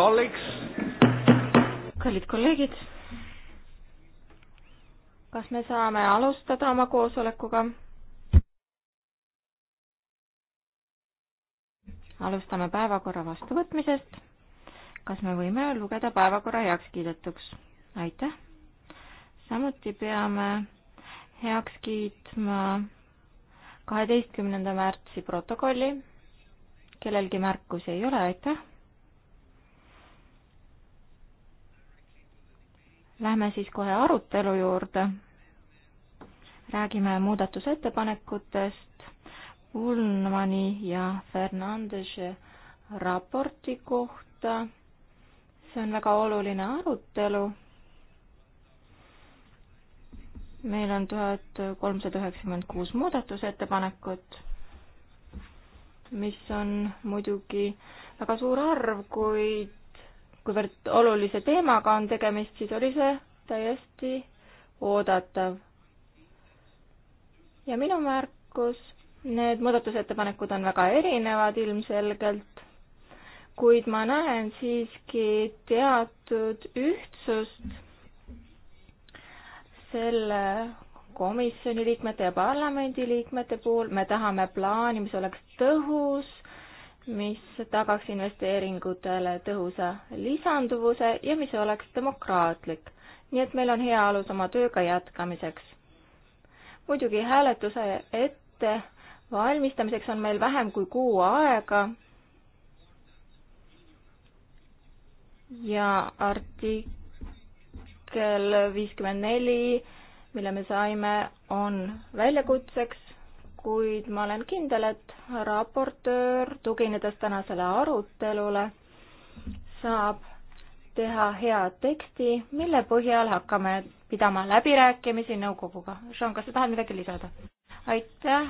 colleagues. kallid kolleegid, kas me saame alustada oma koosolekuga? alustame päevakorra vastuvõtmisest. kas me võime lugeda päevakorra heakskiidetuks? aitäh. samuti peame heaks kiitma kaheteistkümnenda märtsi protokolli. kellelgi märkusi ei ole, aitäh Lähme siis kohe arutelu juurde. räägime muudatusettepanekutest Ulmani ja Fernandese raporti kohta. see on väga oluline arutelu. meil on tuhat kolmsada üheksakümmend kuus muudatusettepanekut, mis on muidugi väga suur arv, kuid kuivõrd olulise teemaga on tegemist, siis oli see täiesti oodatav. ja minu märkus, need muudatusettepanekud on väga erinevad ilmselgelt, kuid ma näen siiski teatud ühtsust selle komisjoni liikmete ja parlamendi liikmete puhul, me tahame plaani, mis oleks tõhus, mis tagaks investeeringutele tõhusa lisanduvuse ja mis oleks demokraatlik. nii et meil on hea alus oma tööga jätkamiseks. muidugi hääletuse ettevalmistamiseks on meil vähem kui kuu aega ja artikkel viiskümmend neli, mille me saime, on väljakutseks kuid ma olen kindel, et raportöör, tuginedes tänasele arutelule, saab teha hea teksti, mille põhjal hakkame pidama läbirääkimisi nõukoguga. Jean, kas sa tahad midagi lisada? aitäh,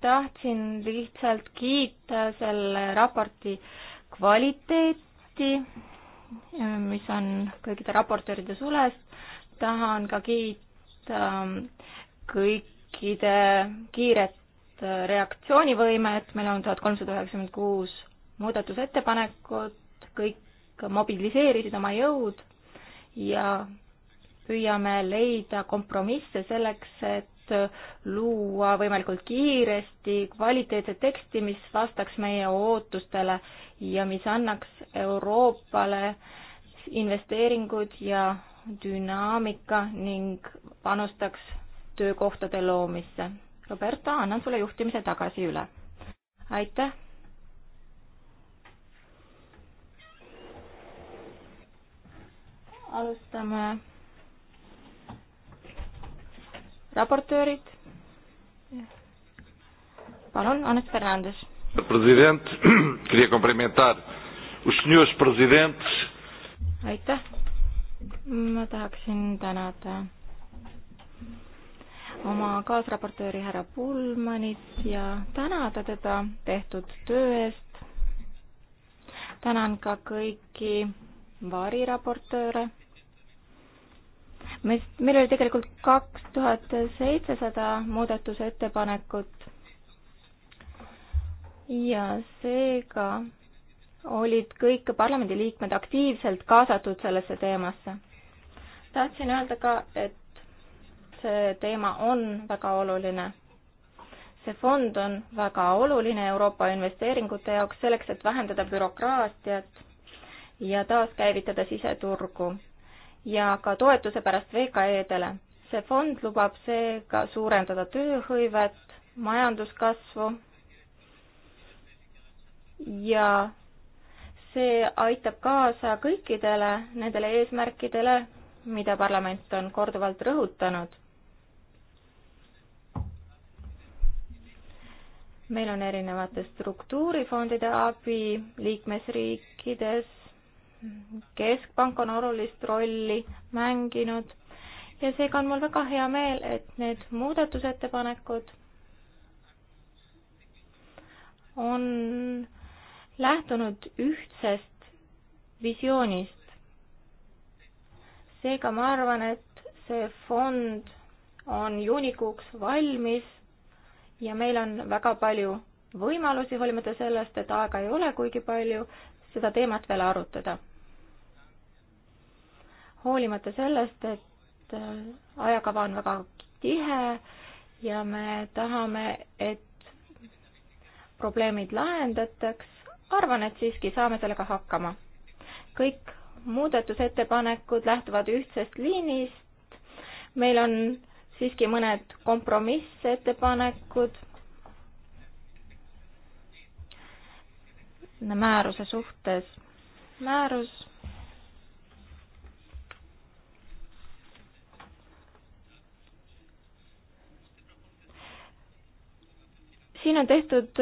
tahtsin lihtsalt kiita selle raporti kvaliteeti, mis on kõikide raportööride sulest, tahan ka kiita kõikide kiiret Äh, reaktsioonivõimet, meil on tuhat kolmsada üheksakümmend kuus muudatusettepanekut, kõik mobiliseerisid oma jõud ja püüame leida kompromisse selleks, et luua võimalikult kiiresti kvaliteetset teksti, mis vastaks meie ootustele ja mis annaks Euroopale investeeringud ja dünaamika ning panustaks töökohtade loomisse Roberta, annan sulle juhtimise tagasi üle. aitäh. alustame raportöörid. palun, Hannes Fernandes. president, queria cumprimentar os senhores presidentes. aitäh. ma tahaksin tänada oma kaasraportööri härra Pullmanit ja tänada teda tehtud töö eest. tänan ka kõiki variraportööre. me, meil oli tegelikult kaks tuhat seitsesada muudatusettepanekut ja seega olid kõik parlamendiliikmed aktiivselt kaasatud sellesse teemasse. tahtsin öelda ka, et see teema on väga oluline. see fond on väga oluline Euroopa investeeringute jaoks selleks, et vähendada bürokraatiat ja taaskäivitada siseturgu ja ka toetuse pärast VKE-dele. see fond lubab seega suurendada tööhõivet, majanduskasvu ja see aitab kaasa kõikidele nendele eesmärkidele, mida parlament on korduvalt rõhutanud. meil on erinevate struktuurifondide abi liikmesriikides, keskpank on olulist rolli mänginud ja seega on mul väga hea meel, et need muudatusettepanekud on lähtunud ühtsest visioonist. seega ma arvan, et see fond on juunikuuks valmis ja meil on väga palju võimalusi, hoolimata sellest, et aega ei ole kuigi palju, seda teemat veel arutada. hoolimata sellest, et äh, ajakava on väga tihe ja me tahame, et probleemid lahendataks, arvan, et siiski saame sellega hakkama. kõik muudatusettepanekud lähtuvad ühtsest liinist, meil on siiski mõned kompromissettepanekud määruse suhtes. määrus siin on tehtud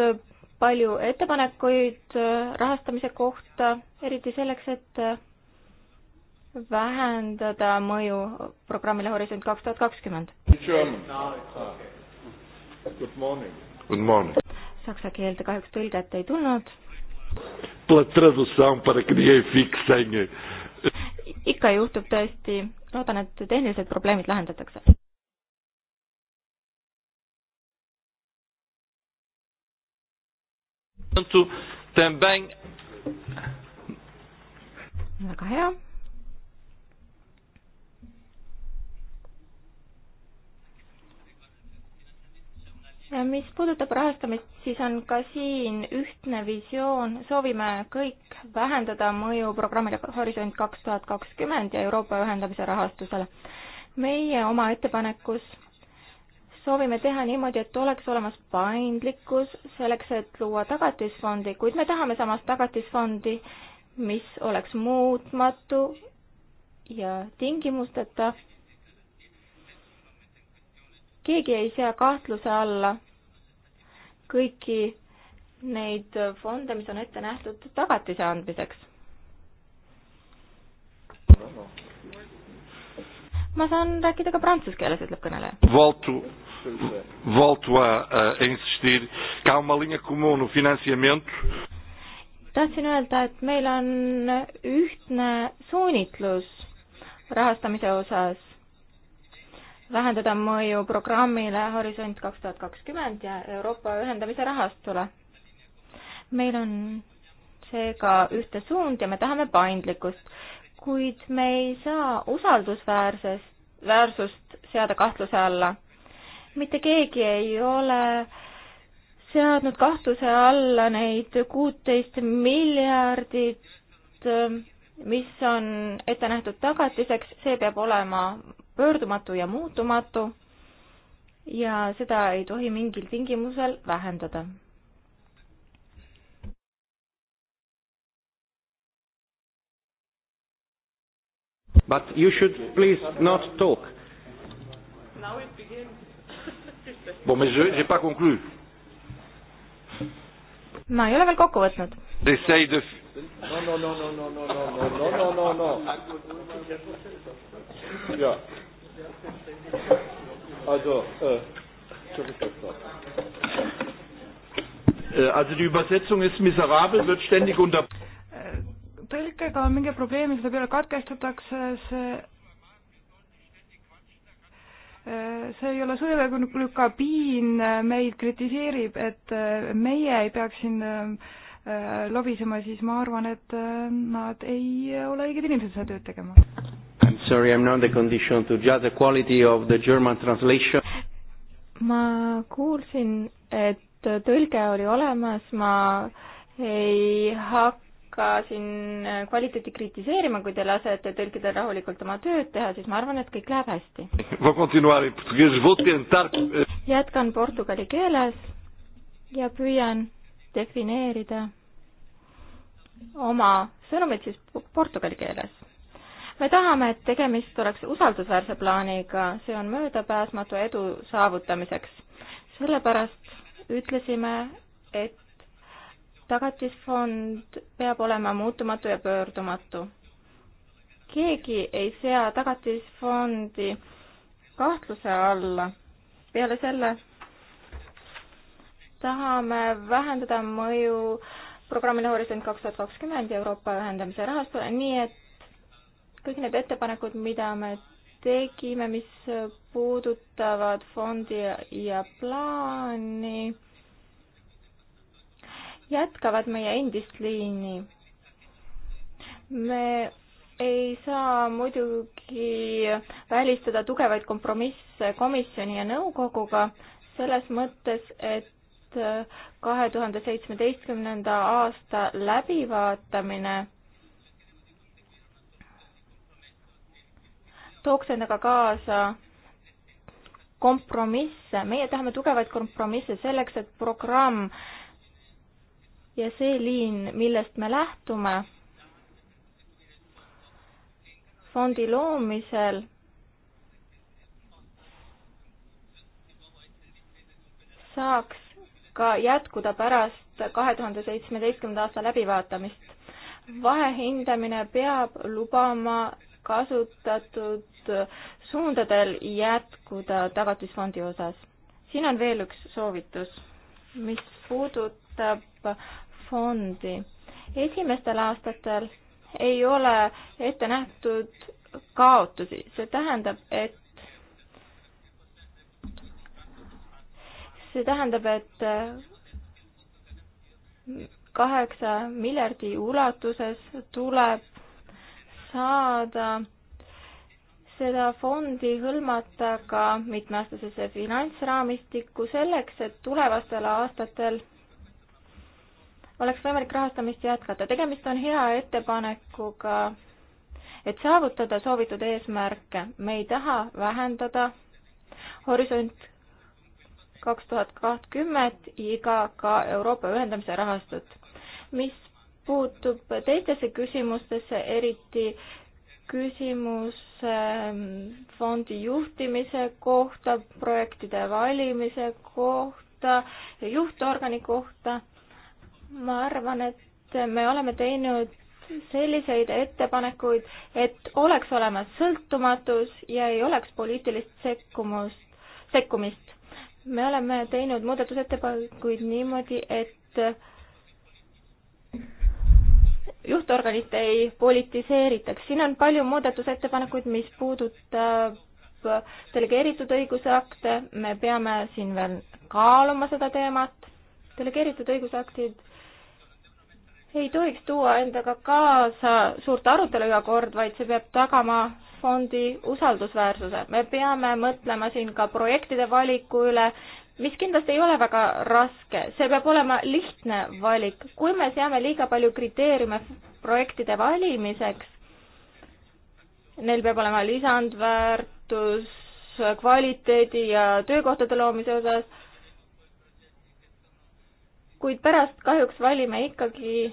palju ettepanekuid rahastamise kohta, eriti selleks, et vähendada mõju programmile Horisont kaks tuhat kakskümmend. Saksa keelde kahjuks tõlget ei tulnud. Eh, ikka juhtub tõesti, loodan, et tehnilised probleemid lahendatakse. Também. Väga hea mis puudutab rahastamist, siis on ka siin ühtne visioon, soovime kõik vähendada mõju programmile Horisont kaks tuhat kakskümmend ja Euroopa ühendamise rahastusele. meie oma ettepanekus soovime teha niimoodi, et oleks olemas paindlikkus selleks, et luua tagatisfondi, kuid me tahame samas tagatisfondi, mis oleks muutmatu ja tingimusteta keegi ei sea kahtluse alla kõiki neid fonde, mis on ette nähtud tagatise andmiseks. ma saan rääkida ka prantsuse keeles, ütleb kõneleja. Voltu, voltu a, a insistir, ka uma linha comum no financiamento. tahtsin öelda, et meil on ühtne suunitlus rahastamise osas vähendada mõju programmile Horisont kaks tuhat kakskümmend ja Euroopa ühendamise rahastule. meil on seega ühte suund ja me tahame paindlikkust, kuid me ei saa usaldusväärsest, väärsust seada kahtluse alla. mitte keegi ei ole seadnud kahtluse alla neid kuuteist miljardit, mis on ette nähtud tagatiseks, see peab olema pöördumatu ja muutumatu ja seda ei tohi mingil tingimusel vähendada. But you should please not talk. Now it begins. bon, mais je n'ai pas conclu. ma ei ole veel kokku võtnud. Essaye de no no no no no no no no no no no no no. jah Also, äh, äh, also die Übersetzung ist miserabel, wird ständig unter. Äh, tõlkega on mingi probleem, selle peale katkestatakse see, äh, see ei ole sõjaväe, kui kabiin meid kritiseerib, et meie ei peaks siin lobisema, siis ma arvan, et nad ei ole õiged inimesed seda tööd tegema. Sorry, I am not in the condition to judge the quality of the German translation. ma kuulsin, et tõlge oli olemas, ma ei hakka siin kvaliteeti kritiseerima, kui te lasete tõlkidel rahulikult oma tööd teha, siis ma arvan, et kõik läheb hästi. jätkan portugali keeles ja püüan defineerida oma sõnumeid siis portugali keeles me tahame, et tegemist oleks usaldusväärse plaaniga, see on möödapääsmatu edu saavutamiseks. sellepärast ütlesime, et tagatisfond peab olema muutumatu ja pöördumatu. keegi ei sea tagatisfondi kahtluse alla. peale selle tahame vähendada mõju programmile Horisont kaks tuhat kakskümmend ja Euroopa ühendamise rahastule, nii et kõik need ettepanekud, mida me tegime, mis puudutavad fondi ja plaani, jätkavad meie endist liini. me ei saa muidugi välistada tugevaid kompromisse komisjoni ja nõukoguga selles mõttes, et kahe tuhande seitsmeteistkümnenda aasta läbivaatamine tooks endaga kaasa kompromisse, meie tahame tugevaid kompromisse selleks, et programm ja see liin, millest me lähtume fondi loomisel, saaks ka jätkuda pärast kahe tuhande seitsmeteistkümnenda aasta läbivaatamist. vahehindamine peab lubama kasutatud Äh, suundadel jätkuda Tagatisfondi osas. siin on veel üks soovitus, mis puudutab fondi. esimestel aastatel ei ole ette nähtud kaotusi, see tähendab, et see tähendab, et äh, kaheksa miljardi ulatuses tuleb saada seda fondi hõlmata ka mitmeaastasesse finantsraamistikku selleks, et tulevastel aastatel oleks võimalik rahastamist jätkata. tegemist on hea ettepanekuga, et saavutada soovitud eesmärke. me ei taha vähendada Horisont kaks tuhat kakskümmend iga ka Euroopa ühendamise rahastut. mis puutub teistesse küsimustesse, eriti küsimus ähm, fondi juhtimise kohta, projektide valimise kohta, juhtorgani kohta. ma arvan, et me oleme teinud selliseid ettepanekuid, et oleks olemas sõltumatus ja ei oleks poliitilist sekkumust, sekkumist. me oleme teinud muudatusettepanekuid niimoodi, et juhtorganit ei politiseeritaks. siin on palju muudatusettepanekuid, mis puudutab äh, delegeeritud õigusakte, me peame siin veel kaaluma seda teemat. delegeeritud õigusaktid ei tohiks tuua endaga kaasa suurt arutelu iga kord, vaid see peab tagama fondi usaldusväärsuse. me peame mõtlema siin ka projektide valiku üle, mis kindlasti ei ole väga raske, see peab olema lihtne valik. kui me seame liiga palju kriteeriume projektide valimiseks, neil peab olema lisandväärtus kvaliteedi ja töökohtade loomise osas, kuid pärast kahjuks valime ikkagi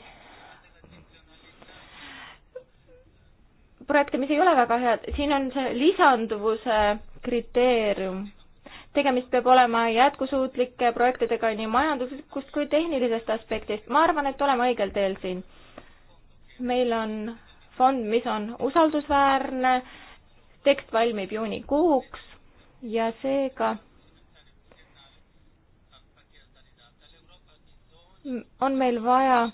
projekte, mis ei ole väga head, siin on see lisanduvuse kriteerium tegemist peab olema jätkusuutlike projektidega nii majanduslikust kui tehnilisest aspektist. ma arvan, et oleme õigel teel siin. meil on fond, mis on usaldusväärne, tekst valmib juunikuuks ja seega on meil vaja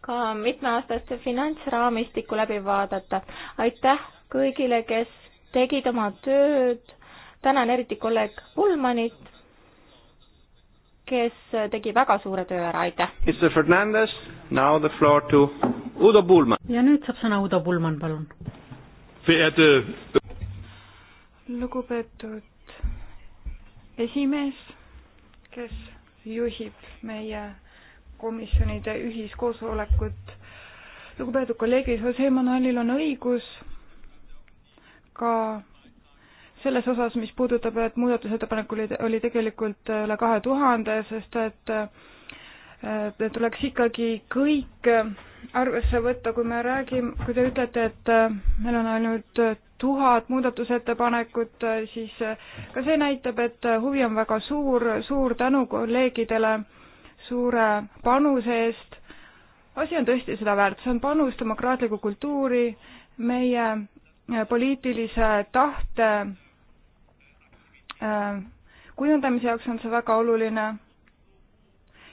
ka mitmeaastast finantsraamistikku läbi vaadata. aitäh kõigile, kes tegid oma tööd tänan eriti kolleeg Pullmanit, kes tegi väga suure töö ära, aitäh! ja nüüd saab sõna Udo Pullman, palun. lugupeetud esimees, kes juhib meie komisjonide ühiskoosolekut. lugupeetud kolleegid, Jose Manuelil on õigus, ka selles osas, mis puudutab, et muudatusettepanek oli, oli tegelikult äh, üle kahe tuhande, sest et äh, et tuleks ikkagi kõik äh, arvesse võtta, kui me räägime, kui te ütlete, et meil on ainult tuhat muudatusettepanekut, siis ka see näitab, et huvi on väga suur, suur tänu kolleegidele suure panuse eest. asi on tõesti seda väärt, see on panus demokraatlikku kultuuri, meie poliitilise tahte Äh, kujundamise jaoks on see väga oluline.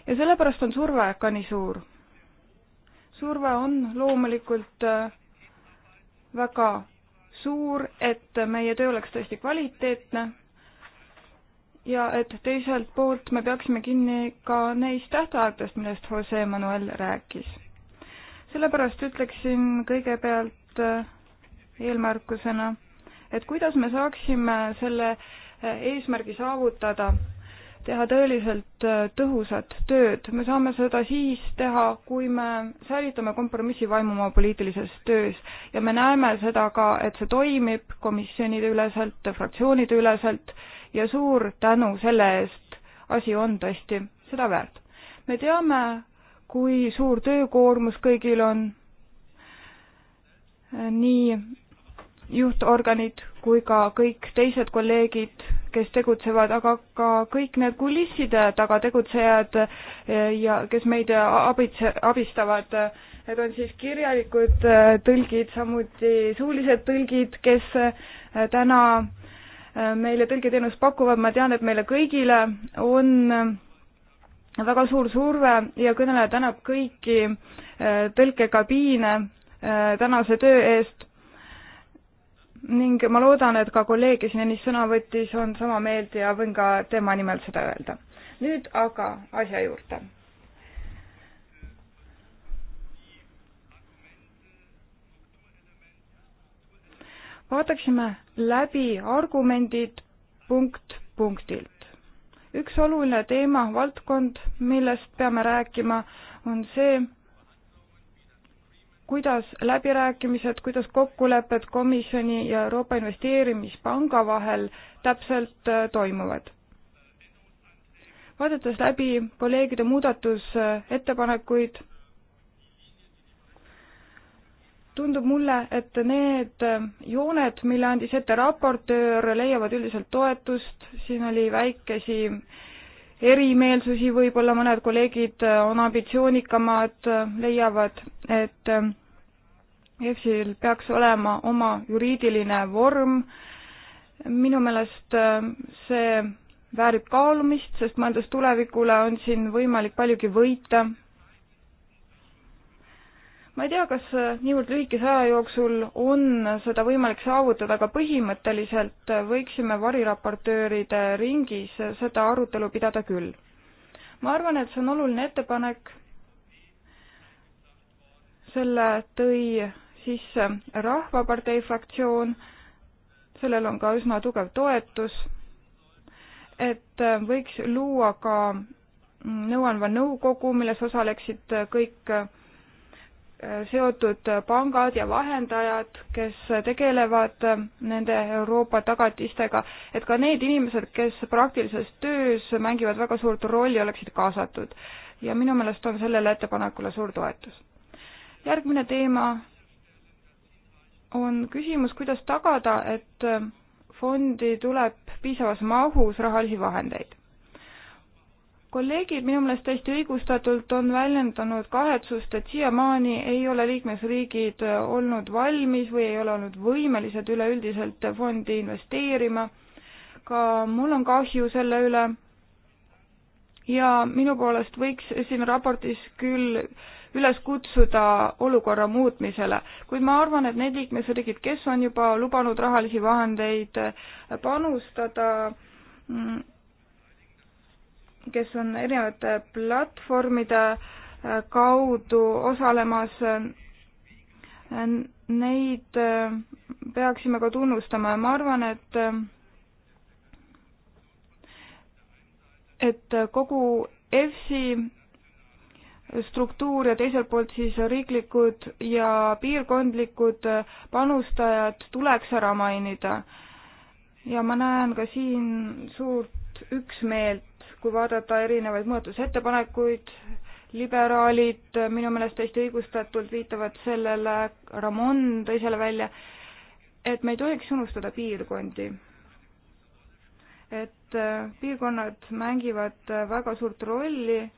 ja sellepärast on surve ka nii suur. surve on loomulikult äh, väga suur, et meie töö oleks tõesti kvaliteetne ja et teiselt poolt me peaksime kinni ka neist tähtaegadest, millest Jose Manuel rääkis. sellepärast ütleksin kõigepealt äh, eelmärkusena, et kuidas me saaksime selle äh, eesmärgi saavutada, teha tõeliselt äh, tõhusat tööd. me saame seda siis teha, kui me säilitame kompromissivaimu oma poliitilises töös ja me näeme seda ka, et see toimib komisjonide üleselt, fraktsioonide üleselt ja suur tänu selle eest, asi on tõesti seda väärt. me teame, kui suur töökoormus kõigil on, nii juhtorganid kui ka kõik teised kolleegid, kes tegutsevad, aga ka kõik need kulisside taga tegutsejad eh, ja kes meid abitse, abistavad. Need on siis kirjalikud eh, tõlgid, samuti suulised tõlgid, kes eh, täna meile tõlgiteenust pakuvad, ma tean, et meile kõigile on väga suur surve ja kõneleja tänab kõiki tõlkekabiine tänase töö eest ning ma loodan, et ka kolleeg, kes enne sõna võttis, on sama meelt ja võin ka tema nimel seda öelda. nüüd aga asja juurde. vaataksime läbi argumendid punkt punktilt. üks oluline teema, valdkond, millest peame rääkima, on see, kuidas läbirääkimised, kuidas kokkulepped komisjoni ja Euroopa Investeerimispanga vahel täpselt äh, toimuvad. vaadates läbi kolleegide muudatusettepanekuid, äh, tundub mulle, et need äh, jooned, mille andis ette raportöör, leiavad üldiselt toetust, siin oli väikesi erimeelsusi, võib-olla mõned kolleegid äh, on ambitsioonikamad, äh, leiavad, et äh, EFSil peaks olema oma juriidiline vorm. minu meelest see väärib kaalumist, sest mõeldes tulevikule on siin võimalik paljugi võita ma ei tea, kas äh, niivõrd lühikese aja jooksul on seda võimalik saavutada, aga põhimõtteliselt äh, võiksime variraportööride ringis äh, seda arutelu pidada küll. ma arvan, et see on oluline ettepanek. selle tõi sisse Rahvapartei fraktsioon, sellel on ka üsna tugev toetus, et võiks luua ka mm, nõuandva nõukogu, milles osaleksid kõik seotud pangad ja vahendajad, kes tegelevad nende Euroopa tagatistega, et ka need inimesed, kes praktilises töös mängivad väga suurt rolli, oleksid kaasatud. ja minu meelest on sellele ettepanekule suur toetus. järgmine teema on küsimus, kuidas tagada, et fondi tuleb piisavas mahus rahalisi vahendeid kolleegid minu meelest täiesti õigustatult on väljendanud kahetsust, et siiamaani ei ole liikmesriigid olnud valmis või ei ole olnud võimelised üleüldiselt fondi investeerima. ka mul on kahju selle üle. ja minu poolest võiks siin raportis küll üles kutsuda olukorra muutmisele, kuid ma arvan, et need liikmesriigid, kes on juba lubanud rahalisi vahendeid panustada, mm, kes on erinevate platvormide äh, kaudu osalemas, äh, neid äh, peaksime ka tunnustama ja ma arvan, et et kogu EFSI struktuur ja teiselt poolt siis riiklikud ja piirkondlikud panustajad tuleks ära mainida. ja ma näen ka siin suurt üksmeelt kui vaadata erinevaid muudatusettepanekuid, liberaalid minu meelest täiesti õigustatult viitavad sellele, Ramon tõi selle välja, et me ei tohiks unustada piirkondi. et äh, piirkonnad mängivad äh, väga suurt rolli.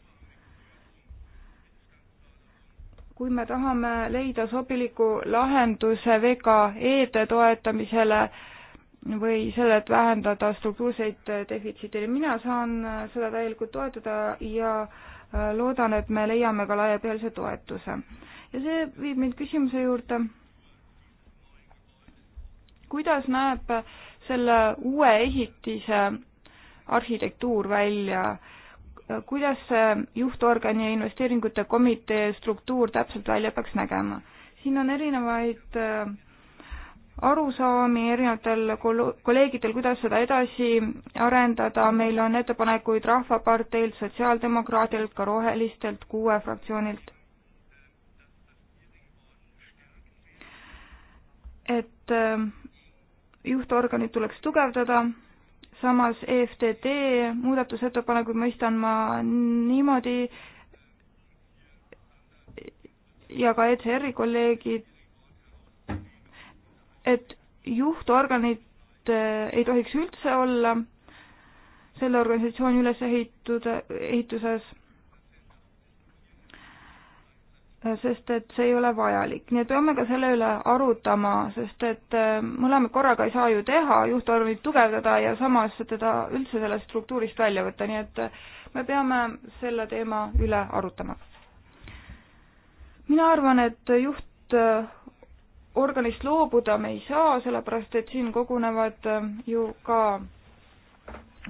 kui me tahame leida sobiliku lahenduse VKE-de toetamisele, või selle, et vähendada struktuurseid defitsiite. mina saan äh, seda täielikult toetada ja äh, loodan, et me leiame ka laiapõhjalise toetuse. ja see viib mind küsimuse juurde. kuidas näeb selle uue esitise arhitektuur välja? kuidas see juhtorgani investeeringute komitee struktuur täpselt välja peaks nägema? siin on erinevaid äh, arusaami erinevatel kolleegidel, kuidas seda edasi arendada, meil on ettepanekuid Rahvaparteilt, Sotsiaaldemokraadilt, ka Rohelistelt, kuue fraktsioonilt. et äh, juhtorganit tuleks tugevdada, samas EFTD muudatusettepanekuid mõistan ma niimoodi ja ka ECR-i kolleegid et juhtorganit äh, ei tohiks üldse olla selle organisatsiooni ülesehitude, ehituses, äh, sest et see ei ole vajalik. nii et peame ka selle üle arutama, sest et äh, mõlemat korraga ei saa ju teha, juhtorganit tugevdada ja samas teda üldse sellest struktuurist välja võtta, nii et me peame selle teema üle arutama. mina arvan, et juht organist loobuda me ei saa, sellepärast et siin kogunevad äh, ju ka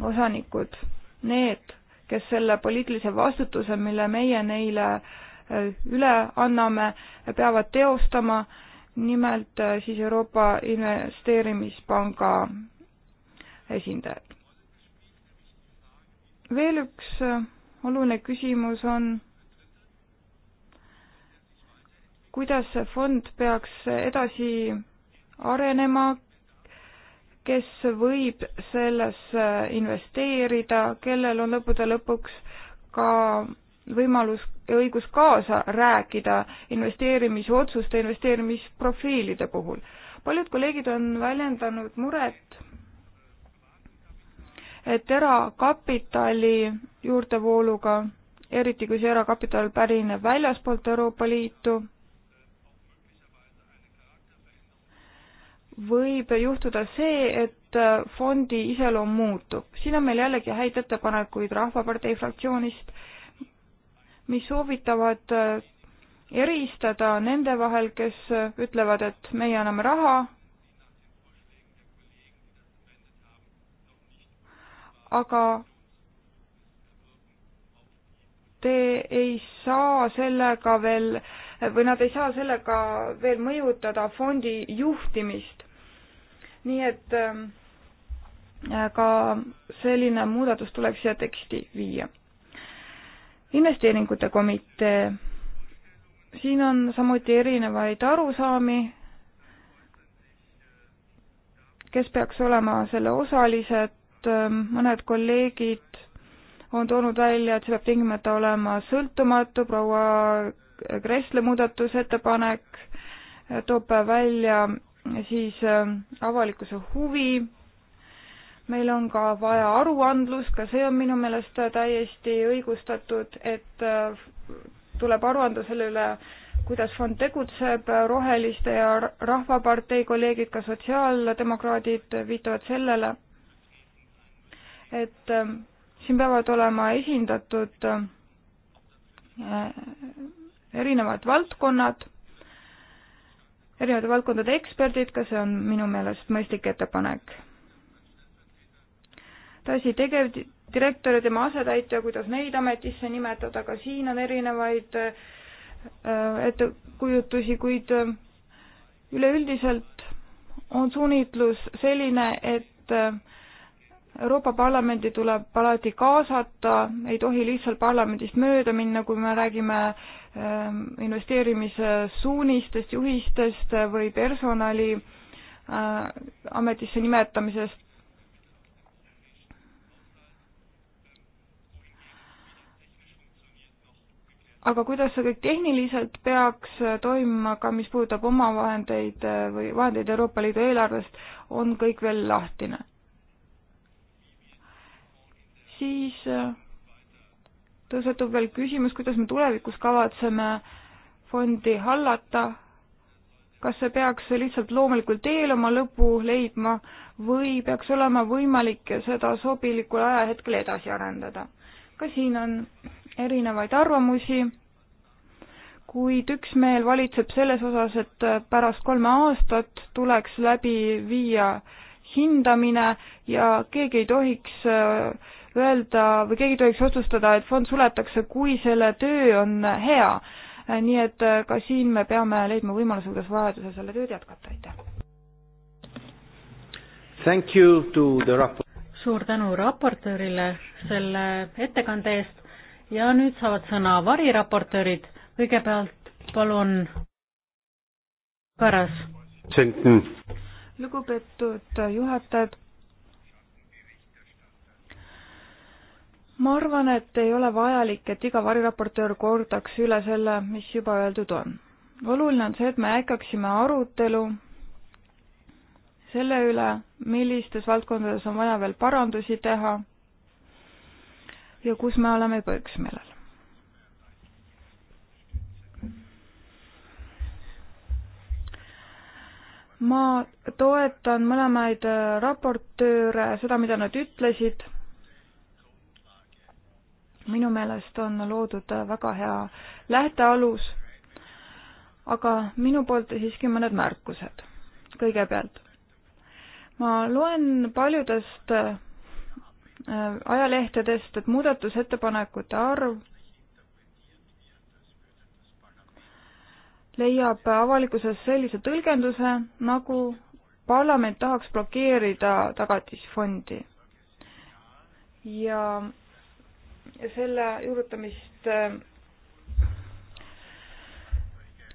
osanikud, need, kes selle poliitilise vastutuse, mille meie neile äh, üle anname, peavad teostama, nimelt äh, siis Euroopa Investeerimispanga esindajad. veel üks oluline küsimus on kuidas see fond peaks edasi arenema, kes võib sellesse investeerida, kellel on lõppude lõpuks ka võimalus ja õigus kaasa rääkida investeerimisotsuste, investeerimisprofiilide puhul. paljud kolleegid on väljendanud muret, et erakapitali juurdevooluga, eriti kui see erakapital pärineb väljastpoolt Euroopa Liitu võib juhtuda see, et äh, fondi iseloom muutub. siin on meil jällegi häid ettepanekuid Rahvapartei fraktsioonist, mis soovitavad äh, eristada nende vahel, kes äh, ütlevad, et meie anname raha, aga te ei saa sellega veel või nad ei saa sellega veel mõjutada fondi juhtimist nii et ähm, ka selline muudatus tuleks siia teksti viia. investeeringute komitee, siin on samuti erinevaid arusaami, kes peaks olema selle osalised, ähm, mõned kolleegid on toonud välja, et see peab tingimata olema sõltumatu, proua Kressle muudatusettepanek toob välja siis ähm, avalikkuse huvi, meil on ka vaja aruandlust, ka see on minu meelest täiesti õigustatud, et äh, tuleb aru anda selle üle, kuidas fond tegutseb, Roheliste ja Rahvapartei kolleegid, ka sotsiaaldemokraadid viitavad sellele, et ähm, siin peavad olema esindatud äh, erinevad valdkonnad erinevate valdkondade eksperdid, ka see on minu meelest mõistlik ettepanek. TASi tegevdirektor ja tema asetäitja, kuidas neid ametisse nimetada, ka siin on erinevaid äh, ettekujutusi, kuid äh, üleüldiselt on suunitlus selline, et äh, Euroopa Parlamendi tuleb alati kaasata, ei tohi lihtsalt parlamendist mööda minna, kui me räägime äh, Ähm, investeerimissuunistest, juhistest või personali äh, ametisse nimetamisest. aga kuidas see kõik tehniliselt peaks äh, toimima, ka mis puudutab omavahendeid äh, või vahendeid Euroopa Liidu eelarvest, on kõik veel lahtine. siis tõusetub veel küsimus, kuidas me tulevikus kavatseme fondi hallata, kas see peaks lihtsalt loomulikul teel oma lõpu leidma või peaks olema võimalik seda sobilikul ajahetkel edasi arendada. ka siin on erinevaid arvamusi, kuid üksmeel valitseb selles osas, et pärast kolme aastat tuleks läbi viia hindamine ja keegi ei tohiks öelda või keegi ei tohiks otsustada, et fond suletakse, kui selle töö on hea. nii et äh, ka siin me peame leidma võimaluse, kuidas vajaduse selle tööd jätkata, aitäh. suur tänu raportöörile selle ettekande eest ja nüüd saavad sõna variraportöörid, kõigepealt palun Karas. lugupeetud juhatajad ma arvan, et ei ole vajalik, et iga variraportöör kordaks üle selle, mis juba öeldud on. oluline on see, et me jätkaksime arutelu selle üle, millistes valdkondades on vaja veel parandusi teha ja kus me oleme juba üksmeelel. ma toetan mõlemaid raportööre, seda, mida nad ütlesid minu meelest on loodud väga hea lähtealus, aga minu poolt siiski mõned märkused. kõigepealt, ma loen paljudest äh, ajalehtedest, et muudatusettepanekute arv leiab avalikkuses sellise tõlgenduse, nagu parlament tahaks blokeerida tagatisfondi. ja selle juurutamist äh,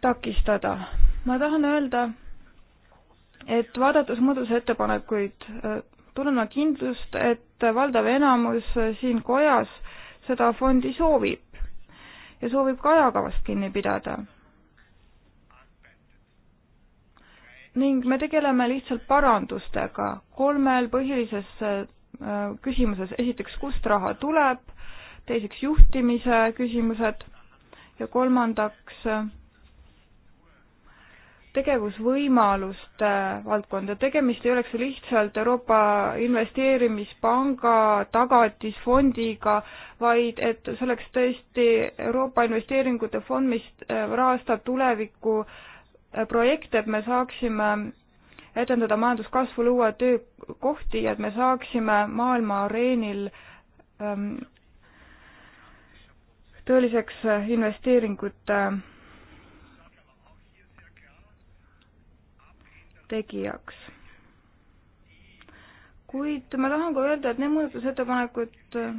takistada. ma tahan öelda, et vaadates muudatusettepanekuid, äh, tunnen ma kindlust, et valdav enamus äh, siin kojas seda fondi soovib ja soovib ka ajakavast kinni pidada. ning me tegeleme lihtsalt parandustega kolmel põhilises küsimuses, esiteks, kust raha tuleb, teiseks juhtimise küsimused ja kolmandaks tegevusvõimaluste valdkond ja tegemist ei oleks lihtsalt Euroopa Investeerimispanga tagatisfondiga, vaid et see oleks tõesti Euroopa Investeeringute Fond, mis rahastab tuleviku projekte, et me saaksime edendada majanduskasvu, luua töökohti ja et me saaksime maailma areenil ähm, tõeliseks äh, investeeringute äh, tegijaks. kuid ma tahan ka öelda, et need muudatusettepanekud, äh,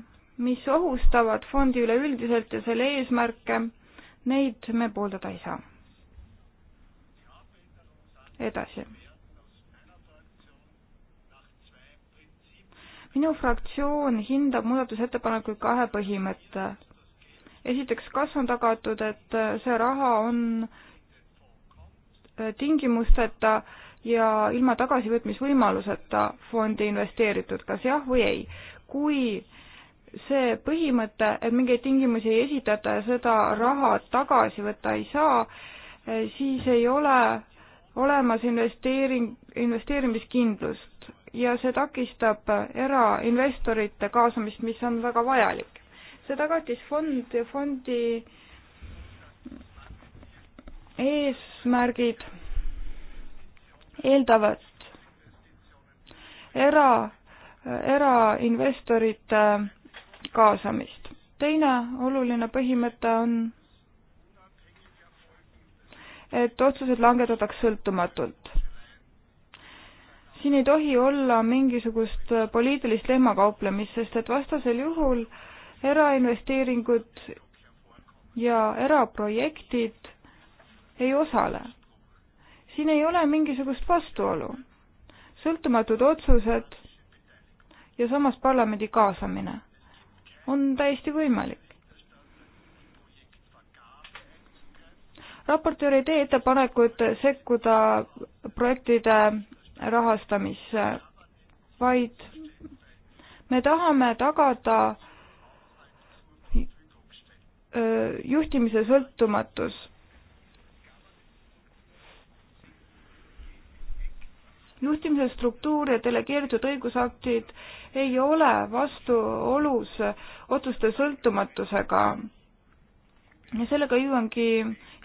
mis ohustavad fondi üleüldiselt ja selle eesmärke, neid me pooldada ei saa. edasi. minu fraktsioon hindab muudatusettepanekuid kahe põhimõtte esiteks, kas on tagatud, et see raha on äh, tingimusteta ja ilma tagasivõtmisvõimaluseta fondi investeeritud, kas jah või ei. kui see põhimõte, et mingeid tingimusi ei esitata ja seda raha tagasi võtta ei saa, äh, siis ei ole olemas investeering, investeerimiskindlust ja see takistab erainvestorite kaasamist, mis on väga vajalik see tagatisfond ja fondi eesmärgid eeldavad era, erainvestorite kaasamist. teine oluline põhimõte on, et otsused langetataks sõltumatult. siin ei tohi olla mingisugust poliitilist lehmakauplemist, sest et vastasel juhul äh, erainvesteeringud ja eraprojektid ei osale. siin ei ole mingisugust vastuolu. sõltumatud otsused ja samas parlamendi kaasamine on täiesti võimalik. raportöör ei tee ettepanekut sekkuda projektide rahastamisse, vaid me tahame tagada juhtimise sõltumatus. juhtimise struktuur ja delegeeritud õigusaktid ei ole vastuolus otsuste sõltumatusega. ja sellega jõuangi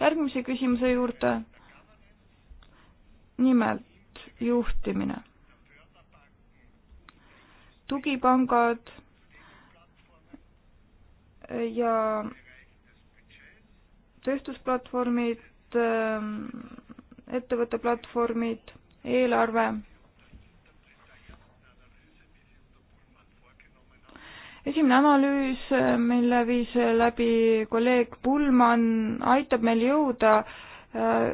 järgmise küsimuse juurde. nimelt juhtimine. tugipangad ja tööstusplatvormid, ähm, ettevõtte platvormid, eelarve. esimene analüüs, äh, mille viis läbi kolleeg Pullmann, aitab meil jõuda äh,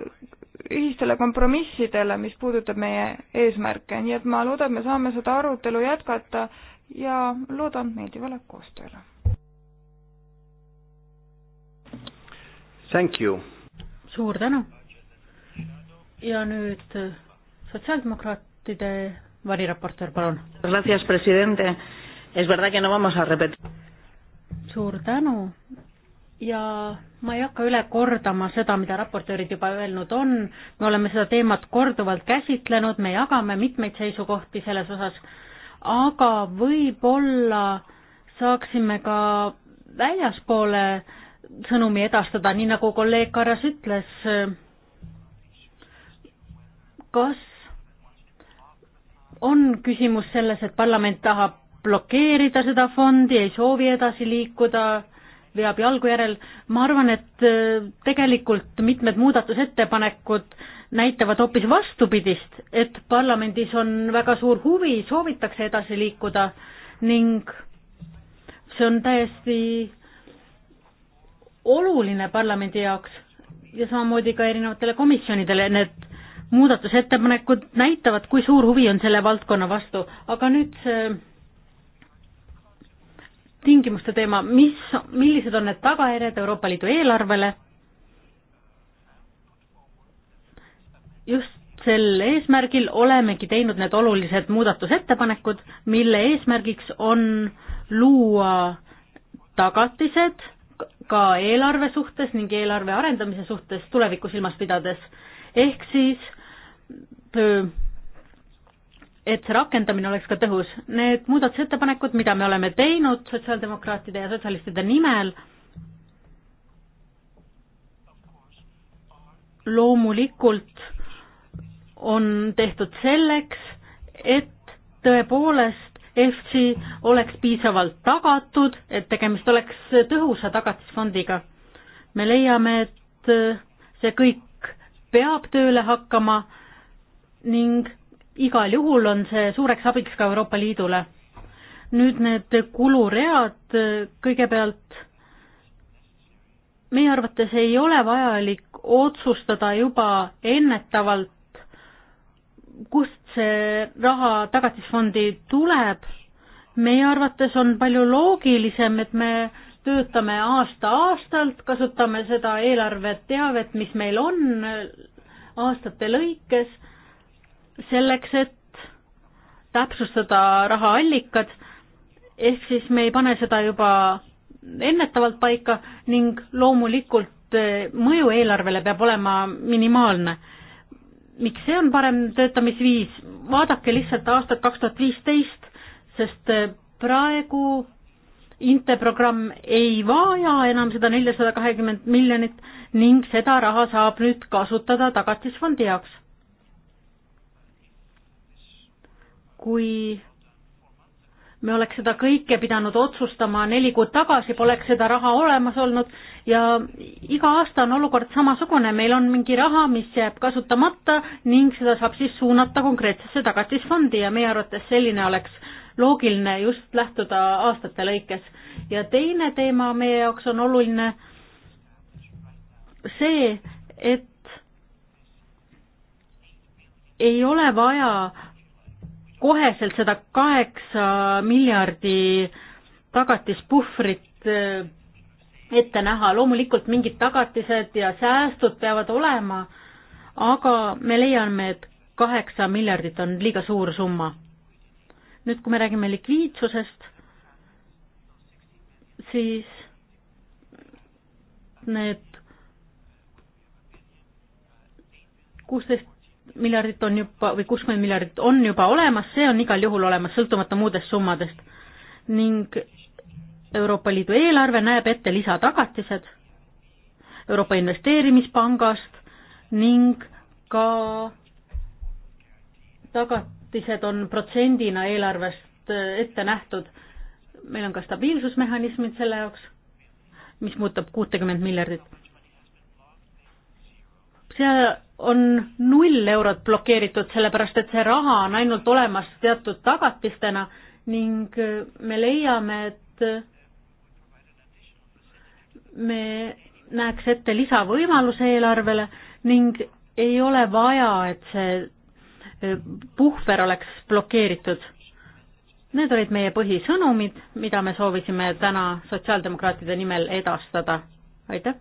ühistele kompromissidele, mis puudutab meie eesmärke, nii et ma loodan, et me saame seda arutelu jätkata ja loodan meeldivale koostööle Thank you. suur tänu. ja nüüd äh, sotsiaaldemokraatide variraportöör, palun. Gracias, presidente. Es verdad que no vamos a repetir. suur tänu ja ma ei hakka üle kordama seda, mida raportöörid juba öelnud on, me oleme seda teemat korduvalt käsitlenud, me jagame mitmeid seisukohti selles osas, aga võib-olla saaksime ka väljaspoole äh, sõnumi edastada, nii nagu kolleeg Karras ütles. kas on küsimus selles, et parlament tahab blokeerida seda fondi, ei soovi edasi liikuda, veab jalgu järel, ma arvan, et äh, tegelikult mitmed muudatusettepanekud näitavad hoopis vastupidist, et parlamendis on väga suur huvi, soovitakse edasi liikuda ning see on täiesti äh, oluline parlamendi jaoks ja samamoodi ka erinevatele komisjonidele, need muudatusettepanekud näitavad, kui suur huvi on selle valdkonna vastu, aga nüüd see tingimuste teema, mis, millised on need tagajärjed Euroopa Liidu eelarvele? just sel eesmärgil olemegi teinud need olulised muudatusettepanekud, mille eesmärgiks on luua tagatised ka eelarve suhtes ning eelarve arendamise suhtes tulevikku silmas pidades. ehk siis, et see rakendamine oleks ka tõhus. Need muudatusettepanekud, mida me oleme teinud sotsiaaldemokraatide ja sotsialistide nimel, loomulikult on tehtud selleks, et tõepoolest EFSI oleks piisavalt tagatud, et tegemist oleks tõhusa tagatisfondiga. me leiame, et see kõik peab tööle hakkama ning igal juhul on see suureks abiks ka Euroopa Liidule. nüüd need kuluread kõigepealt, meie arvates ei ole vajalik otsustada juba ennetavalt, kust see raha tagatisfondi tuleb. meie arvates on palju loogilisem, et me töötame aasta-aastalt, kasutame seda eelarveteavet, mis meil on aastate lõikes, selleks, et täpsustada rahaallikad, ehk siis me ei pane seda juba ennetavalt paika ning loomulikult eh, mõju eelarvele peab olema minimaalne miks see on parem töötamisviis, vaadake lihtsalt aastat kaks tuhat viisteist, sest eh, praegu IT-programm ei vaja enam seda neljasada kahekümmet miljonit ning seda raha saab nüüd kasutada tagatisfondi jaoks. kui me oleks seda kõike pidanud otsustama neli kuud tagasi, poleks seda raha olemas olnud ja iga aasta on olukord samasugune, meil on mingi raha, mis jääb kasutamata ning seda saab siis suunata konkreetsesse tagatisfondi ja meie arvates selline oleks loogiline just lähtuda aastate lõikes. ja teine teema meie jaoks on oluline see, et ei ole vaja koheselt seda kaheksa miljardi tagatispuhvrit eh, ette näha, loomulikult mingid tagatised ja säästud peavad olema, aga me leiame, et kaheksa miljardit on liiga suur summa. nüüd, kui me räägime likviidsusest, siis need kuusteist miljardit on juba või kuuskümmend miljardit on juba olemas, see on igal juhul olemas, sõltumata muudest summadest. ning Euroopa Liidu eelarve näeb ette lisatagatised Euroopa Investeerimispangast ning ka tagatised on protsendina eelarvest äh, ette nähtud. meil on ka stabiilsusmehhanismid selle jaoks, mis muutab kuutekümmet miljardit. see on null eurot blokeeritud, sellepärast et see raha on ainult olemas teatud tagatistena ning äh, me leiame, et äh, me näeks ette lisavõimaluse eelarvele ning ei ole vaja, et see äh, puhver oleks blokeeritud. Need olid meie põhisõnumid, mida me soovisime täna sotsiaaldemokraatide nimel edastada. aitäh,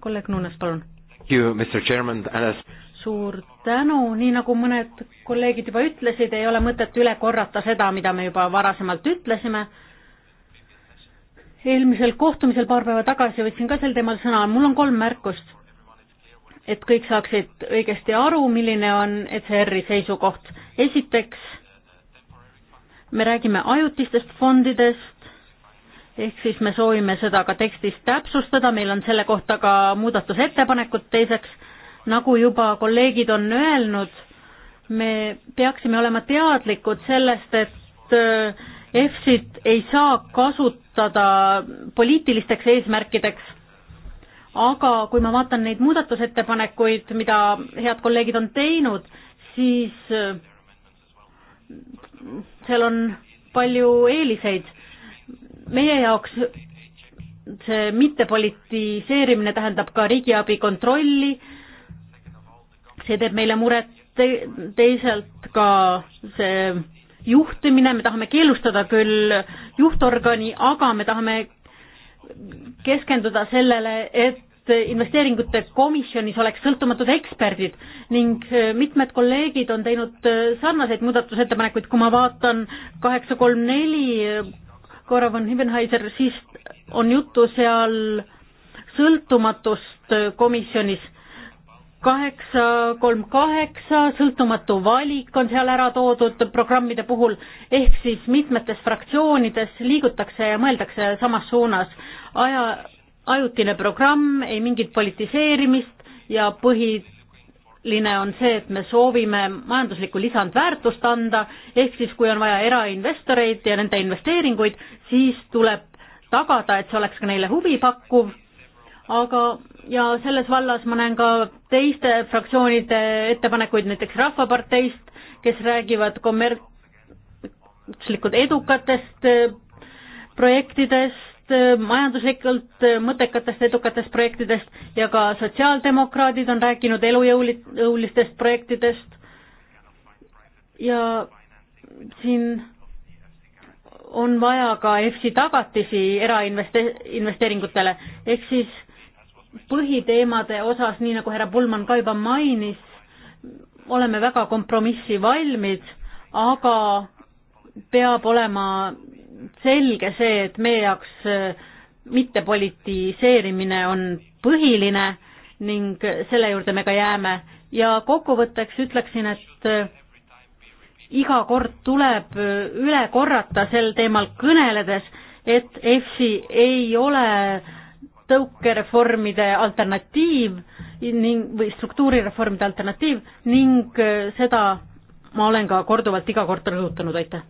kolleeg Nunes, palun you, Mr Chairman and as suur tänu, nii nagu mõned kolleegid juba ütlesid, ei ole mõtet üle korrata seda, mida me juba varasemalt ütlesime. eelmisel kohtumisel paar päeva tagasi võtsin ka sel teemal sõna, mul on kolm märkust. et kõik saaksid õigesti aru, milline on ECR-i seisukoht. esiteks, me räägime ajutistest fondidest, ehk siis me soovime seda ka tekstis täpsustada, meil on selle kohta ka muudatusettepanekud, teiseks, nagu juba kolleegid on öelnud, me peaksime olema teadlikud sellest, et EFSit äh, ei saa kasutada poliitilisteks eesmärkideks, aga kui ma vaatan neid muudatusettepanekuid, mida head kolleegid on teinud, siis äh, seal on palju eeliseid meie jaoks see mittepolitiseerimine tähendab ka riigiabi kontrolli, see teeb meile muret, teisalt ka see juhtimine, me tahame keelustada küll juhtorgani, aga me tahame keskenduda sellele, et investeeringute komisjonis oleks sõltumatud eksperdid ning äh, mitmed kolleegid on teinud äh, sarnaseid muudatusettepanekuid, kui ma vaatan kaheksa kolm neli Cora von Hibbenheiser, siis on juttu seal sõltumatust komisjonis. kaheksa, kolm, kaheksa, sõltumatu valik on seal ära toodud programmide puhul, ehk siis mitmetes fraktsioonides liigutakse ja mõeldakse samas suunas. aja, ajutine programm, ei mingit politiseerimist ja põhi oluline on see, et me soovime majanduslikku lisandväärtust anda, ehk siis kui on vaja erainvestoreid ja nende investeeringuid, siis tuleb tagada, et see oleks ka neile huvipakkuv, aga, ja selles vallas ma näen ka teiste fraktsioonide ettepanekuid, näiteks Rahvaparteist, kes räägivad kommertslikult edukatest äh, projektidest, äh, majanduslikult äh, mõttekatest edukatest projektidest ja ka sotsiaaldemokraadid on rääkinud elujõulistest projektidest ja siin on vaja ka EFSI tagatisi erainvesteeringutele, ehk siis põhiteemade osas, nii nagu härra Pullmann ka juba mainis, oleme väga kompromissi valmid, aga peab olema selge see, et meie jaoks äh, mittepolitiseerimine on põhiline ning selle juurde me ka jääme ja kokkuvõtteks ütleksin, et äh, iga kord tuleb äh, üle korrata sel teemal kõneledes, et EFSI ei ole tõukereformide alternatiiv ning, või struktuurireformide alternatiiv ning äh, seda ma olen ka korduvalt iga kord rõhutanud, aitäh.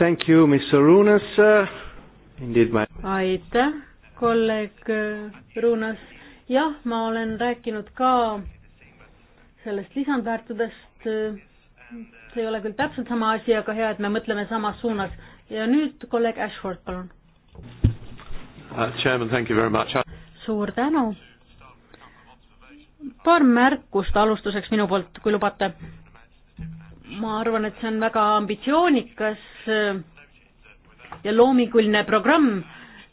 Thank you, Miss Runas. Indeed my. aitäh, kolleeg äh, Runas. jah, ma olen rääkinud ka sellest lisandväärtudest. see ei ole küll täpselt sama asi, aga hea, et me mõtleme samas suunas. ja nüüd kolleeg Ashford, palun uh,. Chairman, thank you very much. suur tänu. paar märkust alustuseks minu poolt, kui lubate. ma arvan, et see on väga ambitsioonikas ja loominguline programm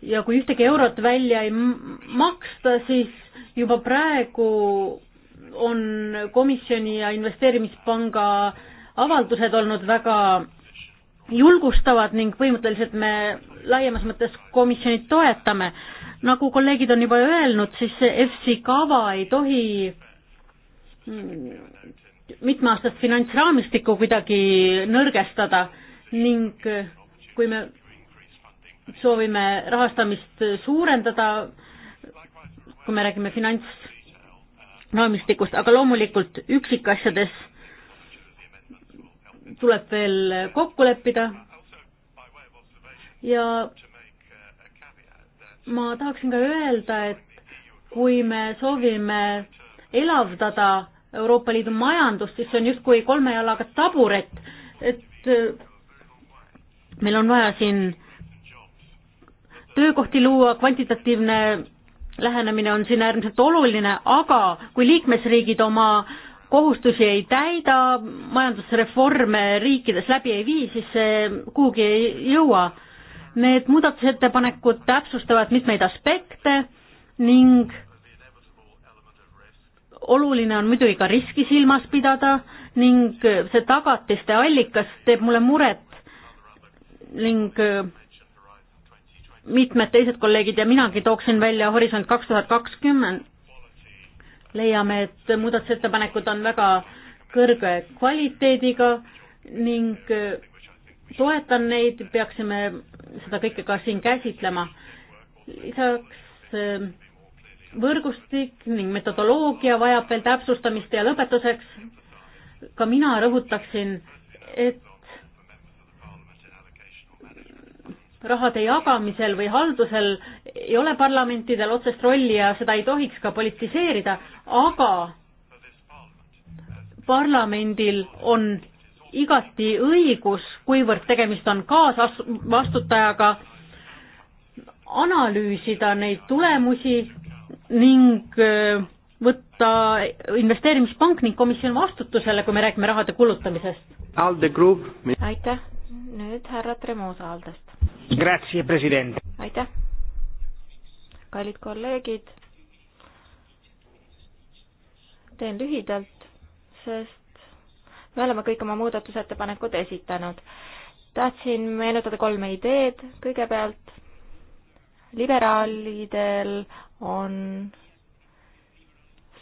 ja kui ühtegi eurot välja ei maksta, siis juba praegu on komisjoni ja investeerimispanga avaldused olnud väga julgustavad ning põhimõtteliselt me laiemas mõttes komisjoni toetame. nagu kolleegid on juba öelnud, siis see EFSI kava ei tohi mm, mitmeaastast finantsraamistikku kuidagi nõrgestada ning kui me soovime rahastamist suurendada, kui me räägime finants raamistikust, aga loomulikult üksikasjades tuleb veel kokku leppida ja ma tahaksin ka öelda, et kui me soovime elavdada Euroopa Liidu majandust, siis see on justkui kolme jalaga taburet, et äh, meil on vaja siin töökohti luua, kvantitatiivne lähenemine on siin äärmiselt oluline, aga kui liikmesriigid oma kohustusi ei täida, majandusreforme riikides läbi ei vii, siis see kuhugi ei jõua. Need muudatusettepanekud täpsustavad mitmeid aspekte ning oluline on muidugi ka riski silmas pidada ning see tagatiste allikas teeb mulle muret ning mitmed teised kolleegid ja minagi tooksin välja Horisont kaks tuhat kakskümmend. leiame, et muudatusettepanekud on väga kõrge kvaliteediga ning äh, toetan neid, peaksime seda kõike ka siin käsitlema. lisaks äh, võrgustik ning metodoloogia vajab veel täpsustamist ja lõpetuseks ka mina rõhutaksin, et rahade jagamisel või haldusel ei ole parlamentidel otsest rolli ja seda ei tohiks ka politiseerida, aga parlamendil on igati õigus, kuivõrd tegemist on kaasvastutajaga, analüüsida neid tulemusi ning äh, võtta investeerimispank ning komisjon vastutusele, kui me räägime rahade kulutamisest. aitäh, nüüd härra Tremosa Aldest Grazie, president. aitäh. kallid kolleegid, teen lühidalt, sest me oleme kõik oma muudatusettepanekud esitanud. tahtsin meenutada kolme ideed, kõigepealt liberaalidel on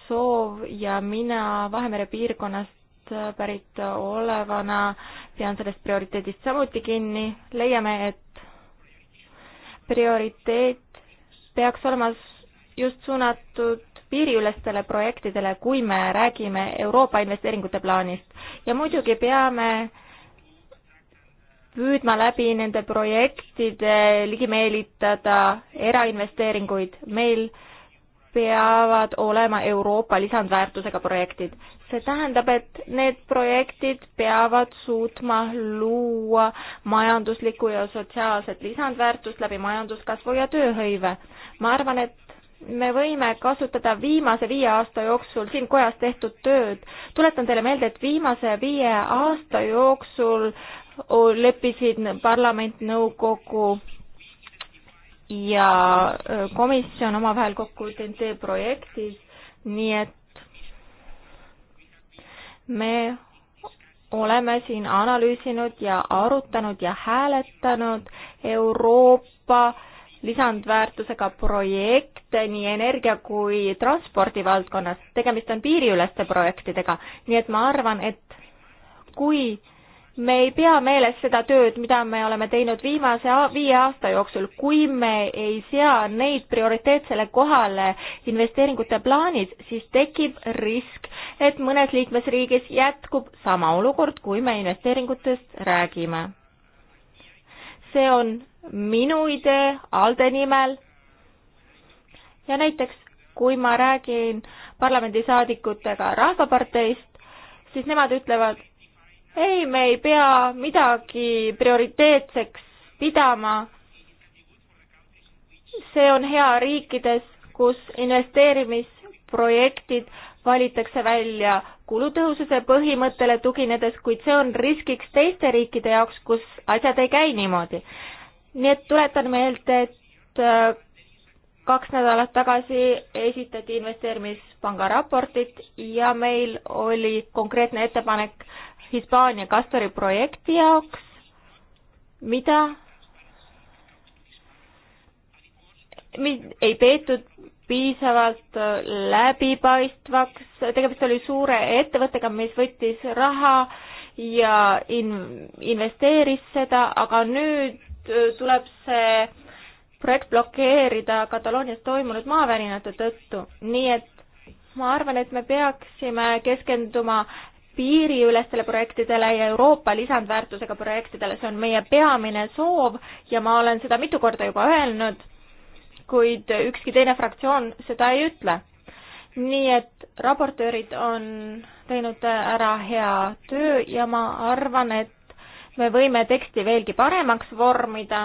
soov ja mina Vahemere piirkonnast pärit olevana pean sellest prioriteedist samuti kinni, leiame, et prioriteet peaks olema just suunatud piiriülestele projektidele, kui me räägime Euroopa investeeringute plaanist. ja muidugi peame püüdma läbi nende projektide ligi meelitada erainvesteeringuid. meil peavad olema Euroopa lisandväärtusega projektid. see tähendab, et need projektid peavad suutma luua majanduslikku ja sotsiaalset lisandväärtust läbi majanduskasvu ja tööhõive. ma arvan, et me võime kasutada viimase viie aasta jooksul siin kojas tehtud tööd. tuletan teile meelde, et viimase viie aasta jooksul leppisid parlament, nõukogu ja äh, komisjon omavahel kokku TNT projektis, nii et me oleme siin analüüsinud ja arutanud ja hääletanud Euroopa lisandväärtusega projekte nii energia kui transpordi valdkonnas. tegemist on piiriüleste projektidega, nii et ma arvan, et kui me ei pea meeles seda tööd, mida me oleme teinud viimase viie aasta jooksul, kui me ei sea neid prioriteetsele kohale investeeringute plaanis, siis tekib risk, et mõnes liikmesriigis jätkub sama olukord, kui me investeeringutest räägime. see on minu idee ALDE nimel. ja näiteks, kui ma räägin parlamendisaadikutega Rahvaparteist, siis nemad ütlevad, ei, me ei pea midagi prioriteetseks pidama. see on hea riikides, kus investeerimisprojektid valitakse välja kulutõhususe põhimõttele tuginedes, kuid see on riskiks teiste riikide jaoks, kus asjad ei käi niimoodi. nii et tuletan meelde, et äh, kaks nädalat tagasi esitati investeerimispanga raportit ja meil oli konkreetne ettepanek Hispaania Kastori projekti jaoks, mida ei peetud piisavalt äh, läbipaistvaks, tegemist oli suure ettevõttega, mis võttis raha ja in-, investeeris seda, aga nüüd äh, tuleb see projekt blokeerida Kataloonias toimunud maavärinate tõttu, nii et ma arvan, et me peaksime keskenduma piiriülestele projektidele ja Euroopa lisandväärtusega projektidele, see on meie peamine soov ja ma olen seda mitu korda juba öelnud, kuid ükski teine fraktsioon seda ei ütle. nii et raportöörid on teinud ära hea töö ja ma arvan, et me võime teksti veelgi paremaks vormida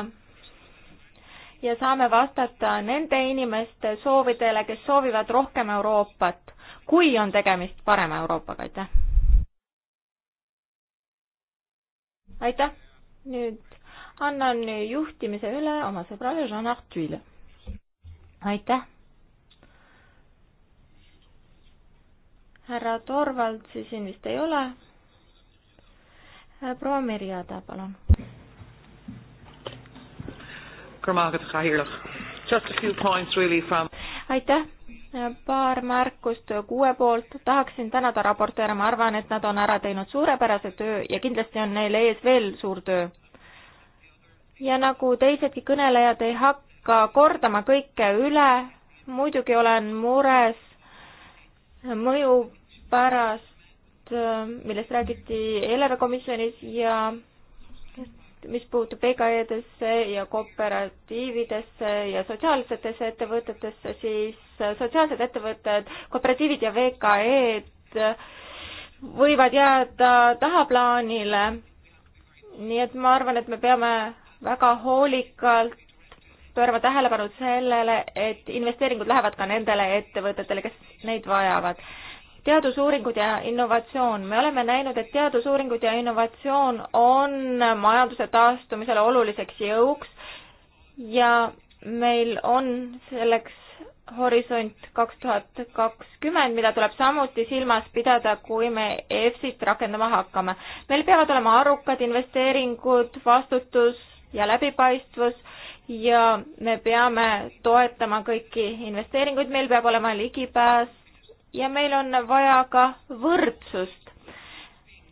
ja saame vastata nende inimeste soovidele, kes soovivad rohkem Euroopat, kui on tegemist parema Euroopaga, aitäh! aitäh, nüüd annan juhtimise üle oma sõbrale Jean Artuile. aitäh. härra Torvaldsi siin vist ei ole. proua Merje Ada, palun. aitäh paar märkust kuue poolt. tahaksin tänada raportööre, ma arvan, et nad on ära teinud suurepärase töö ja kindlasti on neil ees veel suur töö. ja nagu teisedki kõnelejad, ei hakka kordama kõike üle. muidugi olen mures mõju pärast, millest räägiti eelarvekomisjonis ja mis puutub EKE-desse ja kooperatiividesse ja sotsiaalsetesse ettevõtetesse, siis sotsiaalsed ettevõtted, kooperatiivid ja VKE-d võivad jääda tahaplaanile. nii et ma arvan, et me peame väga hoolikalt pöörama tähelepanu sellele, et investeeringud lähevad ka nendele ettevõtetele, kes neid vajavad teadusuuringud ja innovatsioon, me oleme näinud, et teadusuuringud ja innovatsioon on majanduse taastumisele oluliseks jõuks ja meil on selleks Horisont kaks tuhat kakskümmend, mida tuleb samuti silmas pidada, kui me EFSit rakendama hakkame. meil peavad olema arukad investeeringud, vastutus ja läbipaistvus ja me peame toetama kõiki investeeringuid, meil peab olema ligipääs ja meil on vaja ka võrdsust.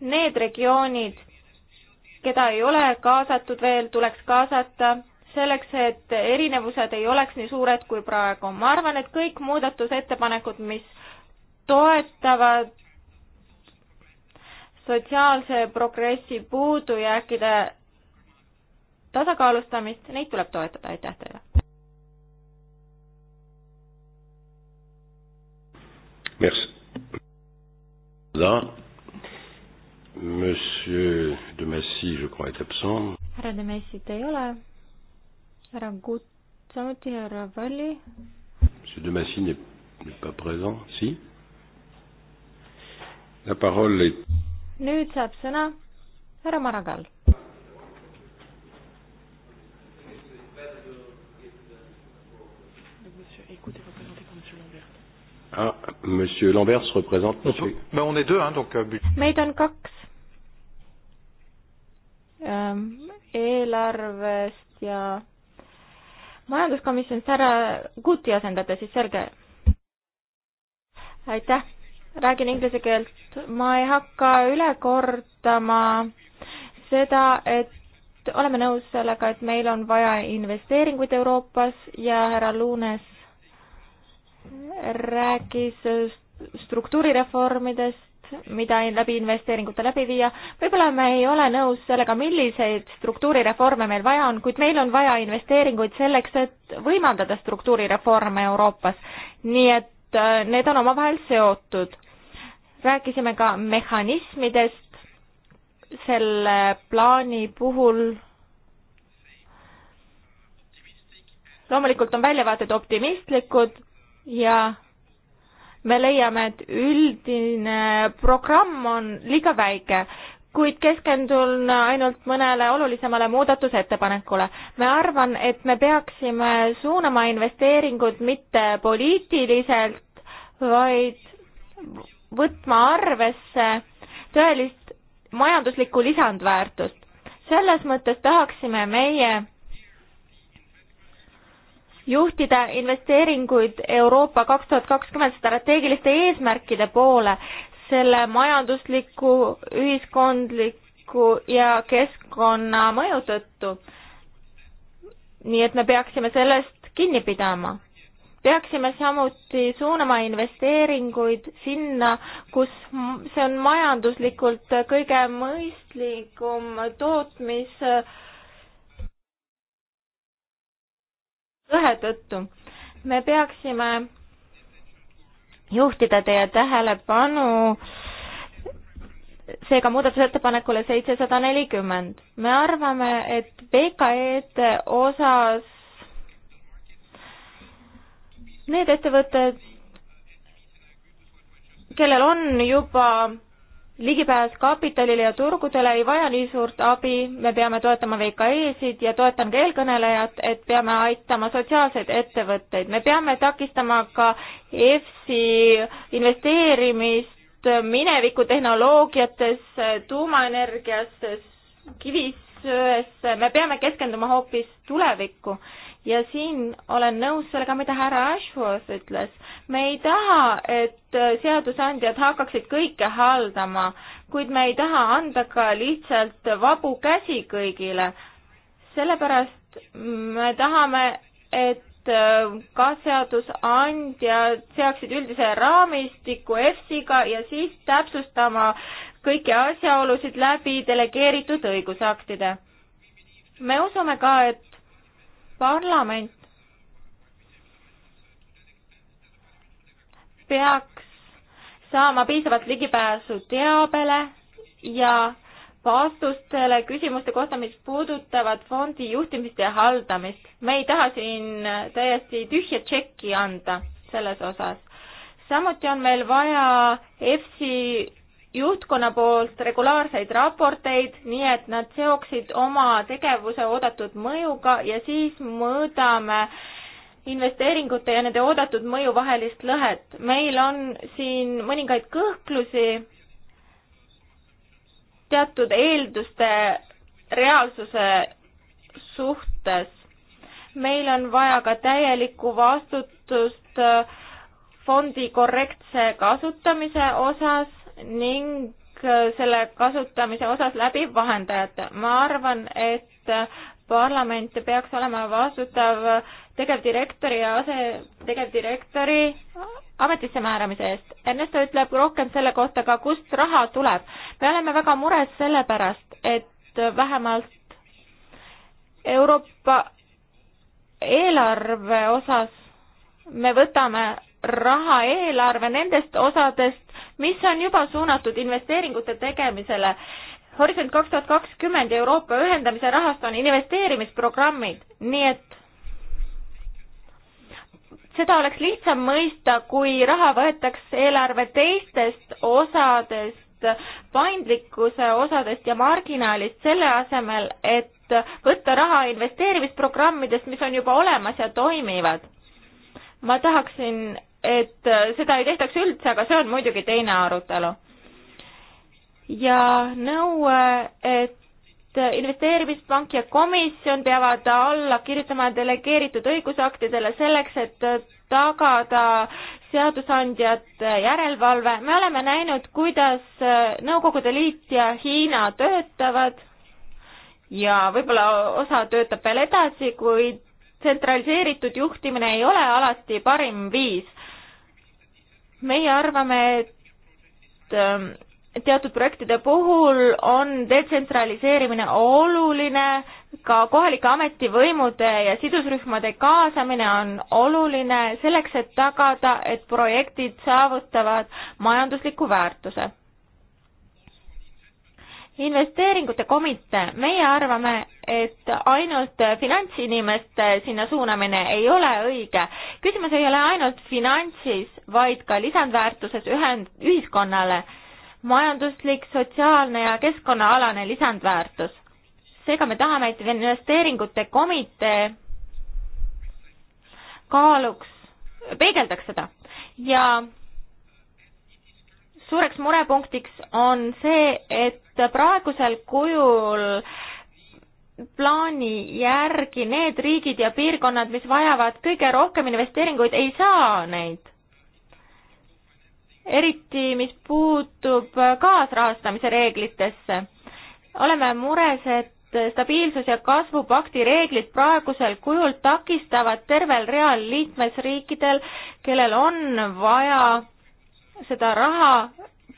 Need regioonid, keda ei ole kaasatud veel, tuleks kaasata selleks, et erinevused ei oleks nii suured kui praegu. ma arvan, et kõik muudatusettepanekud, mis toetavad sotsiaalse progressi puudujääkide tasakaalustamist, neid tuleb toetada, aitäh teile! Merci. Da. Monsieur de Messi, je crois, est absent. härra de Messit ei ole. härra Gut-, samuti härra Valli. Monsieur de Messi n'est pas présent, si. La parole est. nüüd saab sõna härra Maragall Ah, monsieur Lambert se représente. Monsieur... Ben, on est deux, hein, donc. Euh, meid on kaks. Ähm, eelarvest ja majanduskomisjonist härra Guti asendate siis, selge. aitäh, räägin inglise keelt. ma ei hakka üle kordama seda, et oleme nõus sellega, et meil on vaja investeeringuid Euroopas ja härra Luunes rääkis struktuurireformidest, mida läbi investeeringute läbi viia. võib-olla me ei ole nõus sellega, milliseid struktuurireforme meil vaja on, kuid meil on vaja investeeringuid selleks, et võimaldada struktuurireforme Euroopas. nii et äh, need on omavahel seotud. rääkisime ka mehhanismidest selle plaani puhul. loomulikult on väljavaated optimistlikud ja me leiame, et üldine programm on liiga väike, kuid keskendun ainult mõnele olulisemale muudatusettepanekule. ma arvan, et me peaksime suunama investeeringud mitte poliitiliselt, vaid võtma arvesse tõelist majanduslikku lisandväärtust. selles mõttes tahaksime meie juhtida investeeringuid Euroopa kaks tuhat kakskümmend strateegiliste eesmärkide poole, selle majandusliku, ühiskondliku ja keskkonna mõju tõttu. nii et me peaksime sellest kinni pidama. peaksime samuti suunama investeeringuid sinna, kus see on majanduslikult kõige mõistlikum tootmis- lõhe tõttu. me peaksime juhtida teie tähelepanu seega muudatusettepanekule seitsesada nelikümmend. me arvame, et VKE-de osas need ettevõtted, kellel on juba ligipääs kapitalile ja turgudele ei vaja nii suurt abi, me peame toetama VKE-sid ja toetan ka eelkõnelejat, et peame aitama sotsiaalseid ettevõtteid. me peame takistama ka EFSI investeerimist mineviku tehnoloogiatesse, tuumaenergiasse, kivisöesse, me peame keskenduma hoopis tulevikku ja siin olen nõus sellega, mida härra Ashworth ütles. me ei taha, et äh, seadusandjad hakkaksid kõike haldama, kuid me ei taha anda ka lihtsalt vabu käsi kõigile. sellepärast me tahame, et äh, ka seadusandjad seaksid üldise raamistiku EFSiga ja siis täpsustama kõiki asjaolusid läbi delegeeritud õigusaktide. me usume ka, et parlament peaks saama piisavalt ligipääsu teabele ja vastustele küsimuste kohta, mis puudutavad fondi juhtimist ja haldamist. me ei taha siin täiesti tühja tšekki anda selles osas. samuti on meil vaja EFSI juhtkonna poolt regulaarseid raporteid, nii et nad seoksid oma tegevuse oodatud mõjuga ja siis mõõdame investeeringute ja nende oodatud mõju vahelist lõhet. meil on siin mõningaid kõhklusi teatud eelduste reaalsuse suhtes. meil on vaja ka täielikku vastutust fondi korrektse kasutamise osas ning äh, selle kasutamise osas läbi vahendajate. ma arvan, et äh, parlament peaks olema vastutav äh, tegevdirektori ja asetegevdirektori ametisse määramise eest. Ernesto ütleb rohkem selle kohta ka, kust raha tuleb. me oleme väga mures selle pärast, et vähemalt Euroopa eelarve osas me võtame raha eelarve nendest osadest, mis on juba suunatud investeeringute tegemisele. Horisont kaks tuhat kakskümmend Euroopa ühendamise rahastu on investeerimisprogrammid, nii et seda oleks lihtsam mõista, kui raha võetakse eelarve teistest osadest, paindlikkuse osadest ja marginaalist, selle asemel, et võtta raha investeerimisprogrammidest, mis on juba olemas ja toimivad. ma tahaksin et äh, seda ei tehtaks üldse, aga see on muidugi teine arutelu. ja nõue, et investeerimispank ja komisjon peavad alla kirjutama delegeeritud õigusaktidele selleks, et tagada seadusandjate järelevalve. me oleme näinud, kuidas äh, Nõukogude Liit ja Hiina töötavad ja võib-olla osa töötab veel edasi, kuid tsentraliseeritud juhtimine ei ole alati parim viis meie arvame, et ähm, teatud projektide puhul on detsentraliseerimine oluline, ka kohalike ametivõimude ja sidusrühmade kaasamine on oluline selleks, et tagada, et projektid saavutavad majandusliku väärtuse investeeringute komitee, meie arvame, et ainult finantsinimeste sinna suunamine ei ole õige. küsimus ei ole ainult finantsis, vaid ka lisandväärtuses ühend-, ühiskonnale. majanduslik, sotsiaalne ja keskkonnaalane lisandväärtus. seega me tahame, et investeeringute komitee kaaluks, peegeldaks seda ja suureks murepunktiks on see, et praegusel kujul plaani järgi need riigid ja piirkonnad, mis vajavad kõige rohkem investeeringuid, ei saa neid. eriti, mis puutub kaasrahastamise reeglitesse. oleme mures, et stabiilsus- ja kasvupakti reeglid praegusel kujul takistavad tervel real liikmesriikidel, kellel on vaja seda raha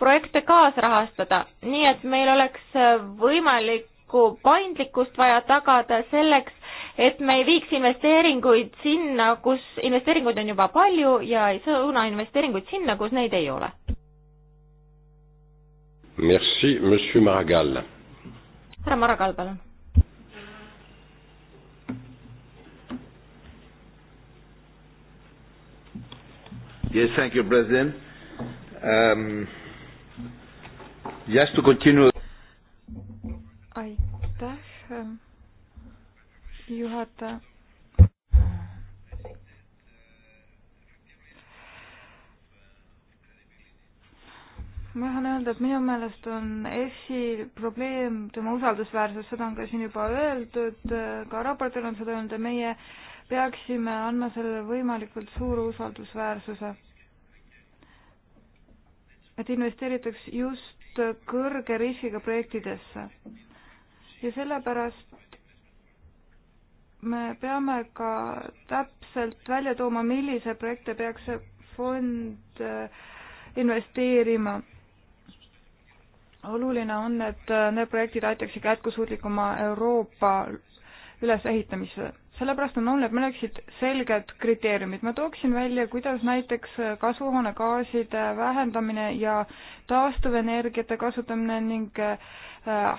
projekte kaasrahastada, nii et meil oleks äh, võimalikku paindlikkust vaja tagada selleks, et me ei viiks investeeringuid sinna, kus investeeringuid on juba palju ja ei suuna investeeringuid sinna, kus neid ei ole. Merci, monsieur Maragall. härra Maragall, palun. Yes, thank you, president um,. Just to continue. aitäh, ähm, juhataja. ma tahan öelda, et minu meelest on EFSi probleem tema usaldusväärsus, seda on ka siin juba öeldud, ka raportil on seda öelnud ja meie peaksime andma sellele võimalikult suure usaldusväärsuse et investeeritaks just kõrge riskiga projektidesse. ja sellepärast me peame ka täpselt välja tooma, millise projekte peaks see fond äh, investeerima. oluline on, et äh, need projektid aitaksid jätkusuutlikuma Euroopa ülesehitamisse. sellepärast on oluline, et meil oleksid selged kriteeriumid. ma tooksin välja, kuidas näiteks kasvuhoonegaaside vähendamine ja taastuvenergiate kasutamine ning äh,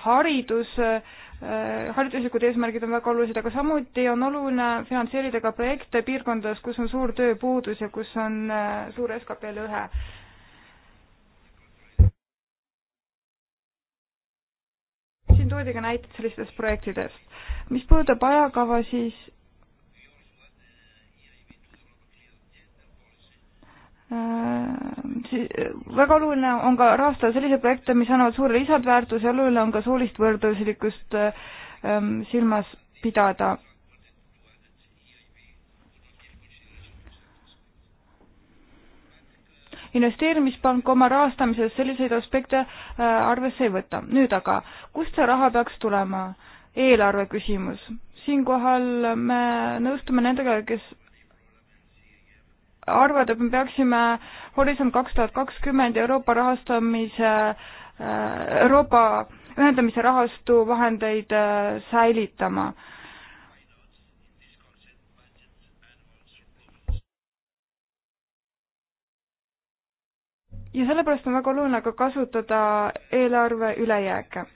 haridus, äh, hariduslikud eesmärgid on väga olulised, aga samuti on oluline finantseerida ka projekte piirkondades, kus on suur tööpuudus ja kus on äh, suur skp lõhe siin toodi ka näiteid sellistest projektidest mis puudutab ajakava, siis äh, väga oluline on ka rahastada selliseid projekte, mis annavad suure lisandväärtuse, oluline on ka soolist võrdluslikkust ähm, silmas pidada. investeerimispank oma rahastamises selliseid aspekte äh, arvesse ei võta. nüüd aga, kust see raha peaks tulema? eelarve küsimus. siinkohal me nõustume nendega, kes arvavad, et me peaksime Horisont kaks tuhat kakskümmend Euroopa rahastamise, äh, Euroopa ühendamise rahastu vahendeid äh, säilitama ja sellepärast on väga oluline ka kasutada eelarve ülejääke.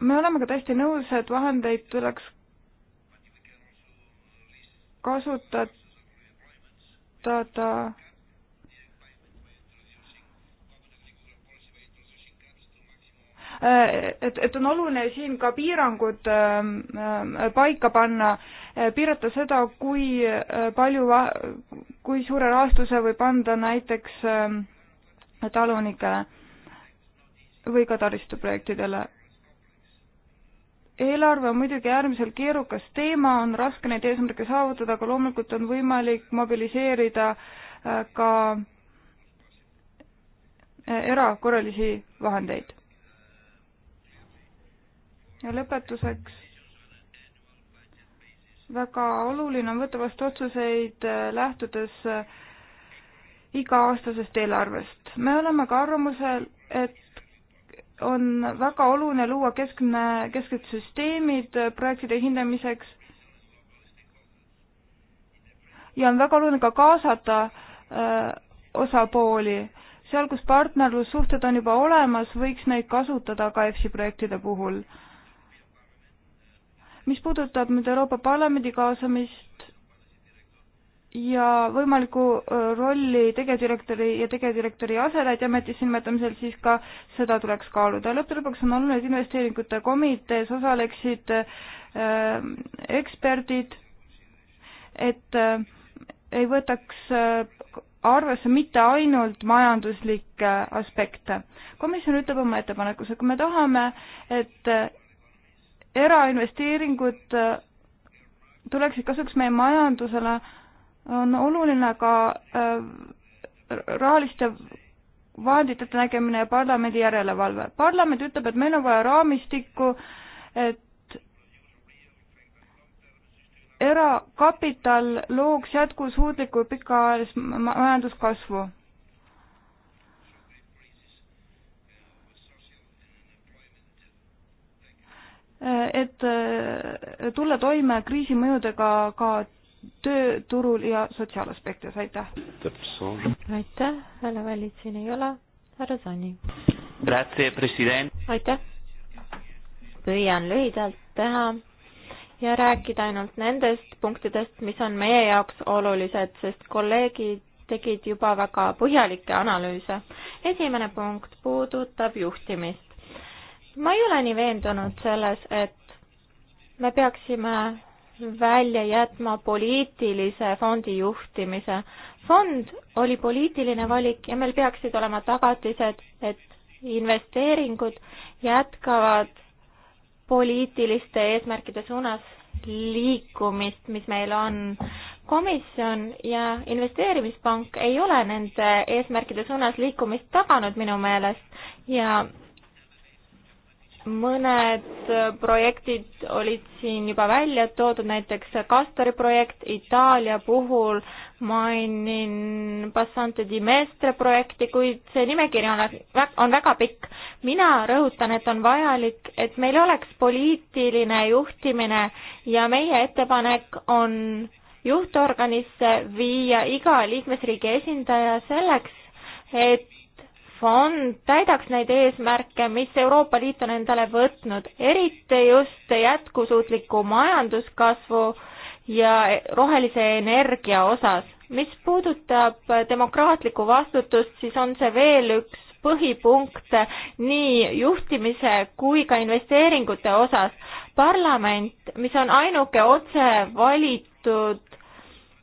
me oleme ka täiesti nõus, et vahendeid tuleks kasutada et, et on oluline siin ka piirangud ähm, äh, paika panna, äh, piirata seda, kui äh, palju, kui suure rahastuse võib anda näiteks ähm, talunikele või ka taristuprojektidele eelarve on muidugi äärmiselt keerukas teema, on raske neid eesmärke saavutada, aga loomulikult on võimalik mobiliseerida äh, ka äh, erakorralisi vahendeid. ja lõpetuseks, väga oluline on võtta vastu otsuseid äh, lähtudes iga-aastasest eelarvest. me oleme ka arvamusel, et on väga oluline luua keskne, kesksed süsteemid projektide hindamiseks ja on väga oluline ka kaasata öö, äh, osapooli. seal, kus partnerlussuhted on juba olemas, võiks neid kasutada ka EFSI projektide puhul. mis puudutab nüüd Euroopa Parlamendi kaasamist, ja võimaliku rolli tegevdirektori ja tegevdirektori asetäitja ametisse nimetamisel, siis ka seda tuleks kaaluda. lõppude lõpuks on oluline, et investeeringute komitees osaleksid äh, eksperdid, et äh, ei võtaks äh, arvesse mitte ainult majanduslikke aspekte. komisjon ütleb oma ettepanekus, et kui me tahame, et erainvesteeringud tuleksid kasuks meie majandusele, on oluline ka äh, rahaliste vahendite nägemine ja parlamendi järelevalve. parlament ütleb, et meil on vaja raamistikku, et erakapital looks jätkusuutliku pikaajalist majanduskasvu. Äh, et äh, tulla toime kriisi mõjudega ka tööturul ja sotsiaalaspektides, aitäh! aitäh, härra Vällit siin ei ole, härra Sani. aitäh! püüan lühidalt teha ja rääkida ainult nendest punktidest, mis on meie jaoks olulised, sest kolleegid tegid juba väga põhjalikke analüüse. esimene punkt puudutab juhtimist. ma ei ole nii veendunud selles, et me peaksime välja jätma poliitilise fondi juhtimise. fond oli poliitiline valik ja meil peaksid olema tagatised, et investeeringud jätkavad poliitiliste eesmärkide suunas liikumist, mis meil on. komisjon ja investeerimispank ei ole nende eesmärkide suunas liikumist taganud minu meelest ja mõned äh, projektid olid siin juba välja toodud, näiteks Castori projekt Itaalia puhul, mainin Passante di Mestre projekti, kuid see nimekiri on, on väga pikk. mina rõhutan, et on vajalik, et meil oleks poliitiline juhtimine ja meie ettepanek on juhtorganisse viia iga liikmesriigi esindaja selleks, et fond täidaks neid eesmärke, mis Euroopa Liit on endale võtnud, eriti just jätkusuutliku majanduskasvu ja rohelise energia osas. mis puudutab demokraatlikku vastutust, siis on see veel üks põhipunkt nii juhtimise kui ka investeeringute osas. parlament, mis on ainuke otse valitud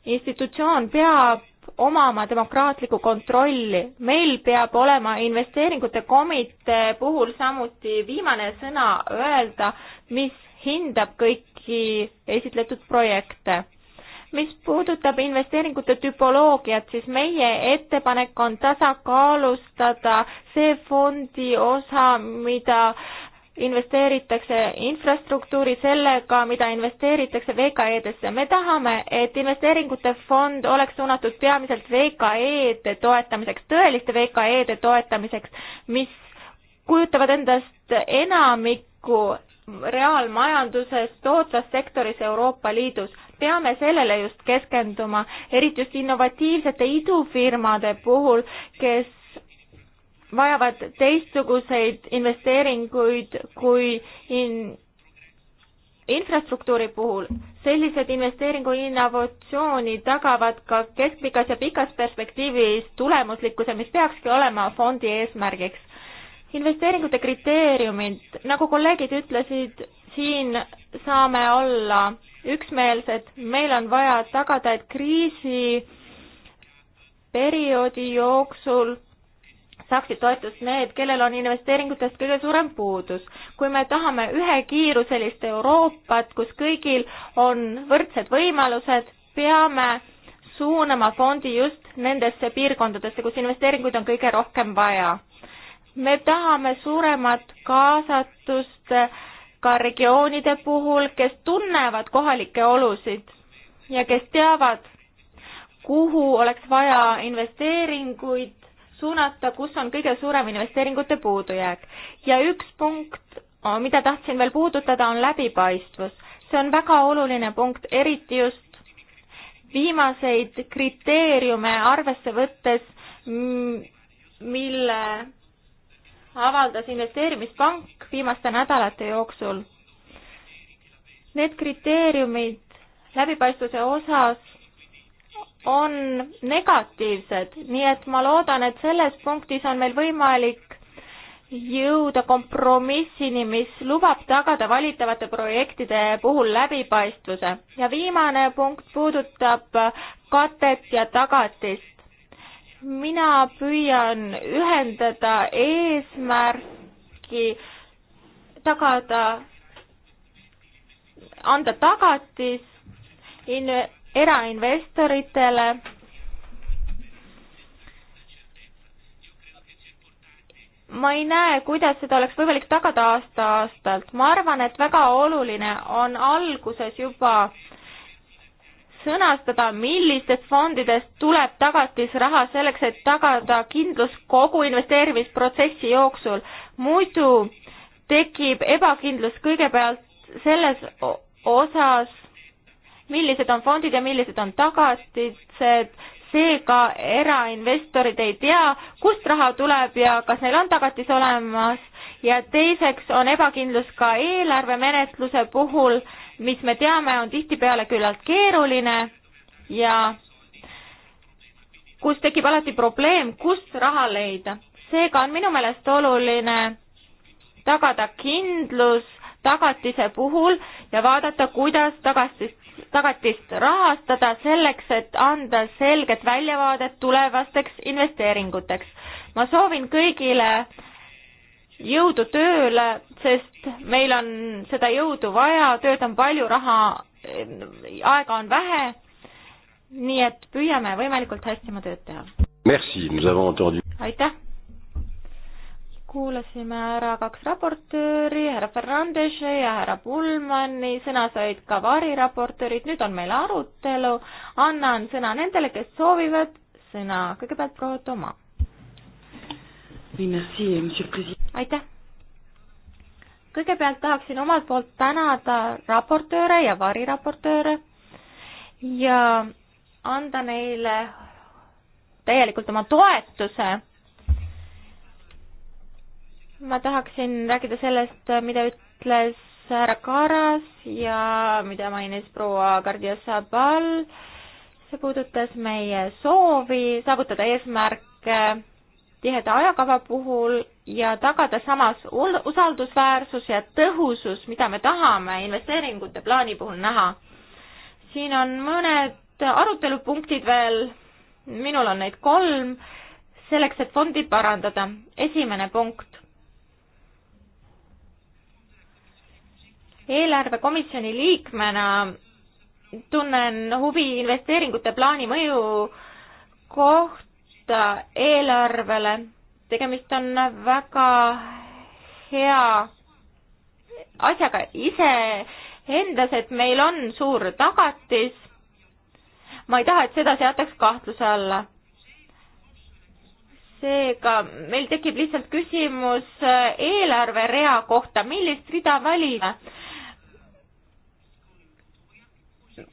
institutsioon, peab omama demokraatlikku kontrolli. meil peab olema investeeringute komitee puhul samuti viimane sõna öelda, mis hindab kõiki esitletud projekte. mis puudutab investeeringute tüpoloogiat, siis meie ettepanek on tasakaalustada see fondi osa, mida äh, investeeritakse infrastruktuuri sellega, mida investeeritakse VKE-desse. me tahame, et investeeringute fond oleks suunatud peamiselt VKE-de toetamiseks, tõeliste VKE-de toetamiseks, mis kujutavad endast enamikku reaalmajanduses, tootvas sektoris Euroopa Liidus. peame sellele just keskenduma, eriti just innovatiivsete idufirmade puhul, kes vajavad teistsuguseid investeeringuid kui in infrastruktuuri puhul. sellised investeeringu innovatsiooni tagavad ka keskpikas ja pikas perspektiivis tulemuslikkuse, mis peakski olema fondi eesmärgiks. investeeringute kriteeriumid, nagu kolleegid ütlesid, siin saame olla üksmeelsed, meil on vaja tagada, et kriisi perioodi jooksul saaksid toetust need, kellel on investeeringutest kõige suurem puudus. kui me tahame ühekiiruselist Euroopat, kus kõigil on võrdsed võimalused, peame suunama fondi just nendesse piirkondadesse, kus investeeringuid on kõige rohkem vaja. me tahame suuremat kaasatust ka regioonide puhul, kes tunnevad kohalikke olusid ja kes teavad, kuhu oleks vaja investeeringuid suunata, kus on kõige suurem investeeringute puudujääk. ja üks punkt, mida tahtsin veel puudutada, on läbipaistvus. see on väga oluline punkt, eriti just viimaseid kriteeriume arvesse võttes, mille avaldas investeerimispank viimaste nädalate jooksul. Need kriteeriumid läbipaistvuse osas on negatiivsed, nii et ma loodan, et selles punktis on meil võimalik jõuda kompromissini, mis lubab tagada valitavate projektide puhul läbipaistvuse. ja viimane punkt puudutab katet ja tagatist. mina püüan ühendada eesmärki tagada, anda tagatis in-, erainvestoritele ma ei näe, kuidas seda oleks võimalik tagada aasta-aastalt. ma arvan, et väga oluline on alguses juba sõnastada, millistest fondidest tuleb tagatisraha selleks, et tagada kindlus kogu investeerimisprotsessi jooksul. muidu tekib ebakindlus kõigepealt selles osas, millised on fondid ja millised on tagatised, seega erainvestorid ei tea, kust raha tuleb ja kas neil on tagatis olemas ja teiseks on ebakindlus ka eelarvemenetluse puhul, mis me teame, on tihtipeale küllalt keeruline ja kus tekib alati probleem, kust raha leida. seega on minu meelest oluline tagada kindlus tagatise puhul ja vaadata, kuidas tagastist tagatist rahastada selleks, et anda selget väljavaadet tulevasteks investeeringuteks. ma soovin kõigile jõudu tööle, sest meil on seda jõudu vaja, tööd on palju, raha, aega on vähe. nii et püüame võimalikult hästi oma tööd teha. aitäh kuulasime ära kaks raportööri, härra Fernandese ja härra Pullmanni, sõna said ka variraportöörid, nüüd on meil arutelu, annan sõna nendele, kes soovivad sõna, kõigepealt proua Toma. aitäh! kõigepealt tahaksin omalt poolt tänada raportööre ja variraportööre ja anda neile täielikult oma toetuse ma tahaksin rääkida sellest, mida ütles härra Karas ja mida mainis proua Gardia Sabal. see puudutas meie soovi saavutada eesmärke tiheda ajakava puhul ja tagada samas usaldusväärsus ja tõhusus, mida me tahame investeeringute plaani puhul näha. siin on mõned arutelupunktid veel, minul on neid kolm, selleks, et fondi parandada. esimene punkt, eelarvekomisjoni liikmena tunnen huvi investeeringute plaani mõju kohta eelarvele. tegemist on väga hea asjaga iseendas, et meil on suur tagatis. ma ei taha, et seda seataks kahtluse alla. seega meil tekib lihtsalt küsimus eelarverea kohta, millist rida valida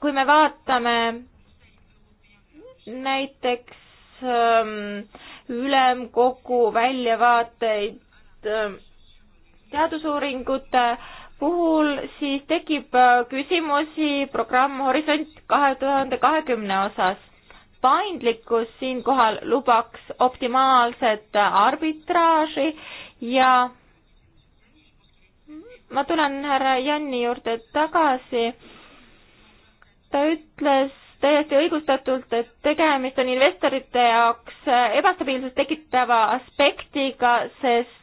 kui me vaatame näiteks ähm, ülemkogu väljavaateid ähm, teadusuuringute puhul, siis tekib äh, küsimusi programm Horisont kahe tuhande kahekümne osas. paindlikkus siinkohal lubaks optimaalset arbitraaži ja ma tulen härra Janni juurde tagasi ta ütles täiesti õigustatult, et tegemist on investorite jaoks ebastabiilsust tekitava aspektiga, sest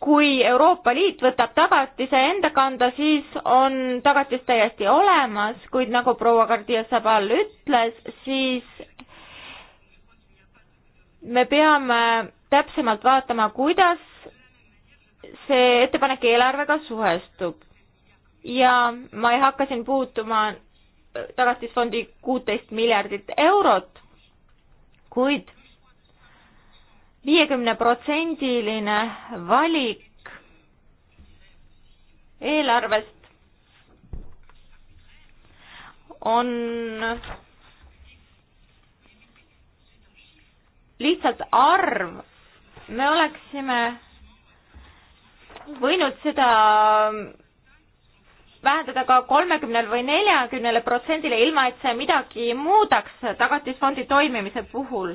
kui Euroopa Liit võtab tagatise enda kanda, siis on tagatis täiesti olemas, kuid nagu proua Gardia Sabal ütles, siis me peame täpsemalt vaatama, kuidas see ettepanek eelarvega suhestub ja ma ei hakka siin puutuma tagatisfondi kuuteist miljardit eurot, kuid viiekümneprotsendiline valik eelarvest on lihtsalt arv, me oleksime võinud seda vähendada ka kolmekümnel või neljakümnele protsendile, ilma et see midagi muudaks tagatisfondi toimimise puhul.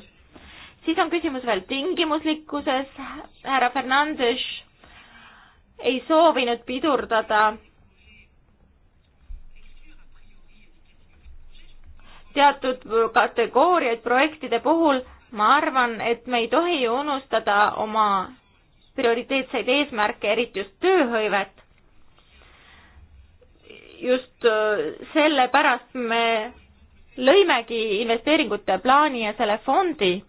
siis on küsimus veel tingimuslikkuses, härra Fernandes ei soovinud pidurdada teatud kategooriaid projektide puhul, ma arvan, et me ei tohi unustada oma prioriteetseid eesmärke, eriti just tööhõivet just äh, sellepärast me lõimegi investeeringute plaani ja selle fondi.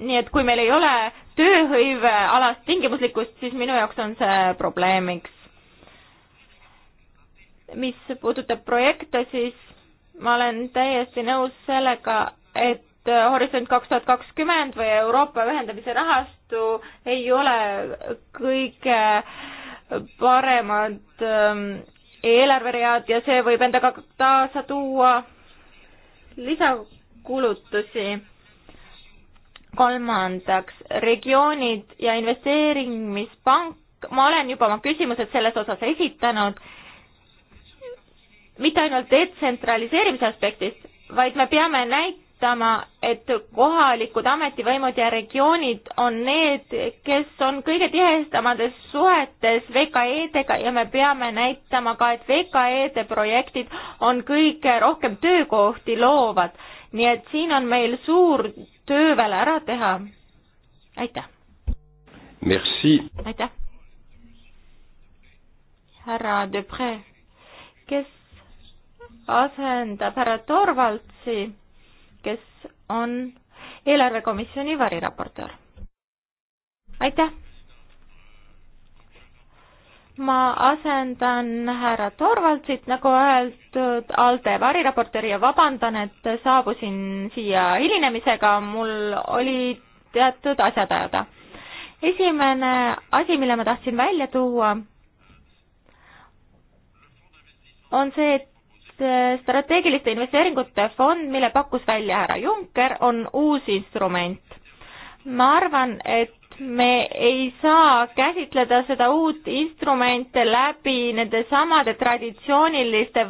nii et kui meil ei ole tööhõivealast tingimuslikkust, siis minu jaoks on see probleemiks. mis puudutab projekte, siis ma olen täiesti nõus sellega, et Horisont kaks tuhat kakskümmend või Euroopa ühendamise rahastu ei ole kõige äh, paremad ähm, eelarveread ja see võib endaga kaasa tuua lisakulutusi. kolmandaks, regioonid ja investeerimispank. ma olen juba oma küsimused selles osas esitanud, mitte ainult detsentraliseerimise aspektist, vaid me peame näit-, tunnistama, et kohalikud ametivõimud ja regioonid on need, kes on kõige tihedamates suhetes VKE-dega ja me peame näitama ka, et VKE-de projektid on kõige rohkem töökohti loovad. nii et siin on meil suur töö veel ära teha. aitäh! aitäh! härra Depre, kes asendab härra Torvaldsi kes on eelarvekomisjoni variraportöör. aitäh! ma asendan härra Torvaldsit, nagu öeldud, ALDE variraportööri ja vabandan, et saabusin siia hilinemisega, mul oli teatud asjad ajada. esimene asi, mille ma tahtsin välja tuua, on see, et Äh, strateegiliste investeeringute fond, mille pakkus välja härra Juncker, on uus instrument. ma arvan, et me ei saa käsitleda seda uut instrumente läbi nende samade traditsiooniliste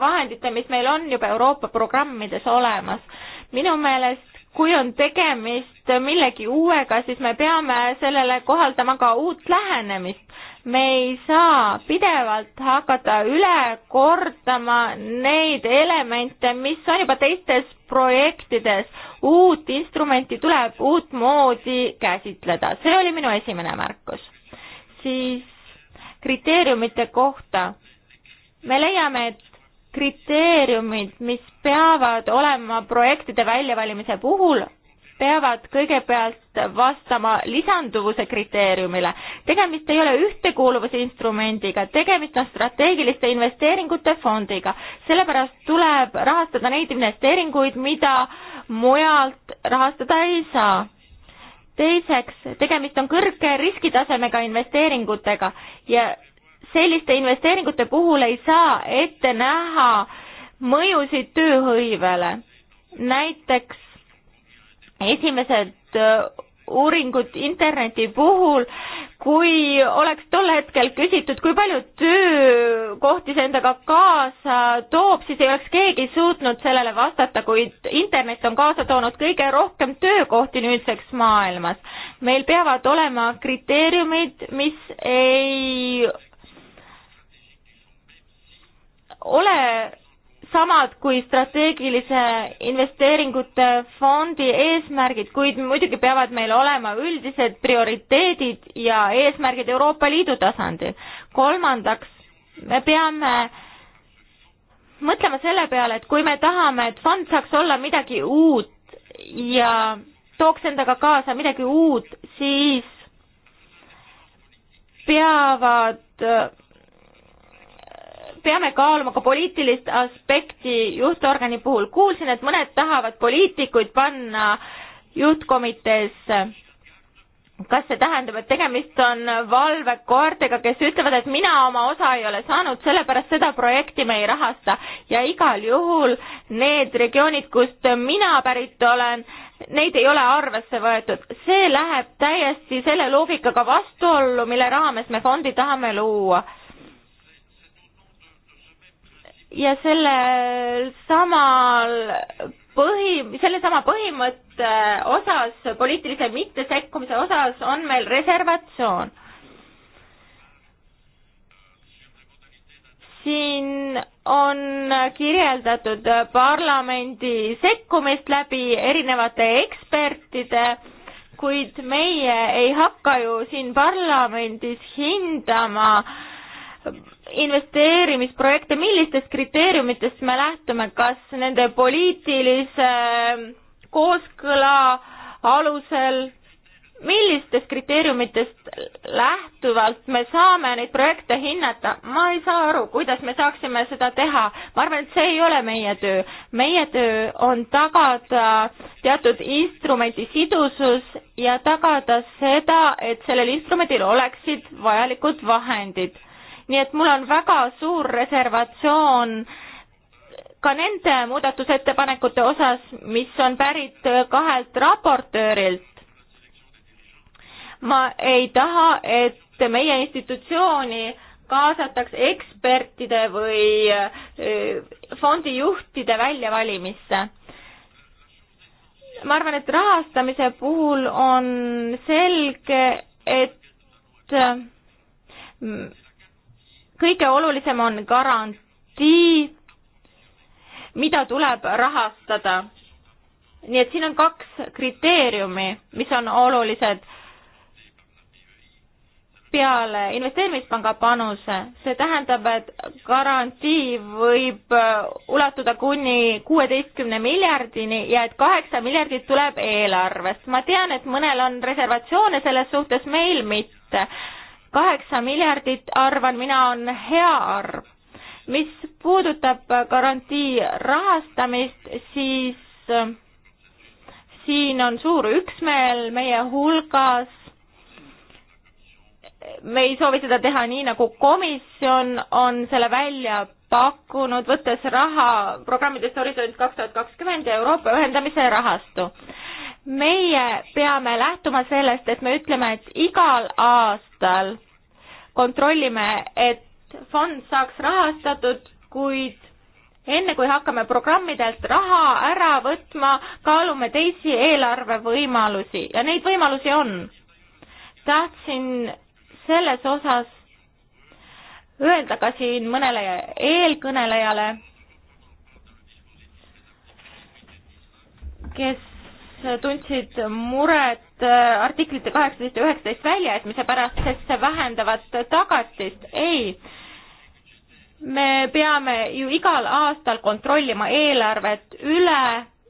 vahendite, mis meil on juba Euroopa programmides olemas. minu meelest kui on tegemist millegi uuega, siis me peame sellele kohaldama ka uut lähenemist me ei saa pidevalt hakata üle kordama neid elemente, mis on juba teistes projektides. uut instrumenti tuleb uutmoodi käsitleda, see oli minu esimene märkus. siis kriteeriumite kohta. me leiame, et kriteeriumid, mis peavad olema projektide väljavalimise puhul, peavad kõigepealt vastama lisanduvuse kriteeriumile. tegemist ei ole ühtekuuluvuse instrumendiga, tegemist on strateegiliste investeeringute fondiga. sellepärast tuleb rahastada neid investeeringuid, mida mujalt rahastada ei saa teiseks, tegemist on kõrge riskitasemega investeeringutega ja selliste investeeringute puhul ei saa ette näha mõjusid tööhõivele. näiteks esimesed äh, uuringud interneti puhul, kui oleks tol hetkel küsitud, kui palju töökohti see endaga kaasa toob, siis ei oleks keegi suutnud sellele vastata, kuid internet on kaasa toonud kõige rohkem töökohti nüüdseks maailmas. meil peavad olema kriteeriumid, mis ei ole samad kui strateegilise investeeringute fondi eesmärgid, kuid muidugi peavad meil olema üldised prioriteedid ja eesmärgid Euroopa Liidu tasandil. kolmandaks, me peame mõtlema selle peale, et kui me tahame, et fond saaks olla midagi uut ja tooks endaga kaasa midagi uut, siis peavad peame kaaluma ka poliitilist aspekti juhtorgani puhul. kuulsin, et mõned tahavad poliitikuid panna juhtkomiteesse. kas see tähendab, et tegemist on valvekoertega, kes ütlevad, et mina oma osa ei ole saanud, sellepärast seda projekti me ei rahasta ja igal juhul need regioonid, kust mina pärit olen, neid ei ole arvesse võetud. see läheb täiesti selle loogikaga vastuollu, mille raames me fondi tahame luua ja sellel samal põhi, sellesama põhimõtte osas, poliitilise mittesekkumise osas on meil reservatsioon. siin on kirjeldatud parlamendi sekkumist läbi erinevate ekspertide, kuid meie ei hakka ju siin parlamendis hindama äh, investeerimisprojekte, millistest kriteeriumitest me lähtume, kas nende poliitilise äh, kooskõla alusel, millistest kriteeriumitest lähtuvalt me saame neid projekte hinnata, ma ei saa aru, kuidas me saaksime seda teha. ma arvan, et see ei ole meie töö. meie töö on tagada teatud instrumendi sidusus ja tagada seda, et sellel instrumendil oleksid vajalikud vahendid nii et mul on väga suur reservatsioon ka nende muudatusettepanekute osas, mis on pärit kahelt raportöörilt. ma ei taha, et meie institutsiooni kaasataks ekspertide või äh, fondijuhtide väljavalimisse. ma arvan, et rahastamise puhul on selge, et äh, kõige olulisem on garantii, mida tuleb rahastada. nii et siin on kaks kriteeriumi, mis on olulised peale investeerimispanga panuse, see tähendab, et garantii võib ulatuda kuni kuueteistkümne miljardini ja et kaheksa miljardit tuleb eelarvest. ma tean, et mõnel on reservatsioone selles suhtes, meil mitte kaheksa miljardit arvan mina on hea arv. mis puudutab garantii rahastamist, siis äh, siin on suur üksmeel meie hulgas. me ei soovi seda teha nii, nagu komisjon on selle välja pakkunud, võttes raha programmidest Horisont kaks tuhat kakskümmend ja Euroopa ühendamise rahastu. meie peame lähtuma sellest, et me ütleme, et igal aastal kontrollime, et fond saaks rahastatud, kuid enne kui hakkame programmidelt raha ära võtma, kaalume teisi eelarvevõimalusi ja neid võimalusi on. tahtsin selles osas öelda ka siin mõnele eelkõnelejale, kes tundsid muret Äh, artiklite kaheksateist ja üheksateist välja jätmise pärast, sest see vähendavad tagatist. ei, me peame ju igal aastal kontrollima eelarvet üle,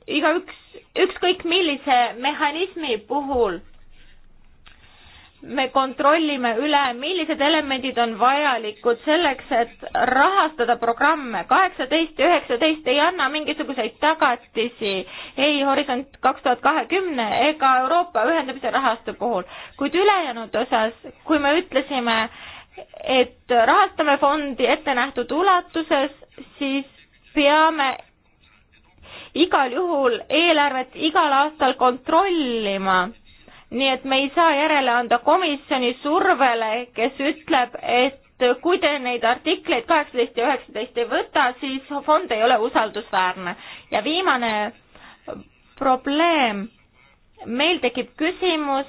igaüks, ükskõik millise mehhanismi puhul me kontrollime üle, millised elemendid on vajalikud selleks, et rahastada programme. kaheksateist ja üheksateist ei anna mingisuguseid tagatisi ei Horisont kaks tuhat kahekümne ega Euroopa ühendamise rahastu puhul, kuid ülejäänud osas, kui me ütlesime, et rahastame fondi ette nähtud ulatuses, siis peame igal juhul eelarvet igal aastal kontrollima nii et me ei saa järele anda komisjoni survele, kes ütleb, et kui te neid artikleid kaheksateist ja üheksateist ei võta, siis fond ei ole usaldusväärne. ja viimane probleem, meil tekib küsimus,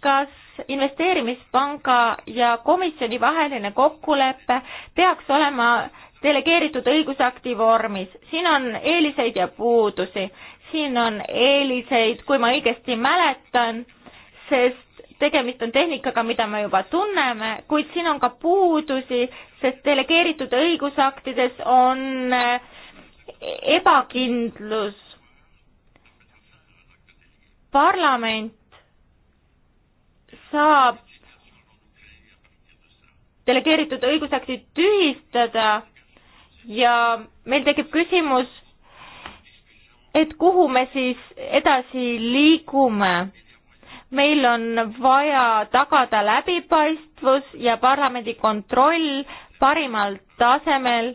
kas investeerimispanga ja komisjoni vaheline kokkulepe peaks olema delegeeritud õigusakti vormis, siin on eeliseid ja puudusi, siin on eeliseid, kui ma õigesti mäletan sest tegemist on tehnikaga, mida me juba tunneme, kuid siin on ka puudusi, sest delegeeritud õigusaktides on eh, ebakindlus. parlament saab delegeeritud õigusaktid tühistada ja meil tekib küsimus, et kuhu me siis edasi liigume meil on vaja tagada läbipaistvus ja parlamendi kontroll parimal tasemel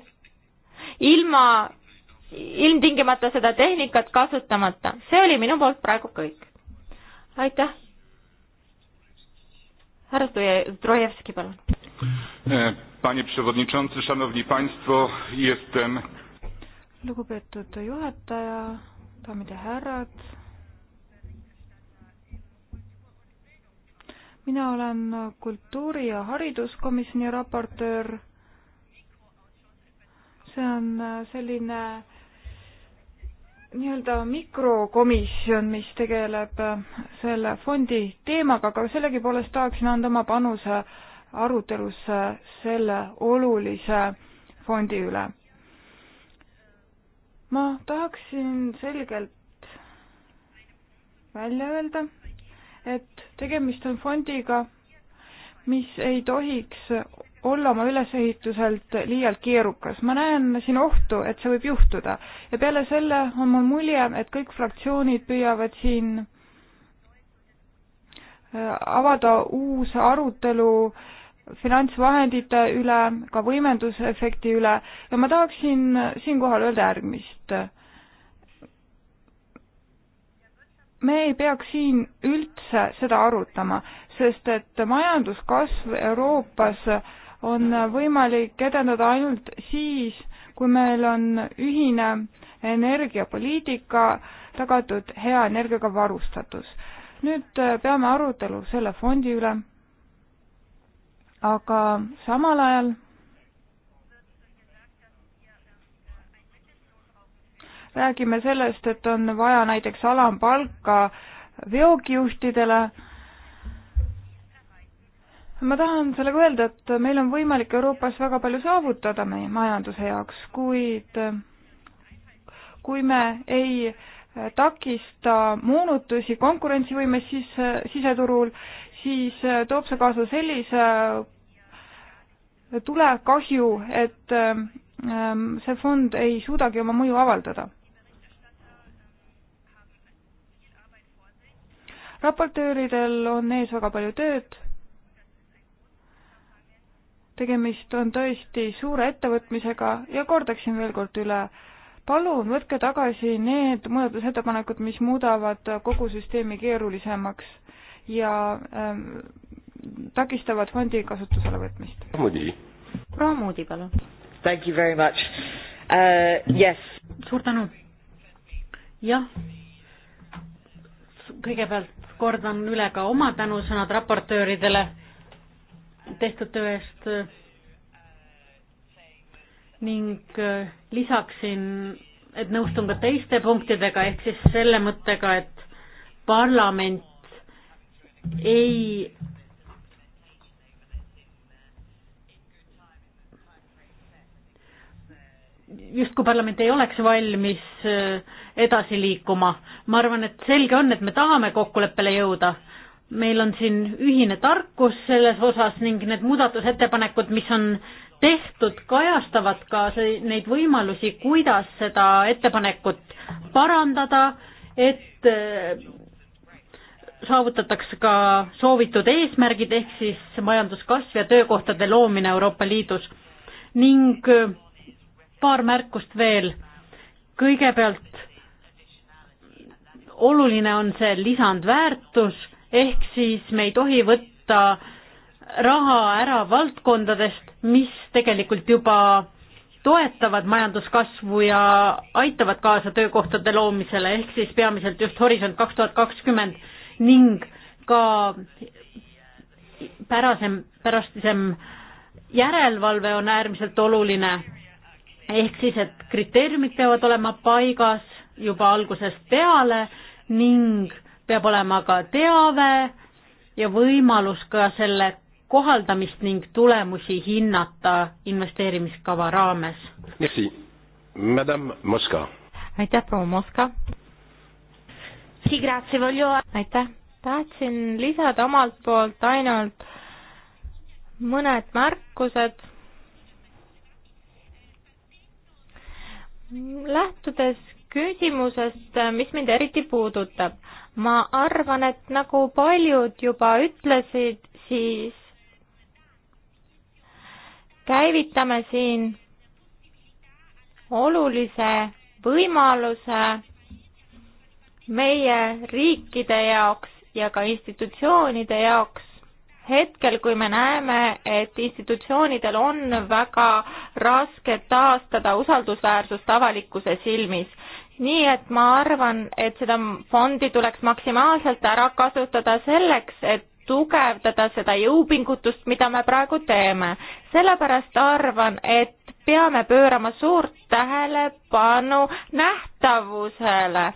ilma ilmtingimata seda tehnikat kasutamata. see oli minu poolt praegu kõik. aitäh. härra Zdrojevski, palun. E, panie przewodniczący, szanowni państwo, jestem. lugupeetud juhataja, daamid ja härrad mina olen kultuuri- ja hariduskomisjoni raportöör. see on selline nii-öelda mikrokomisjon, mis tegeleb selle fondi teemaga, aga sellegipoolest tahaksin anda oma panuse arutelusse selle olulise fondi üle. ma tahaksin selgelt välja öelda, et tegemist on fondiga, mis ei tohiks olla oma ülesehituselt liialt keerukas. ma näen siin ohtu, et see võib juhtuda ja peale selle on mul mulje, et kõik fraktsioonid püüavad siin äh, avada uus arutelu finantsvahendite üle, ka võimendusefekti üle ja ma tahaksin siinkohal öelda järgmist. me ei peaks siin üldse seda arutama, sest et majanduskasv Euroopas on võimalik edendada ainult siis, kui meil on ühine energiapoliitika, tagatud hea energiaga varustatus. nüüd peame arutelu selle fondi üle, aga samal ajal räägime sellest, et on vaja näiteks alampalka veokijuhtidele. ma tahan sellega öelda, et meil on võimalik Euroopas väga palju saavutada meie majanduse jaoks, kuid kui me ei takista moonutusi konkurentsivõimes siis siseturul, siis toob see kaasa sellise tulekahju, et ähm, see fond ei suudagi oma mõju avaldada raportööridel on ees väga palju tööd. tegemist on tõesti suure ettevõtmisega ja kordaksin veel kord üle. palun võtke tagasi need muudatusettepanekud, mis muudavad kogu süsteemi keerulisemaks ja ähm, takistavad fondi kasutusele võtmist. proua Moodi, palun. Thank you very much uh,. Yes. suur tänu. jah kõigepealt kordan üle ka oma tänusõnad raportööridele tehtud töö eest ning äh, lisaksin, et nõustun ka teiste punktidega, ehk siis selle mõttega, et parlament ei justkui parlament ei oleks valmis äh, edasi liikuma. ma arvan, et selge on, et me tahame kokkuleppele jõuda. meil on siin ühine tarkus selles osas ning need muudatusettepanekud, mis on tehtud, kajastavad ka neid võimalusi, kuidas seda ettepanekut parandada, et äh, saavutatakse ka soovitud eesmärgid, ehk siis majanduskasv ja töökohtade loomine Euroopa Liidus ning äh, paar märkust veel. kõigepealt oluline on see lisandväärtus, ehk siis me ei tohi võtta raha ära valdkondadest, mis tegelikult juba toetavad majanduskasvu ja aitavad kaasa töökohtade loomisele, ehk siis peamiselt just Horisont kaks tuhat kakskümmend ning ka pärasem, pärastisem järelevalve on äärmiselt oluline ehk siis, et kriteeriumid peavad olema paigas juba algusest peale ning peab olema ka teave ja võimalus ka selle kohaldamist ning tulemusi hinnata investeerimiskava raames. Merci, madame Moska. aitäh, proua Moska. aitäh, tahtsin lisada omalt poolt ainult mõned märkused lähtudes küsimusest, mis mind eriti puudutab, ma arvan, et nagu paljud juba ütlesid, siis käivitame siin olulise võimaluse meie riikide jaoks ja ka institutsioonide jaoks hetkel, kui me näeme, et institutsioonidel on väga raske taastada usaldusväärsust avalikkuse silmis. nii et ma arvan, et seda fondi tuleks maksimaalselt ära kasutada selleks, et tugevdada seda jõupingutust, mida me praegu teeme. sellepärast arvan, et peame pöörama suurt tähelepanu nähtavusele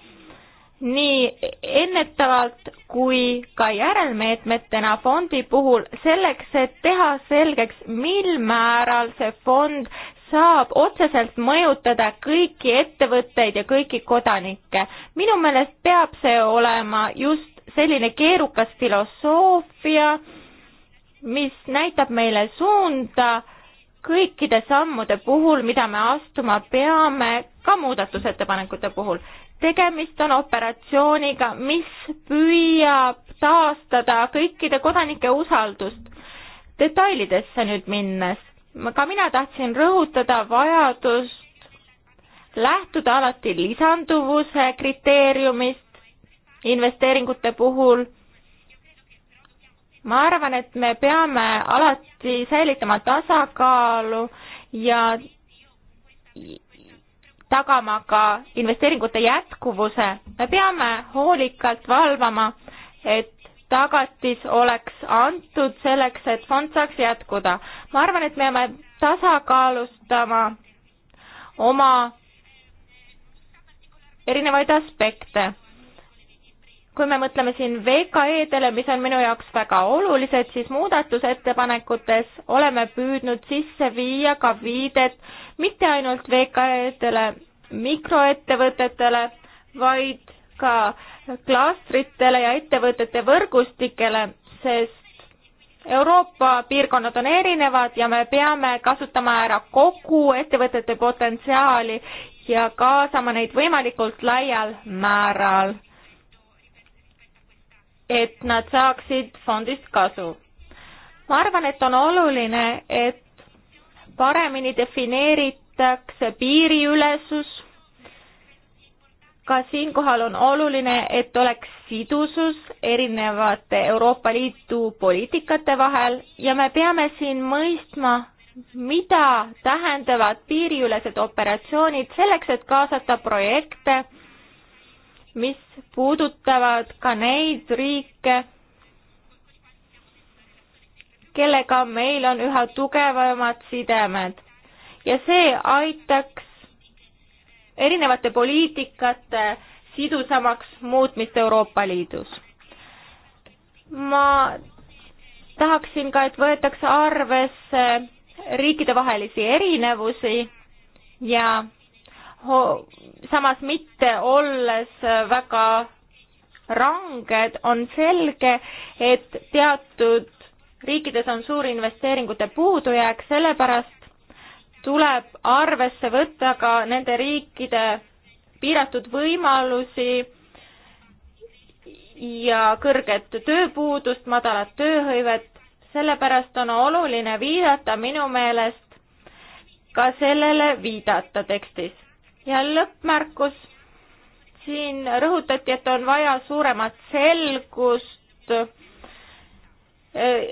nii ennetavalt kui ka järelmeetmetena fondi puhul selleks, et teha selgeks, mil määral see fond saab otseselt mõjutada kõiki ettevõtteid ja kõiki kodanikke. minu meelest peab see olema just selline keerukas filosoofia, mis näitab meile suunda kõikide sammude puhul, mida me astuma peame, ka muudatusettepanekute puhul tegemist on operatsiooniga, mis püüab taastada kõikide kodanike usaldust. detailidesse nüüd minnes, ka mina tahtsin rõhutada vajadust lähtuda alati lisanduvuse kriteeriumist investeeringute puhul. ma arvan, et me peame alati säilitama tasakaalu ja tagama ka investeeringute jätkuvuse. me peame hoolikalt valvama, et tagatis oleks antud selleks, et fond saaks jätkuda. ma arvan, et me peame tasakaalustama oma erinevaid aspekte kui me mõtleme siin VKE-dele, mis on minu jaoks väga olulised, siis muudatusettepanekutes oleme püüdnud sisse viia ka viidet mitte ainult VKE-dele, mikroettevõtetele, vaid ka klastritele ja ettevõtete võrgustikele, sest Euroopa piirkonnad on erinevad ja me peame kasutama ära kogu ettevõtete potentsiaali ja kaasama neid võimalikult laial määral et nad saaksid fondist kasu. ma arvan, et on oluline, et paremini defineeritakse piiriülesus, ka siinkohal on oluline, et oleks sidusus erinevate Euroopa Liidu poliitikate vahel ja me peame siin mõistma, mida tähendavad piiriülesed operatsioonid selleks, et kaasata projekte, mis puudutavad ka neid riike, kellega meil on üha tugevamad sidemed ja see aitaks erinevate poliitikate sidusamaks muutmist Euroopa Liidus. ma tahaksin ka, et võetakse arvesse riikidevahelisi erinevusi ja samas mitte olles väga ranged, on selge, et teatud riikides on suur investeeringute puudujääk, sellepärast tuleb arvesse võtta ka nende riikide piiratud võimalusi ja kõrget tööpuudust, madalat tööhõivet, sellepärast on oluline viidata minu meelest ka sellele viidata tekstis ja lõppmärkus, siin rõhutati, et on vaja suuremat selgust eh,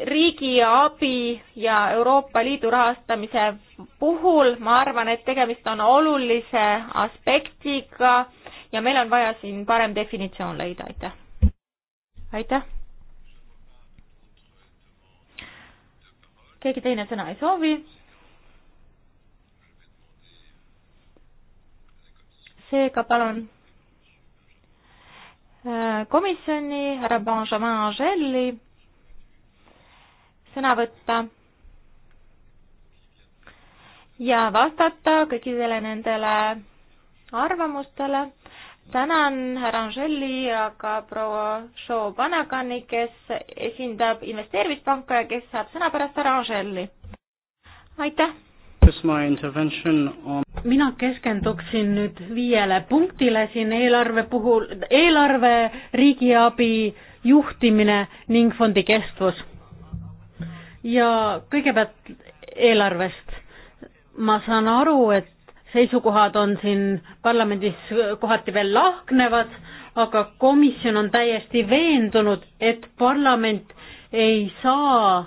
riigi abi ja Euroopa Liidu rahastamise puhul, ma arvan, et tegemist on olulise aspektiga ja meil on vaja siin parem definitsioon leida, aitäh. aitäh. keegi teine sõna ei soovi seega palun äh, komisjoni härra Benjamin Angeli sõna võtta ja vastata kõikidele nendele arvamustele. tänan härra Angeli ja ka proua Show Panagani, kes esindab investeerimispanka ja kes saab sõna pärast härra Angeli. aitäh mina keskenduksin nüüd viiele punktile siin eelarve puhul, eelarve, riigiabi, juhtimine ning fondi kestvus. ja kõigepealt eelarvest. ma saan aru, et seisukohad on siin parlamendis kohati veel lahknevad, aga komisjon on täiesti veendunud, et parlament ei saa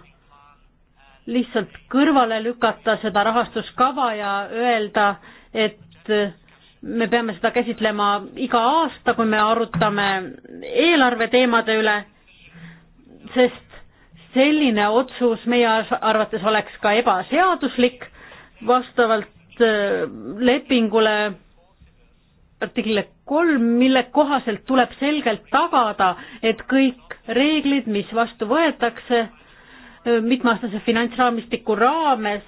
lihtsalt kõrvale lükata seda rahastuskava ja öelda, et me peame seda käsitlema iga aasta, kui me arutame eelarve teemade üle, sest selline otsus meie arvates oleks ka ebaseaduslik vastavalt äh, lepingule artiklile kolm, mille kohaselt tuleb selgelt tagada, et kõik reeglid, mis vastu võetakse, mitmeaastase finantsraamistiku raames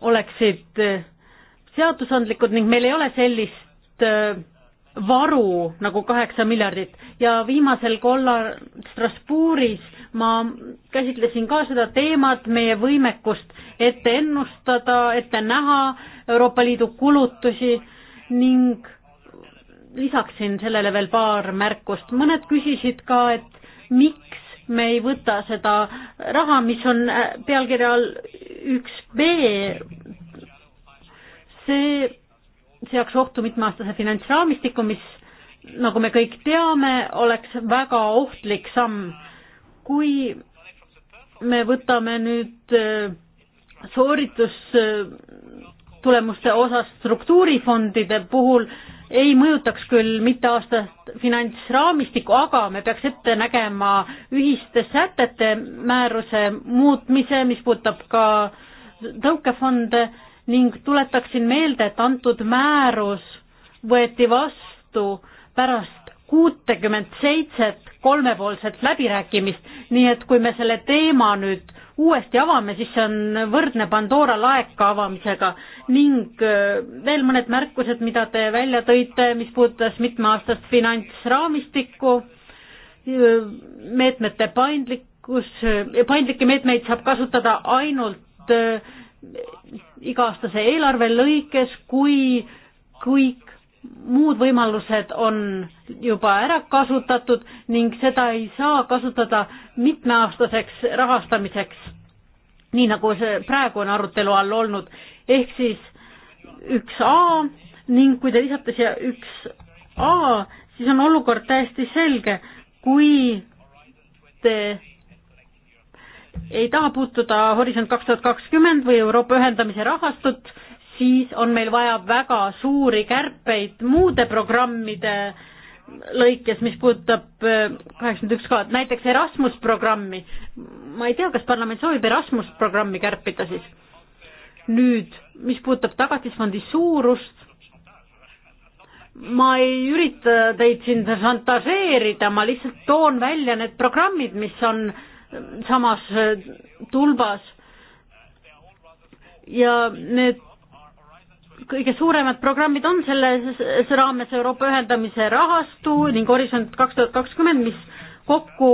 oleksid seadusandlikud ning meil ei ole sellist varu nagu kaheksa miljardit ja viimasel kollal Strasbourgis ma käsitlesin ka seda teemat, meie võimekust ette ennustada, ette näha Euroopa Liidu kulutusi ning lisaksin sellele veel paar märkust. mõned küsisid ka, et miks me ei võta seda raha, mis on äh, pealkirja all üks B, see seaks ohtu mitmeaastase finantsraamistiku, mis nagu me kõik teame, oleks väga ohtlik samm. kui me võtame nüüd äh, sooritustulemuste äh, osas struktuurifondide puhul, ei mõjutaks küll mitte aastast finantsraamistikku, aga me peaks ette nägema ühiste sätete määruse muutmise, mis puudutab ka tõukefonde ning tuletaksin meelde, et antud määrus võeti vastu pärast kuutekümmet seitset kolmepoolset läbirääkimist, nii et kui me selle teema nüüd uuesti avame, siis see on võrdne Pandora laeka avamisega ning äh, veel mõned märkused, mida te välja tõite, mis puudutas mitmeaastast finantsraamistikku, äh, meetmete paindlikkus, äh, paindlikke meetmeid saab kasutada ainult iga-aastase eelarve lõikes, kui kõik muud võimalused on juba ära kasutatud ning seda ei saa kasutada mitmeaastaseks rahastamiseks, nii nagu see praegu on arutelu all olnud, ehk siis üks A ning kui te lisate siia üks A, siis on olukord täiesti selge, kui te ei taha puutuda Horisont kaks tuhat kakskümmend või Euroopa ühendamise rahastut, siis on meil vaja väga suuri kärpeid muude programmide lõikes, mis puudutab äh, kaheksakümmend üks ka, näiteks Erasmus programmi. ma ei tea, kas parlament soovib Erasmus programmi kärpida siis. nüüd, mis puudutab tagatisfondi suurust, ma ei ürita teid siin šantažeerida, ma lihtsalt toon välja need programmid, mis on äh, samas äh, tulbas ja need kõige suuremad programmid on selles raames Euroopa ühendamise rahastu ning Horisont kaks tuhat kakskümmend, mis kokku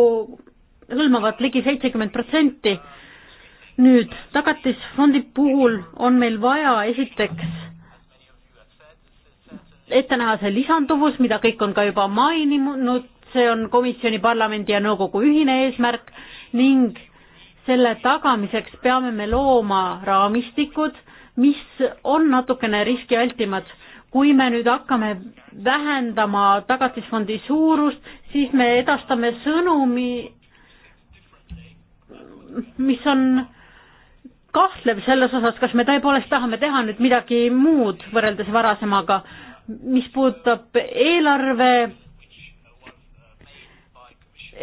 hõlmavad ligi seitsekümmend protsenti. nüüd tagatisfondi puhul on meil vaja esiteks ette näha see lisanduvus, mida kõik on ka juba maininud, see on komisjoni, parlamendi ja nõukogu ühine eesmärk ning selle tagamiseks peame me looma raamistikud mis on natukene riskialtimad. kui me nüüd hakkame vähendama tagatisfondi suurust, siis me edastame sõnumi, mis on kahtlev selles osas, kas me tõepoolest tahame teha nüüd midagi muud võrreldes varasemaga, mis puudutab eelarve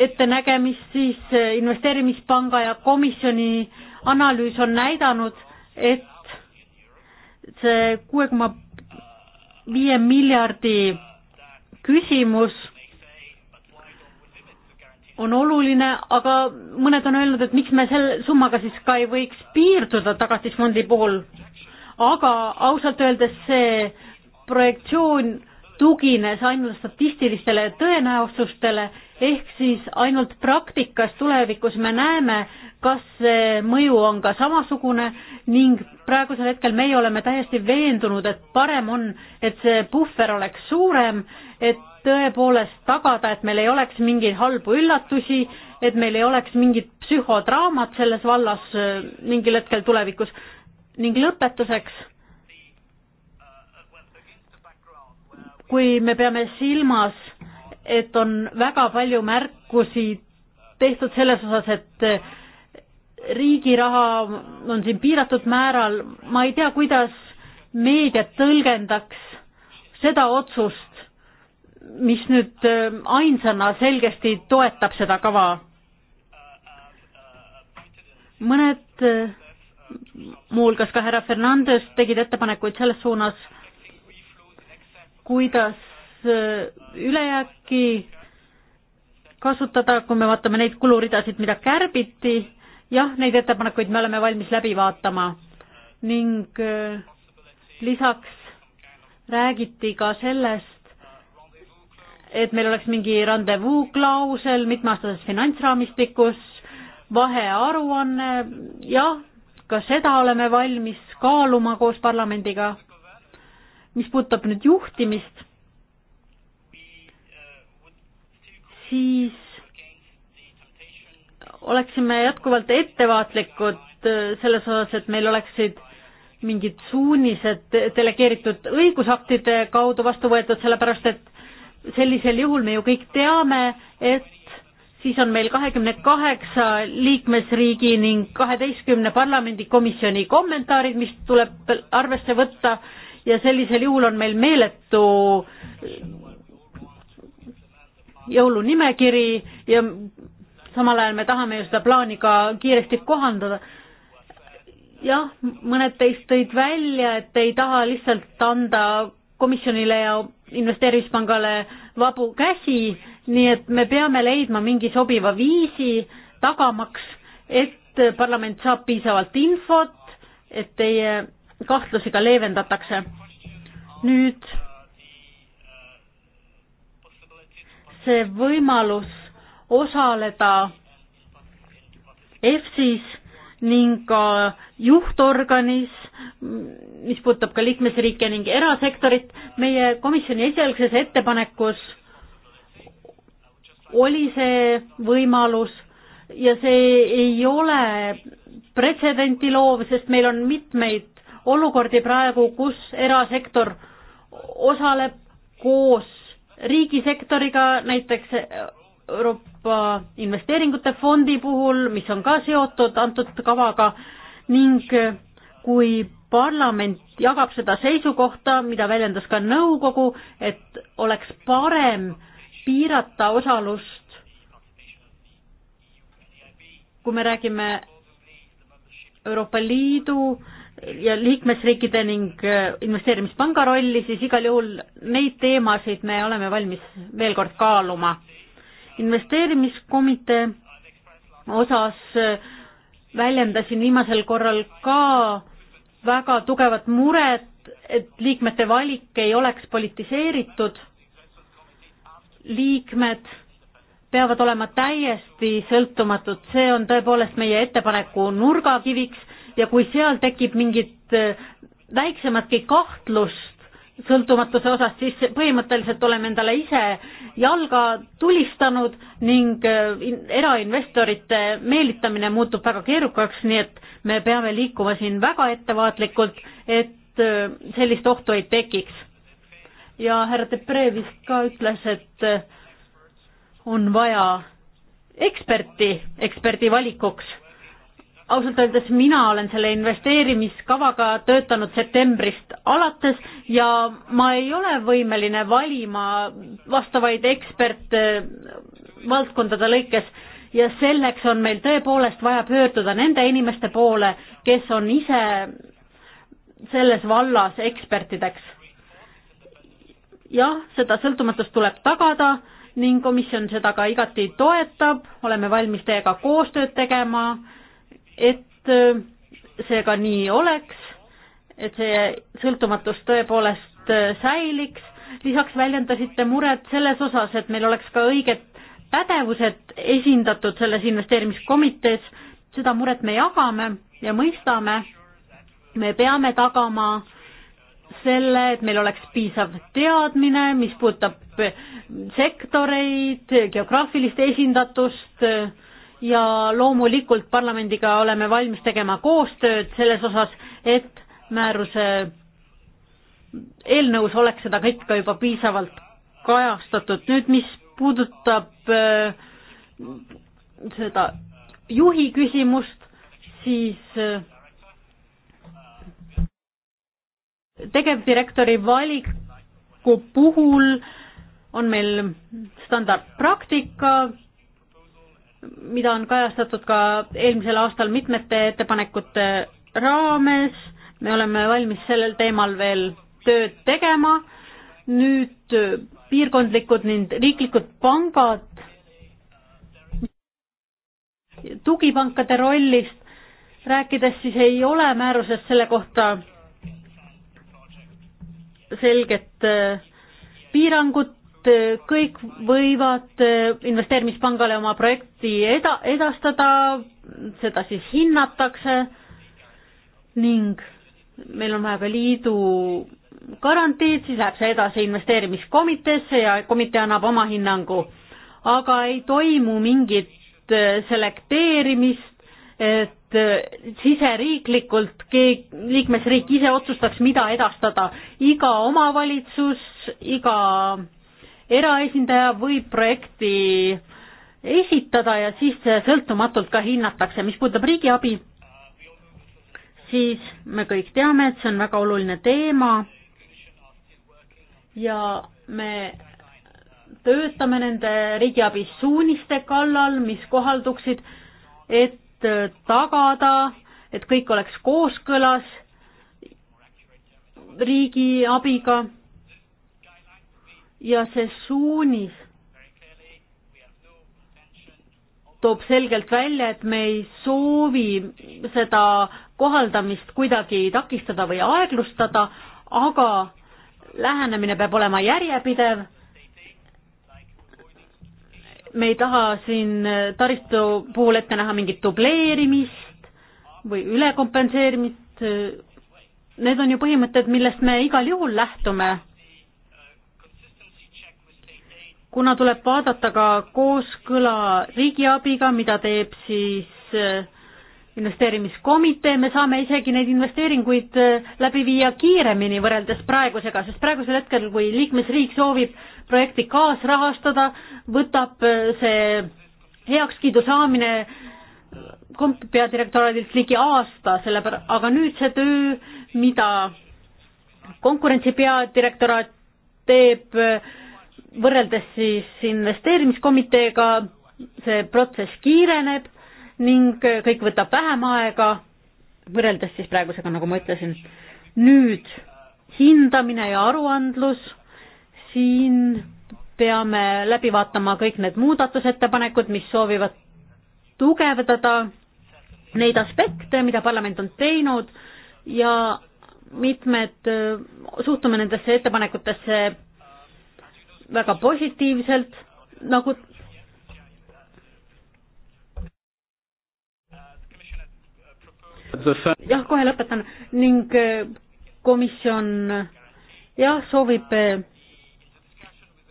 ettenägemist, siis investeerimispanga ja komisjoni analüüs on näidanud, et see kuue koma viie miljardi küsimus on oluline, aga mõned on öelnud, et miks me selle summaga siis ka ei võiks piirduda Tagatisfondi puhul. aga ausalt öeldes see projektsioon tugines ainult statistilistele tõenäosustele, ehk siis ainult praktikas tulevikus me näeme, kas see mõju on ka samasugune ning praegusel hetkel meie oleme täiesti veendunud, et parem on, et see puhver oleks suurem, et tõepoolest tagada, et meil ei oleks mingeid halbu üllatusi, et meil ei oleks mingit psühhodraamat selles vallas äh, mingil hetkel tulevikus. ning lõpetuseks kui me peame silmas, et on väga palju märkusi tehtud selles osas, et eh, riigi raha on siin piiratud määral, ma ei tea, kuidas meedia tõlgendaks seda otsust, mis nüüd eh, ainsana selgesti toetab seda kava. mõned eh, muuhulgas ka härra Fernandes tegid ettepanekuid selles suunas kuidas äh, ülejääki kasutada, kui me vaatame neid kuluridasid, mida kärbiti, jah, neid ettepanekuid me oleme valmis läbi vaatama ning äh, lisaks räägiti ka sellest, et meil oleks mingi rendezvous klausel mitmeaastases finantsraamistikus, vahearuanne, jah, ka seda oleme valmis kaaluma koos parlamendiga mis puudutab nüüd juhtimist, siis oleksime jätkuvalt ettevaatlikud äh, selles osas, et meil oleksid mingid suunised delegeeritud õigusaktide kaudu vastu võetud, sellepärast et sellisel juhul me ju kõik teame, et siis on meil kahekümne kaheksa liikmesriigi ning kaheteistkümne parlamendikomisjoni kommentaarid, mis tuleb arvesse võtta ja sellisel juhul on meil meeletu jõulunimekiri ja samal ajal me tahame ju seda plaani ka kiiresti kohandada. jah, mõned teist tõid välja, et ei taha lihtsalt anda komisjonile ja investeerimispangale vabu käsi, nii et me peame leidma mingi sobiva viisi tagamaks, et parlament saab piisavalt infot, et teie kahtlusi ka leevendatakse. nüüd see võimalus osaleda EFSis ning ka juhtorganis, mis puudutab ka liikmesriike ning erasektorit, meie komisjoni esialgses ettepanekus oli see võimalus ja see ei ole pretsedenti loov, sest meil on mitmeid olukordi praegu, kus erasektor osaleb koos riigisektoriga, näiteks Euroopa Investeeringute Fondi puhul, mis on ka seotud antud kavaga ning kui parlament jagab seda seisukohta, mida väljendas ka nõukogu, et oleks parem piirata osalust kui me räägime Euroopa Liidu äh, ja liikmesriikide ning äh, investeerimispanga rolli, siis igal juhul neid teemasid me oleme valmis veel kord kaaluma. investeerimiskomitee osas äh, väljendasin viimasel korral ka väga tugevat muret, et liikmete valik ei oleks politiseeritud. liikmed peavad olema täiesti sõltumatud, see on tõepoolest meie ettepaneku nurgakiviks ja kui seal tekib mingit äh, väiksematki kahtlust sõltumatuse osas, siis põhimõtteliselt oleme endale ise jalga tulistanud ning äh, erainvestorite meelitamine muutub väga keerukaks, nii et me peame liikuma siin väga ettevaatlikult, et äh, sellist ohtu ei tekiks. ja härra Depree vist ka ütles, et on vaja eksperti eksperdi valikuks ausalt öeldes mina olen selle investeerimiskavaga töötanud septembrist alates ja ma ei ole võimeline valima vastavaid eksperte eh, valdkondade lõikes ja selleks on meil tõepoolest vaja pöörduda nende inimeste poole, kes on ise selles vallas ekspertideks. jah, seda sõltumatust tuleb tagada ning komisjon seda ka igati toetab, oleme valmis teiega koostööd tegema et äh, see ka nii oleks, et see sõltumatus tõepoolest äh, säiliks, lisaks väljendasite muret selles osas, et meil oleks ka õiged pädevused esindatud selles investeerimiskomitees, seda muret me jagame ja mõistame, me peame tagama selle, et meil oleks piisav teadmine, mis puudutab sektoreid, geograafilist esindatust, ja loomulikult parlamendiga oleme valmis tegema koostööd selles osas, et määruse eelnõus oleks seda kõik ka juba piisavalt kajastatud. nüüd, mis puudutab äh, seda juhi küsimust, siis äh, tegevdirektori valiku puhul on meil standardpraktika, mida on kajastatud ka eelmisel aastal mitmete ettepanekute raames, me oleme valmis sellel teemal veel tööd tegema, nüüd piirkondlikud ning riiklikud pangad, tugipankade rollist rääkides siis ei ole määruses selle kohta selget äh, piirangut, Äh, kõik võivad äh, investeerimispangale oma projekti eda-, edastada, seda siis hinnatakse ning meil on vaja ka liidu garantiid, siis läheb see edasi investeerimiskomiteesse ja komitee annab oma hinnangu. aga ei toimu mingit äh, selekteerimist, et siseriiklikult keegi, liikmesriik ise otsustaks, mida edastada. iga omavalitsus, iga eraesindaja võib projekti esitada ja siis sõltumatult ka hinnatakse, mis puudutab riigiabi, siis me kõik teame, et see on väga oluline teema ja me töötame nende riigiabi suuniste kallal, mis kohalduksid, et tagada, et kõik oleks kooskõlas riigi abiga ja see suunis toob selgelt välja, et me ei soovi seda kohaldamist kuidagi takistada või aeglustada, aga lähenemine peab olema järjepidev. me ei taha siin taristu puhul ette näha mingit dubleerimist või ülekompenseerimist. Need on ju põhimõtted, millest me igal juhul lähtume kuna tuleb vaadata ka kooskõla riigiabiga, mida teeb siis äh, investeerimiskomitee, me saame isegi neid investeeringuid äh, läbi viia kiiremini võrreldes praegusega, sest praegusel hetkel, kui liikmesriik soovib projekti kaasrahastada, võtab äh, see heakskiidu saamine komp-, peadirektoraadilt ligi aasta, sellepärast, aga nüüd see töö, mida konkurentsi peadirektoraat teeb äh, võrreldes siis investeerimiskomiteega see protsess kiireneb ning kõik võtab vähem aega, võrreldes siis praegusega, nagu ma ütlesin. nüüd hindamine ja aruandlus, siin peame läbi vaatama kõik need muudatusettepanekud, mis soovivad tugevdada neid aspekte, mida parlament on teinud ja mitmed, suhtume nendesse ettepanekutesse väga positiivselt, nagu jah, kohe lõpetan ning eh, komisjon jah, soovib eh,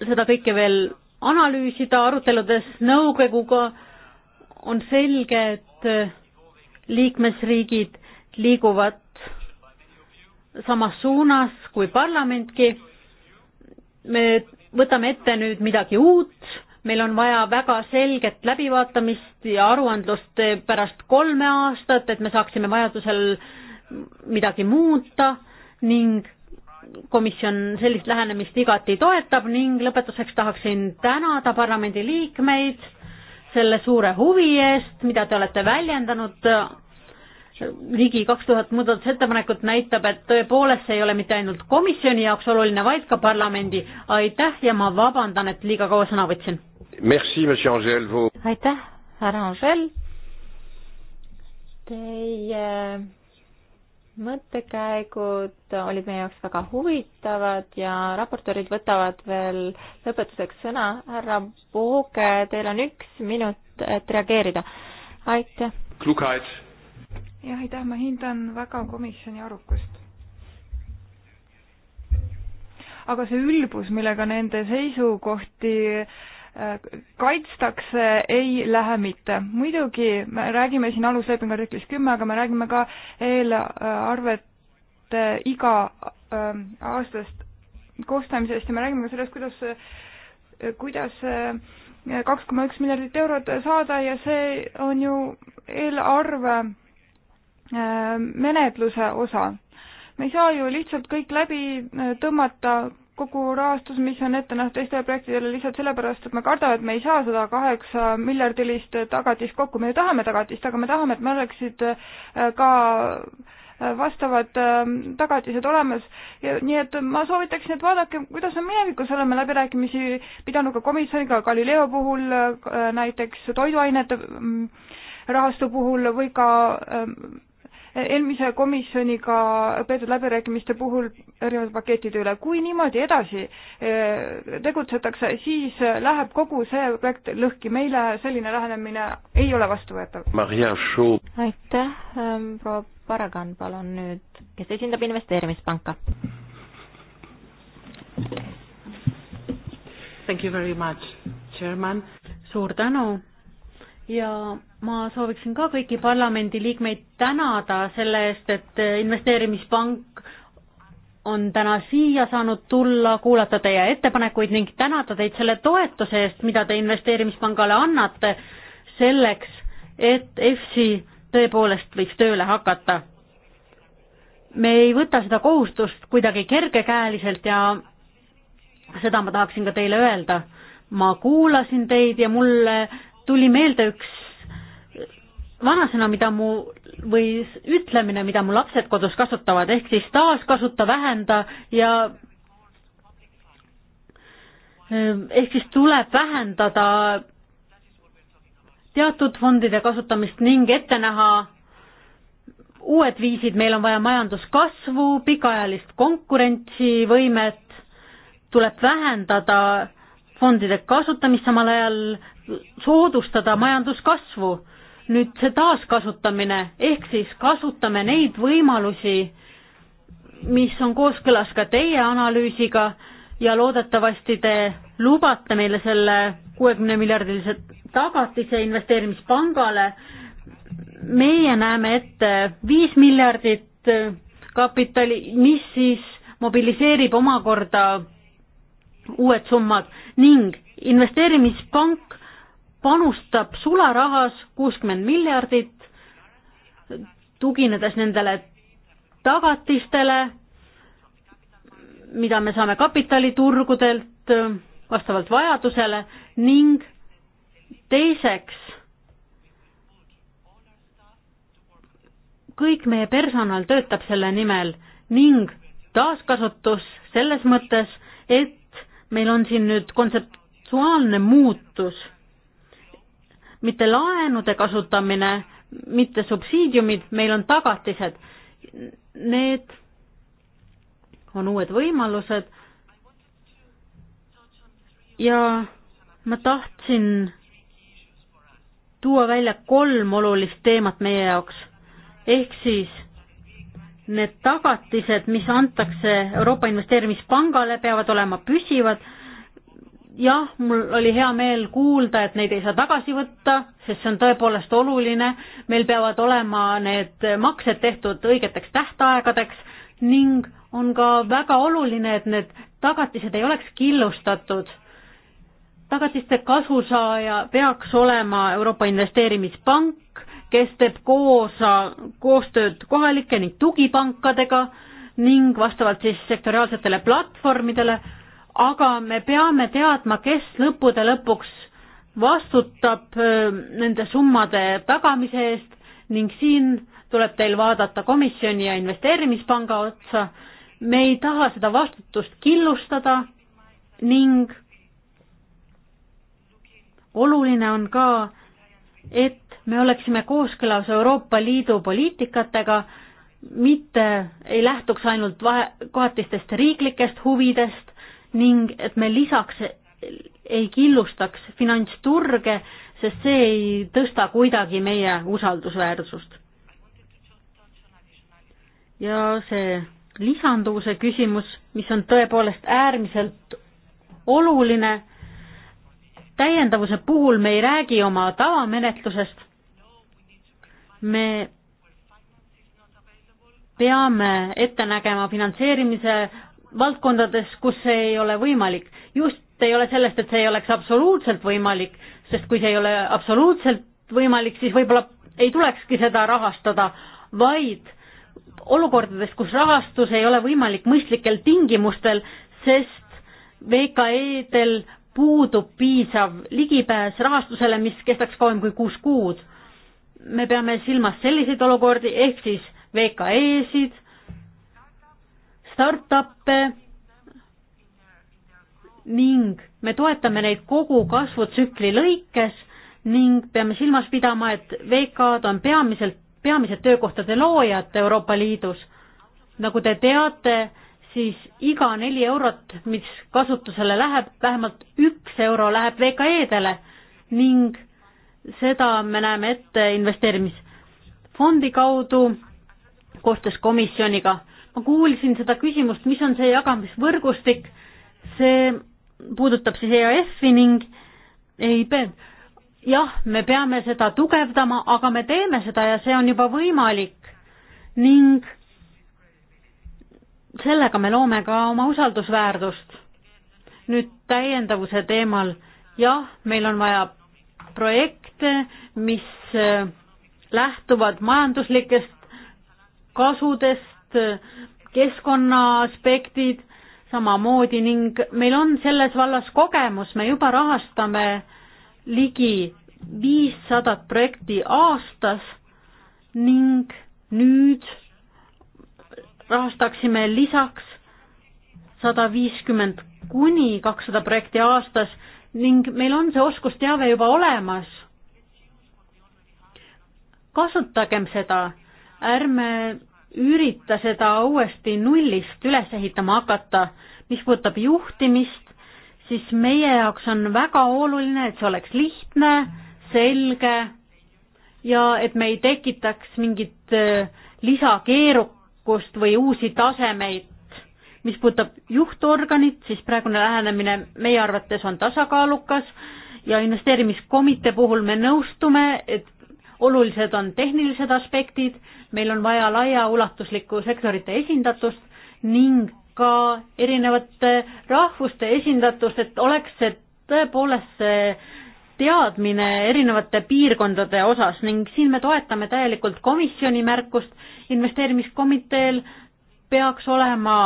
seda kõike veel analüüsida aruteludes nõukoguga, on selge, et eh, liikmesriigid liiguvad samas suunas kui parlamentki. me võtame ette nüüd midagi uut, meil on vaja väga selget läbivaatamist ja aruandlust pärast kolme aastat, et me saaksime vajadusel midagi muuta ning komisjon sellist lähenemist igati toetab ning lõpetuseks tahaksin tänada parlamendi liikmeid selle suure huvi eest, mida te olete väljendanud ligi kaks tuhat muudatusettepanekut näitab, et tõepoolest see ei ole mitte ainult komisjoni jaoks oluline, vaid ka parlamendi. aitäh ja ma vabandan, et liiga kaua sõna võtsin. aitäh, härra Angel. Teie äh, mõttekäigud olid meie jaoks väga huvitavad ja raportöörid võtavad veel lõpetuseks sõna. härra Pooge, teil on üks minut, et reageerida. aitäh. Klugheit jah, aitäh, ma hindan väga komisjoni arukust. aga see ülbus, millega nende seisukohti äh, kaitstakse, ei lähe mitte. muidugi me räägime siin aluslepingu artiklist kümme, aga me räägime ka eelarvete iga ähm, aastast koostamisest ja me räägime ka sellest, kuidas, äh, kuidas äh, kaks koma üks miljardit eurot saada ja see on ju eelarve menetluse osa. me ei saa ju lihtsalt kõik läbi äh, tõmmata, kogu rahastus, mis on ette nähtud teistele projektidele lihtsalt sellepärast, et me kardame, et me ei saa seda kaheksa miljardilist tagatist kokku, me ju tahame tagatist, aga me tahame, et meil oleksid äh, ka äh, vastavad tagatised olemas ja nii et ma soovitaksin, et vaadake, kuidas me minevikus oleme läbirääkimisi pidanud ka komisjoniga Galileo puhul, näiteks toiduainete mm, rahastu puhul või ka ähm, eelmise komisjoniga peetud läbirääkimiste puhul erinevate pakettide üle. kui niimoodi edasi eh, tegutsetakse, siis läheb kogu see projekt lõhki. meile selline lähenemine ei ole vastuvõetav. aitäh, ähm, proua Paragan, palun nüüd, kes esindab investeerimispanka. Thank you very much, chairman. suur tänu ja ma sooviksin ka kõiki parlamendiliikmeid tänada selle eest, et investeerimispank on täna siia saanud tulla, kuulata teie ettepanekuid ning tänada teid selle toetuse eest, mida te investeerimispangale annate, selleks, et EFSI tõepoolest võiks tööle hakata. me ei võta seda kohustust kuidagi kergekäeliselt ja seda ma tahaksin ka teile öelda. ma kuulasin teid ja mulle tuli meelde üks vanasõna, mida mu või ütlemine, mida mu lapsed kodus kasutavad, ehk siis taaskasuta, vähenda ja ehk siis tuleb vähendada teatud fondide kasutamist ning ette näha uued viisid, meil on vaja majanduskasvu, pikaajalist konkurentsivõimet, tuleb vähendada fondide kasutamist, samal ajal soodustada majanduskasvu. nüüd see taaskasutamine, ehk siis kasutame neid võimalusi, mis on kooskõlas ka teie analüüsiga ja loodetavasti te lubate meile selle kuuekümne miljardilise tagatise investeerimispangale. meie näeme ette viis miljardit kapitali, mis siis mobiliseerib omakorda uued summad ning investeerimispank panustab sularahas kuuskümmend miljardit, tuginedes nendele tagatistele, mida me saame kapitaliturgudelt äh, vastavalt vajadusele ning teiseks, kõik meie personal töötab selle nimel ning taaskasutus selles mõttes, et meil on siin nüüd kontseptuaalne muutus, mitte laenude kasutamine, mitte subsiidiumid, meil on tagatised. Need on uued võimalused ja ma tahtsin tuua välja kolm olulist teemat meie jaoks, ehk siis need tagatised, mis antakse Euroopa Investeerimispangale, peavad olema püsivad. jah, mul oli hea meel kuulda, et neid ei saa tagasi võtta, sest see on tõepoolest oluline. meil peavad olema need maksed tehtud õigeteks tähtaegadeks ning on ka väga oluline, et need tagatised ei oleks killustatud. tagatiste kasusaaja peaks olema Euroopa Investeerimispank kes teeb koos, koostööd kohalike ning tugipankadega ning vastavalt siis sektoriaalsetele platvormidele, aga me peame teadma, kes lõppude lõpuks vastutab äh, nende summade tagamise eest ning siin tuleb teil vaadata komisjoni ja investeerimispanga otsa. me ei taha seda vastutust killustada ning oluline on ka, et me oleksime kooskõlas Euroopa Liidu poliitikatega, mitte ei lähtuks ainult vahe, kohatistest riiklikest huvidest ning et me lisaks ei killustaks finantsturge, sest see ei tõsta kuidagi meie usaldusväärsust. ja see lisanduvuse küsimus, mis on tõepoolest äärmiselt oluline, täiendavuse puhul me ei räägi oma tavamenetlusest me peame ette nägema finantseerimise valdkondades, kus see ei ole võimalik. just ei ole sellest, et see ei oleks absoluutselt võimalik, sest kui see ei ole absoluutselt võimalik, siis võib-olla ei tulekski seda rahastada, vaid olukordades, kus rahastus ei ole võimalik mõistlikel tingimustel, sest VKE-del puudub piisav ligipääs rahastusele, mis kestaks kauem kui kuus kuud me peame silmas selliseid olukordi, ehk siis VKE-sid, startup'e ning me toetame neid kogu kasvutsükli lõikes ning peame silmas pidama, et VK-d on peamiselt, peamised töökohtade loojad Euroopa Liidus. nagu te teate, siis iga neli eurot, mis kasutusele läheb, vähemalt üks euro läheb VKE-dele ning seda me näeme ette investeerimisfondi kaudu koostöös komisjoniga. ma kuulsin seda küsimust, mis on see jagamisvõrgustik, see puudutab siis EAS-i ning EIB. jah, me peame seda tugevdama, aga me teeme seda ja see on juba võimalik ning sellega me loome ka oma usaldusväärdust. nüüd täiendavuse teemal, jah, meil on vaja projekte, mis äh, lähtuvad majanduslikest kasudest, keskkonna aspektid samamoodi ning meil on selles vallas kogemus, me juba rahastame ligi viissadat projekti aastas ning nüüd rahastaksime lisaks sada viiskümmend kuni kakssada projekti aastas ning meil on see oskusteave juba olemas. kasutagem seda, ärme ürita seda uuesti nullist üles ehitama hakata. mis puudutab juhtimist, siis meie jaoks on väga oluline, et see oleks lihtne, selge ja et me ei tekitaks mingit äh, lisakeerukust või uusi tasemeid mis puudutab juhtorganit, siis praegune lähenemine meie arvates on tasakaalukas ja investeerimiskomitee puhul me nõustume, et olulised on tehnilised aspektid, meil on vaja laiaulatuslikku sektorite esindatust ning ka erinevate rahvuste esindatust, et oleks see tõepoolest see teadmine erinevate piirkondade osas ning siin me toetame täielikult komisjoni märkust, investeerimiskomiteel peaks olema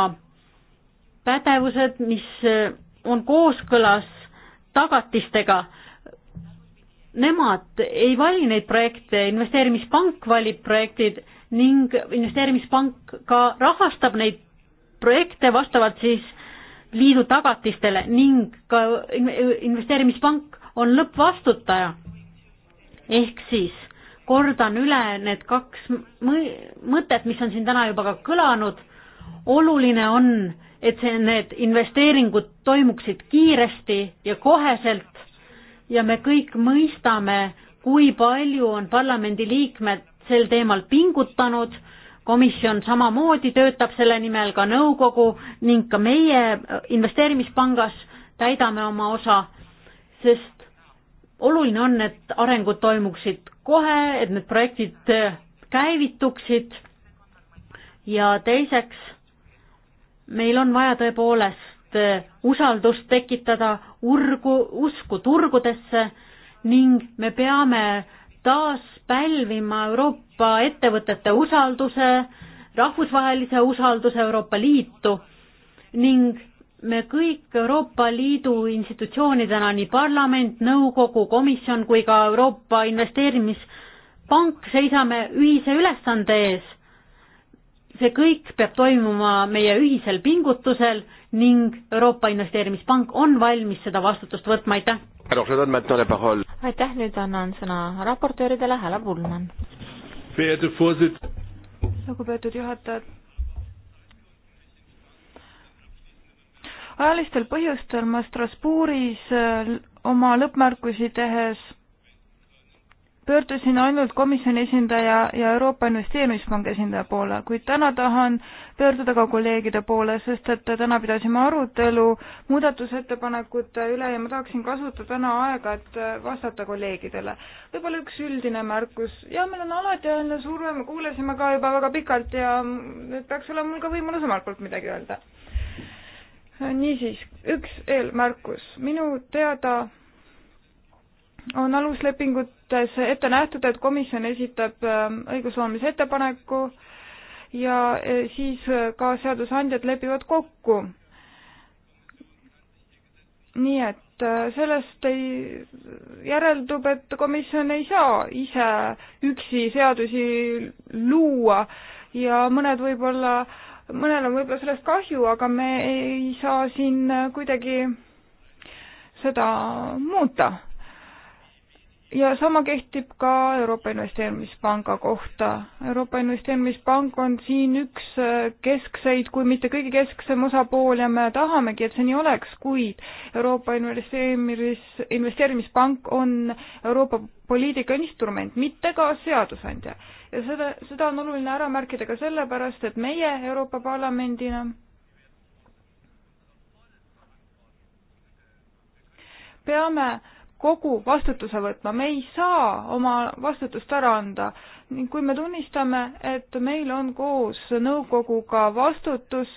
pädevused, mis eh, on kooskõlas tagatistega. Nemad ei vali neid projekte, investeerimispank valib projektid ning investeerimispank ka rahastab neid projekte vastavalt siis liidu tagatistele ning ka investeerimispank on lõppvastutaja. ehk siis kordan üle need kaks mõtet, mis on siin täna juba ka kõlanud. oluline on et see, need investeeringud toimuksid kiiresti ja koheselt ja me kõik mõistame, kui palju on parlamendiliikmed sel teemal pingutanud, komisjon samamoodi töötab selle nimel, ka nõukogu ning ka meie investeerimispangas täidame oma osa, sest oluline on, et arengud toimuksid kohe, et need projektid käivituksid ja teiseks meil on vaja tõepoolest eh, usaldust tekitada, urgu, usku turgudesse ning me peame taas pälvima Euroopa ettevõtete usalduse, rahvusvahelise usalduse Euroopa Liitu ning me kõik Euroopa Liidu institutsioonidena, nii parlament, nõukogu, komisjon kui ka Euroopa Investeerimispank seisame ühise ülesande ees see kõik peab toimuma meie ühisel pingutusel ning Euroopa Investeerimispank on valmis seda vastutust võtma, aitäh! aitäh, nüüd annan sõna raportööridele, Helle Pullmann. lugupeetud juhatajad, ajalistel põhjustel ma Strasbourgis äh, oma lõppmärkusi tehes pöördusin ainult komisjoni esindaja ja Euroopa Investeerimispanga esindaja poole, kuid täna tahan pöörduda ka kolleegide poole, sest et täna pidasime arutelu muudatusettepanekute üle ja ma tahaksin kasutada täna aega, et vastata kolleegidele. võib-olla üks üldine märkus, ja meil on alati jälle surve, me kuulasime ka juba väga pikalt ja nüüd peaks olema mul ka võimalus omalt poolt midagi öelda. niisiis, üks eelmärkus, minu teada on aluslepingutes ette nähtud, et komisjon esitab ähm, õigusloomise ettepaneku ja äh, siis äh, ka seadusandjad lepivad kokku. nii et äh, sellest ei, järeldub, et komisjon ei saa ise üksi seadusi luua ja mõned võib-olla, mõnel on võib-olla sellest kahju, aga me ei saa siin kuidagi seda muuta ja sama kehtib ka Euroopa Investeerimispanga kohta. Euroopa Investeerimispank on siin üks äh, keskseid, kui mitte kõige kesksem osapool ja me tahamegi, et see nii oleks, kuid Euroopa Investeerimis, Investeerimispank on Euroopa poliitika instrument, mitte ka seadusandja. ja seda, seda on oluline ära märkida ka sellepärast, et meie Euroopa Parlamendina peame kogu vastutuse võtma, me ei saa oma vastutust ära anda ning kui me tunnistame, et meil on koos nõukoguga vastutus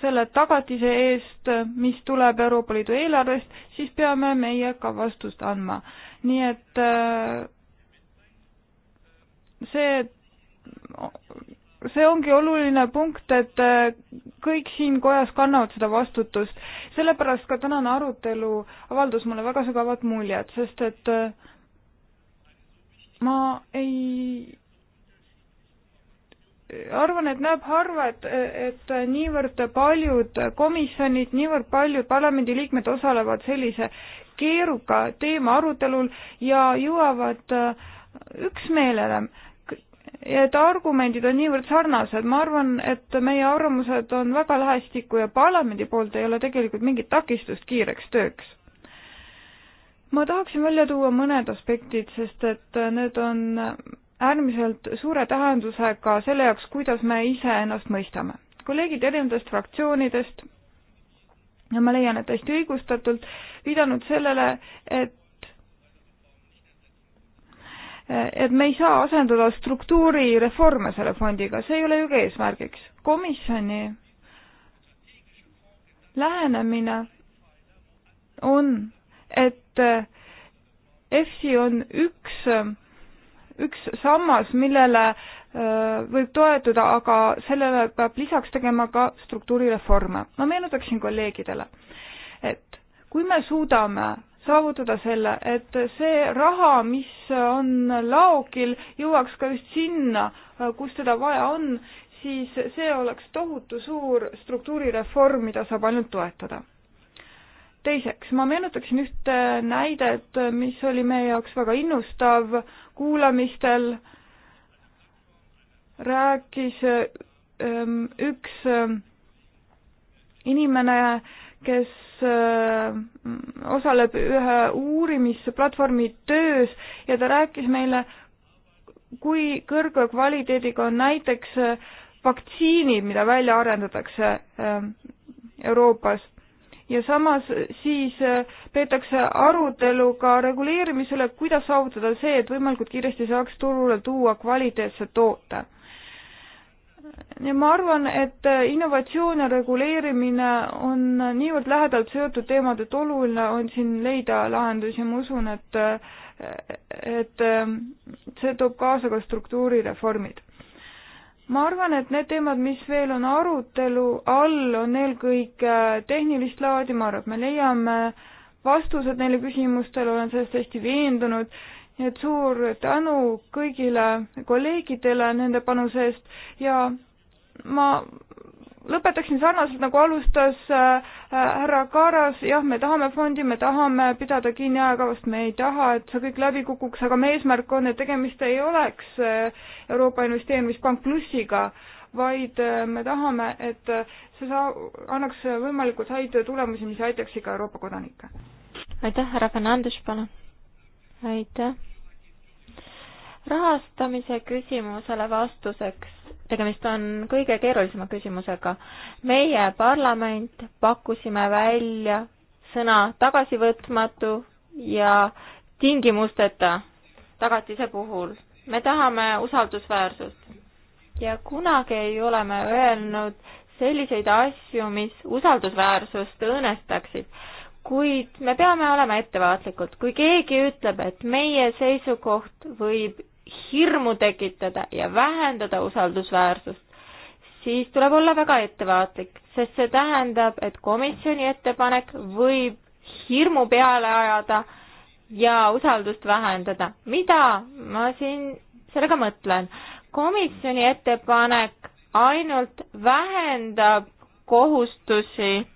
selle tagatise eest, mis tuleb Euroopa Liidu eelarvest, siis peame meie ka vastust andma. nii et äh, see see ongi oluline punkt, et äh, kõik siin kojas kannavad seda vastutust. sellepärast ka tänane arutelu avaldas mulle väga sügavat muljet, sest et äh, ma ei arvan, et näeb harva, et, et niivõrd paljud komisjonid, niivõrd paljud parlamendiliikmed osalevad sellise keeruka teema arutelul ja jõuavad äh, üksmeelele äh, ja et argumendid on niivõrd sarnased, ma arvan, et meie arvamused on väga lähestikku ja parlamendi poolt ei ole tegelikult mingit takistust kiireks tööks. ma tahaksin välja tuua mõned aspektid, sest et need on äärmiselt suure tähendusega selle jaoks, kuidas me iseennast mõistame. kolleegid erinevatest fraktsioonidest ja ma leian, et hästi õigustatult, viidanud sellele, et et me ei saa asendada struktuurireforme selle fondiga, see ei ole ju ka eesmärgiks. komisjoni lähenemine on, et EFSI on üks, üks sammas, millele äh, võib toetuda, aga sellele peab lisaks tegema ka struktuurireforme. ma meenutaksin kolleegidele, et kui me suudame saavutada selle, et see raha, mis on laokil, jõuaks ka just sinna, kus teda vaja on, siis see oleks tohutu suur struktuurireform, mida saab ainult toetada. teiseks, ma meenutaksin ühte näidet, mis oli meie jaoks väga innustav kuulamistel, rääkis ähm, üks ähm, inimene äh, kes äh, osaleb ühe uurimisplatvormi töös ja ta rääkis meile, kui kõrge kvaliteediga on näiteks äh, vaktsiinid, mida välja arendatakse äh, Euroopas ja samas siis peetakse arutelu ka reguleerimise üle, kuidas saavutada see, et võimalikult kiiresti saaks turule tuua kvaliteetse toote ja ma arvan, et äh, innovatsioon ja reguleerimine on niivõrd lähedalt seotud teemad, et oluline on siin leida lahendusi, ma usun, et äh, et ähm, see toob kaasa ka struktuurireformid. ma arvan, et need teemad, mis veel on arutelu all, on eelkõige tehnilist laadi, ma arvan, et me leiame vastused neile küsimustele, olen selles hästi veendunud nii et suur tänu kõigile kolleegidele nende panuse eest ja ma lõpetaksin sarnaselt, nagu alustas äh, härra Kaaras, jah, me tahame fondi, me tahame pidada kinni ajakavast, me ei taha, et see kõik läbi kukuks, aga meie eesmärk on, et tegemist ei oleks äh, Euroopa Investeerimispank plussiga, vaid äh, me tahame, et see saa-, annaks võimalikult häid tulemusi, mis aitaks ikka Euroopa kodanikke. aitäh, härra Fernandes, palun aitäh. rahastamise küsimusele vastuseks, tegemist on kõige keerulisema küsimusega. meie parlament pakkusime välja sõna tagasivõtmatu ja tingimusteta tagatise puhul. me tahame usaldusväärsust ja kunagi ei ole me öelnud selliseid asju, mis usaldusväärsust õõnestaksid kuid me peame olema ettevaatlikud, kui keegi ütleb, et meie seisukoht võib hirmu tekitada ja vähendada usaldusväärsust, siis tuleb olla väga ettevaatlik, sest see tähendab, et komisjoni ettepanek võib hirmu peale ajada ja usaldust vähendada. mida ma siin sellega mõtlen? komisjoni ettepanek ainult vähendab kohustusi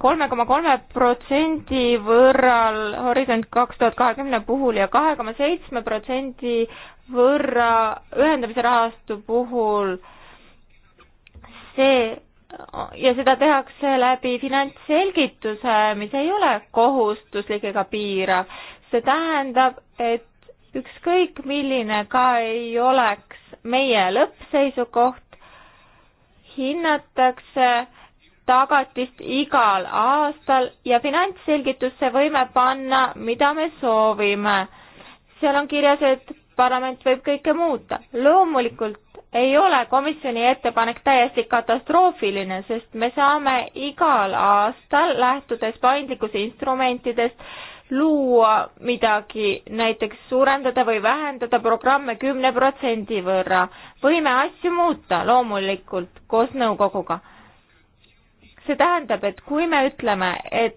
kolme koma kolme protsendi võrral Horisont kaks tuhat kahekümne puhul ja kahe koma seitsme protsendi võrra ühendamise rahastu puhul. see ja seda tehakse läbi finantsselgituse, mis ei ole kohustuslik ega piirav. see tähendab, et ükskõik milline ka ei oleks meie lõppseisukoht, hinnatakse tagatist igal aastal ja finantsselgitusse võime panna, mida me soovime. seal on kirjas, et parlament võib kõike muuta. loomulikult ei ole komisjoni ettepanek täiesti katastroofiline, sest me saame igal aastal, lähtudes paindlikkuse instrumentidest, luua midagi, näiteks suurendada või vähendada programme kümne protsendi võrra. võime asju muuta loomulikult koos nõukoguga see tähendab, et kui me ütleme, et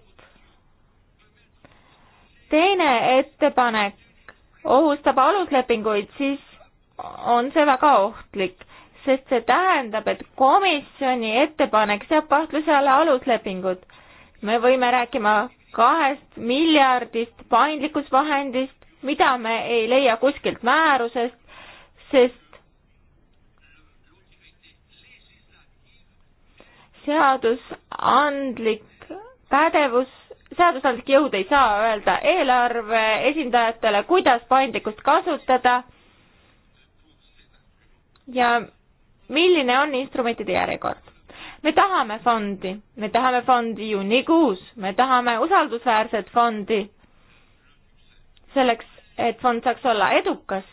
teine ettepanek ohustab aluslepinguid, siis on see väga ohtlik, sest see tähendab, et komisjoni ettepanek seab kahtluse alla aluslepingud. me võime rääkima kahest miljardist paindlikkusvahendist, mida me ei leia kuskilt määrusest, sest seadusandlik pädevus, seadusandlik jõud ei saa öelda eelarve esindajatele, kuidas paindlikkust kasutada ja milline on instrumentide järjekord. me tahame fondi, me tahame fondi juunikuus, me tahame usaldusväärset fondi selleks, et fond saaks olla edukas.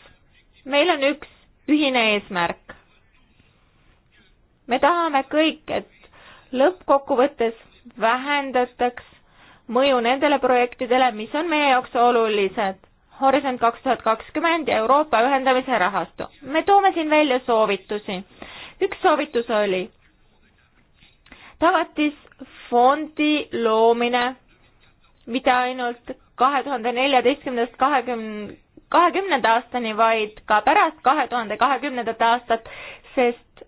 meil on üks ühine eesmärk. me tahame kõik, et lõppkokkuvõttes vähendataks mõju nendele projektidele, mis on meie jaoks olulised. Horisont kaks tuhat kakskümmend ja Euroopa ühendamise rahastu. me toome siin välja soovitusi. üks soovitus oli tagatisfondi loomine mitte ainult kahe tuhande neljateistkümnendast kahekümne, kahekümnenda aastani, vaid ka pärast kahe tuhande kahekümnendat aastat, sest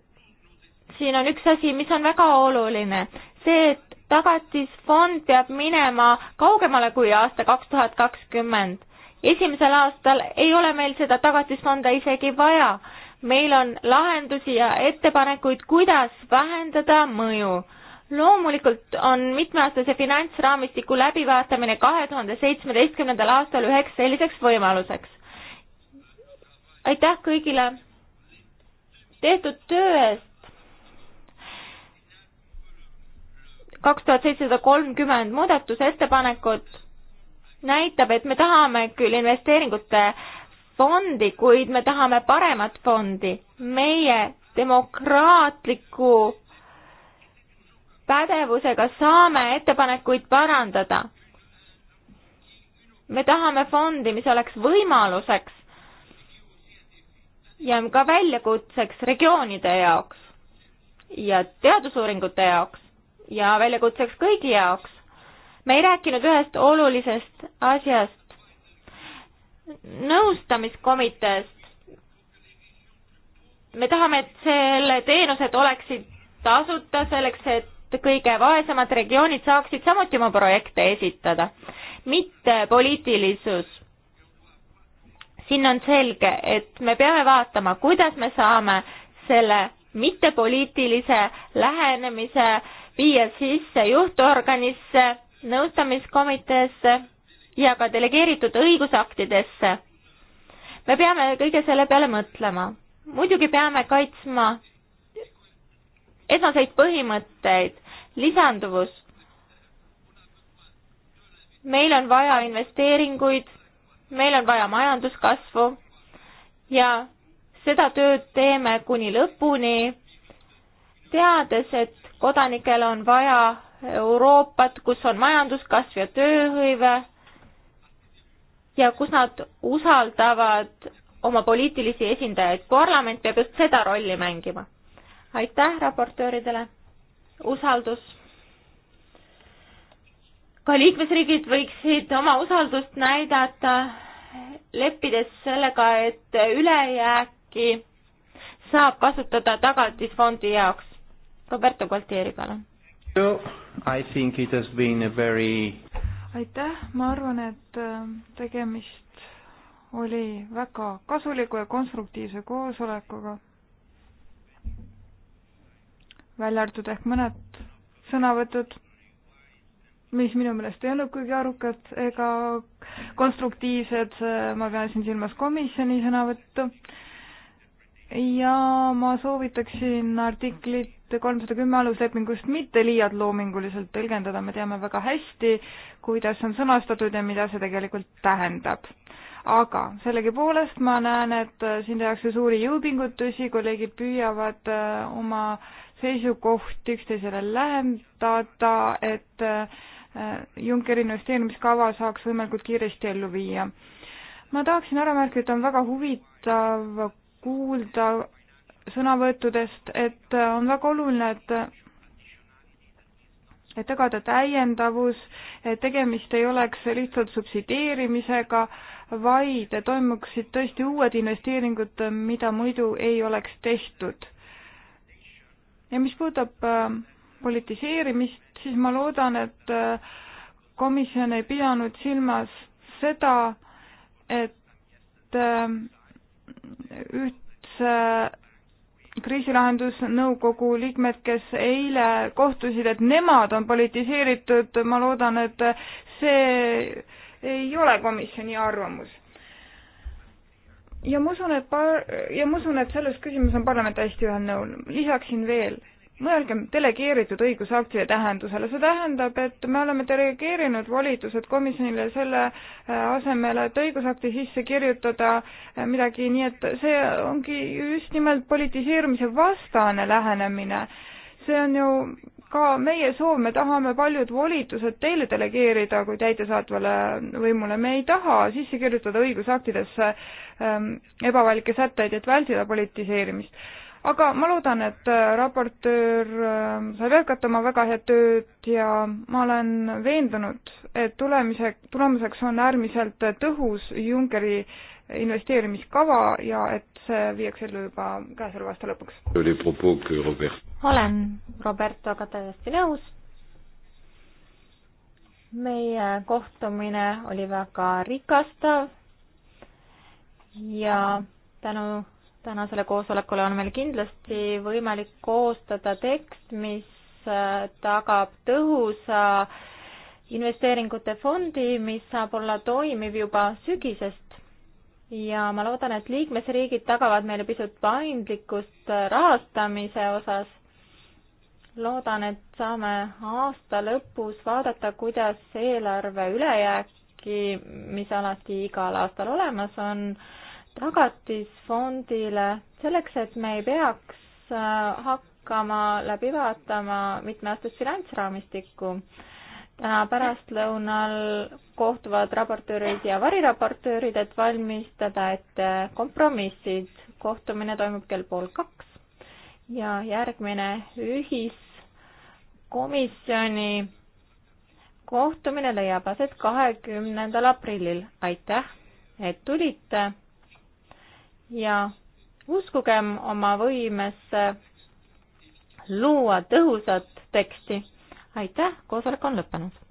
siin on üks asi, mis on väga oluline, see, et tagatisfond peab minema kaugemale kui aasta kaks tuhat kakskümmend. esimesel aastal ei ole meil seda tagatisfonda isegi vaja. meil on lahendusi ja ettepanekuid, kuidas vähendada mõju loomulikult on mitmeaastase finantsraamistiku läbivaatamine kahe tuhande seitsmeteistkümnendal aastal üheks selliseks võimaluseks. aitäh kõigile tehtud töö eest kaks tuhat seitsesada kolmkümmend muudatusettepanekut näitab, et me tahame küll investeeringute fondi, kuid me tahame paremat fondi. meie demokraatliku pädevusega saame ettepanekuid parandada. me tahame fondi, mis oleks võimaluseks ja ka väljakutseks regioonide jaoks ja teadusuuringute jaoks ja väljakutseks kõigi jaoks. me ei rääkinud ühest olulisest asjast, nõustamiskomiteest. me tahame, et selle teenused oleksid tasuta selleks, et kõige vaesemad regioonid saaksid samuti oma projekte esitada, mitte poliitilisus. siin on selge, et me peame vaatama, kuidas me saame selle mittepoliitilise lähenemise äh, viia sisse juhtorganisse, nõustamiskomiteesse ja ka delegeeritud õigusaktidesse. me peame kõige selle peale mõtlema. muidugi peame kaitsma esmaseid põhimõtteid, lisanduvus. meil on vaja investeeringuid, meil on vaja majanduskasvu ja seda tööd teeme kuni lõpuni, teades, et kodanikel on vaja Euroopat, kus on majanduskasv ja tööhõive ja kus nad usaldavad oma poliitilisi esindajaid. parlament peab just seda rolli mängima. aitäh raportööridele, usaldus. ka liikmesriigid võiksid oma usaldust näidata, leppides sellega, et ülejääki saab kasutada tagatisfondi jaoks. Roberto Gualtieri, palun. I think it has been a very aitäh, ma arvan, et äh, tegemist oli väga kasuliku ja konstruktiivse koosolekuga. välja arvatud ehk mõned sõnavõtud, mis minu meelest ei olnud kuigi arukad ega konstruktiivsed, äh, ma pean siin silmas komisjoni sõnavõttu ja ma soovitaksin artiklit kolmsada kümme aluslepingust mitte liialt loominguliselt tõlgendada, me teame väga hästi, kuidas on sõnastatud ja mida see tegelikult tähendab. aga sellegipoolest ma näen, et siin tehakse suuri jõupingutusi, kolleegid püüavad äh, oma seisukohti üksteisele lähendada, et äh, Junckeri investeerimiskava saaks võimalikult kiiresti ellu viia. ma tahaksin ära märkida, et on väga huvitav kuulda sõnavõttudest, et äh, on väga oluline, et et tagada täiendavus, et tegemist ei oleks lihtsalt subsideerimisega, vaid toimuksid tõesti uued investeeringud, mida muidu ei oleks tehtud. ja mis puudutab äh, politiseerimist, siis ma loodan, et äh, komisjon ei pidanud silmas seda, et ühtse kriisilahendusnõukogu liikmed, kes eile kohtusid, et nemad on politiseeritud, ma loodan, et see ei ole komisjoni arvamus. ja ma usun, et par-, ja ma usun, et selles küsimuses on parlament hästi ühel nõul. lisaksin veel, mõelgem delegeeritud õigusaktide tähendusele, see tähendab, et me oleme delegeerinud volitused komisjonile selle äh, asemel, et õigusakti sisse kirjutada äh, midagi, nii et see ongi just nimelt politiseerumise vastane lähenemine. see on ju ka meie soov, me tahame paljud volitused teile delegeerida kui täidesaatvale võimule, me ei taha sisse kirjutada õigusaktidesse ähm, ebavajalikke sätteid, et vältida politiseerimist aga ma loodan, et äh, raportöör äh, saab jätkata oma väga head tööd ja ma olen veendunud, et tulemise, tulemuseks on äärmiselt tõhus Junckeri investeerimiskava ja et see viiakse ellu juba käesoleva aasta lõpuks. olen Robertoga täiesti nõus. meie kohtumine oli väga rikastav ja tänu tänasele koosolekule on meil kindlasti võimalik koostada tekst, mis äh, tagab tõhusa investeeringute fondi, mis saab olla toimiv juba sügisest ja ma loodan, et liikmesriigid tagavad meile pisut paindlikkust äh, rahastamise osas. loodan, et saame aasta lõpus vaadata, kuidas eelarve ülejääki, mis alati igal aastal olemas on, tagatisfondile selleks, et me ei peaks äh, hakkama läbi vaatama mitmeaastast finantsraamistikku. täna pärastlõunal kohtuvad raportöörid ja variraportöörid, et valmistada ette kompromissid. kohtumine toimub kell pool kaks ja järgmine ühiskomisjoni kohtumine leiab aset kahekümnendal aprillil. aitäh, et tulite ja uskugem oma võimesse luua tõhusat teksti. aitäh, koosolek on lõppenud.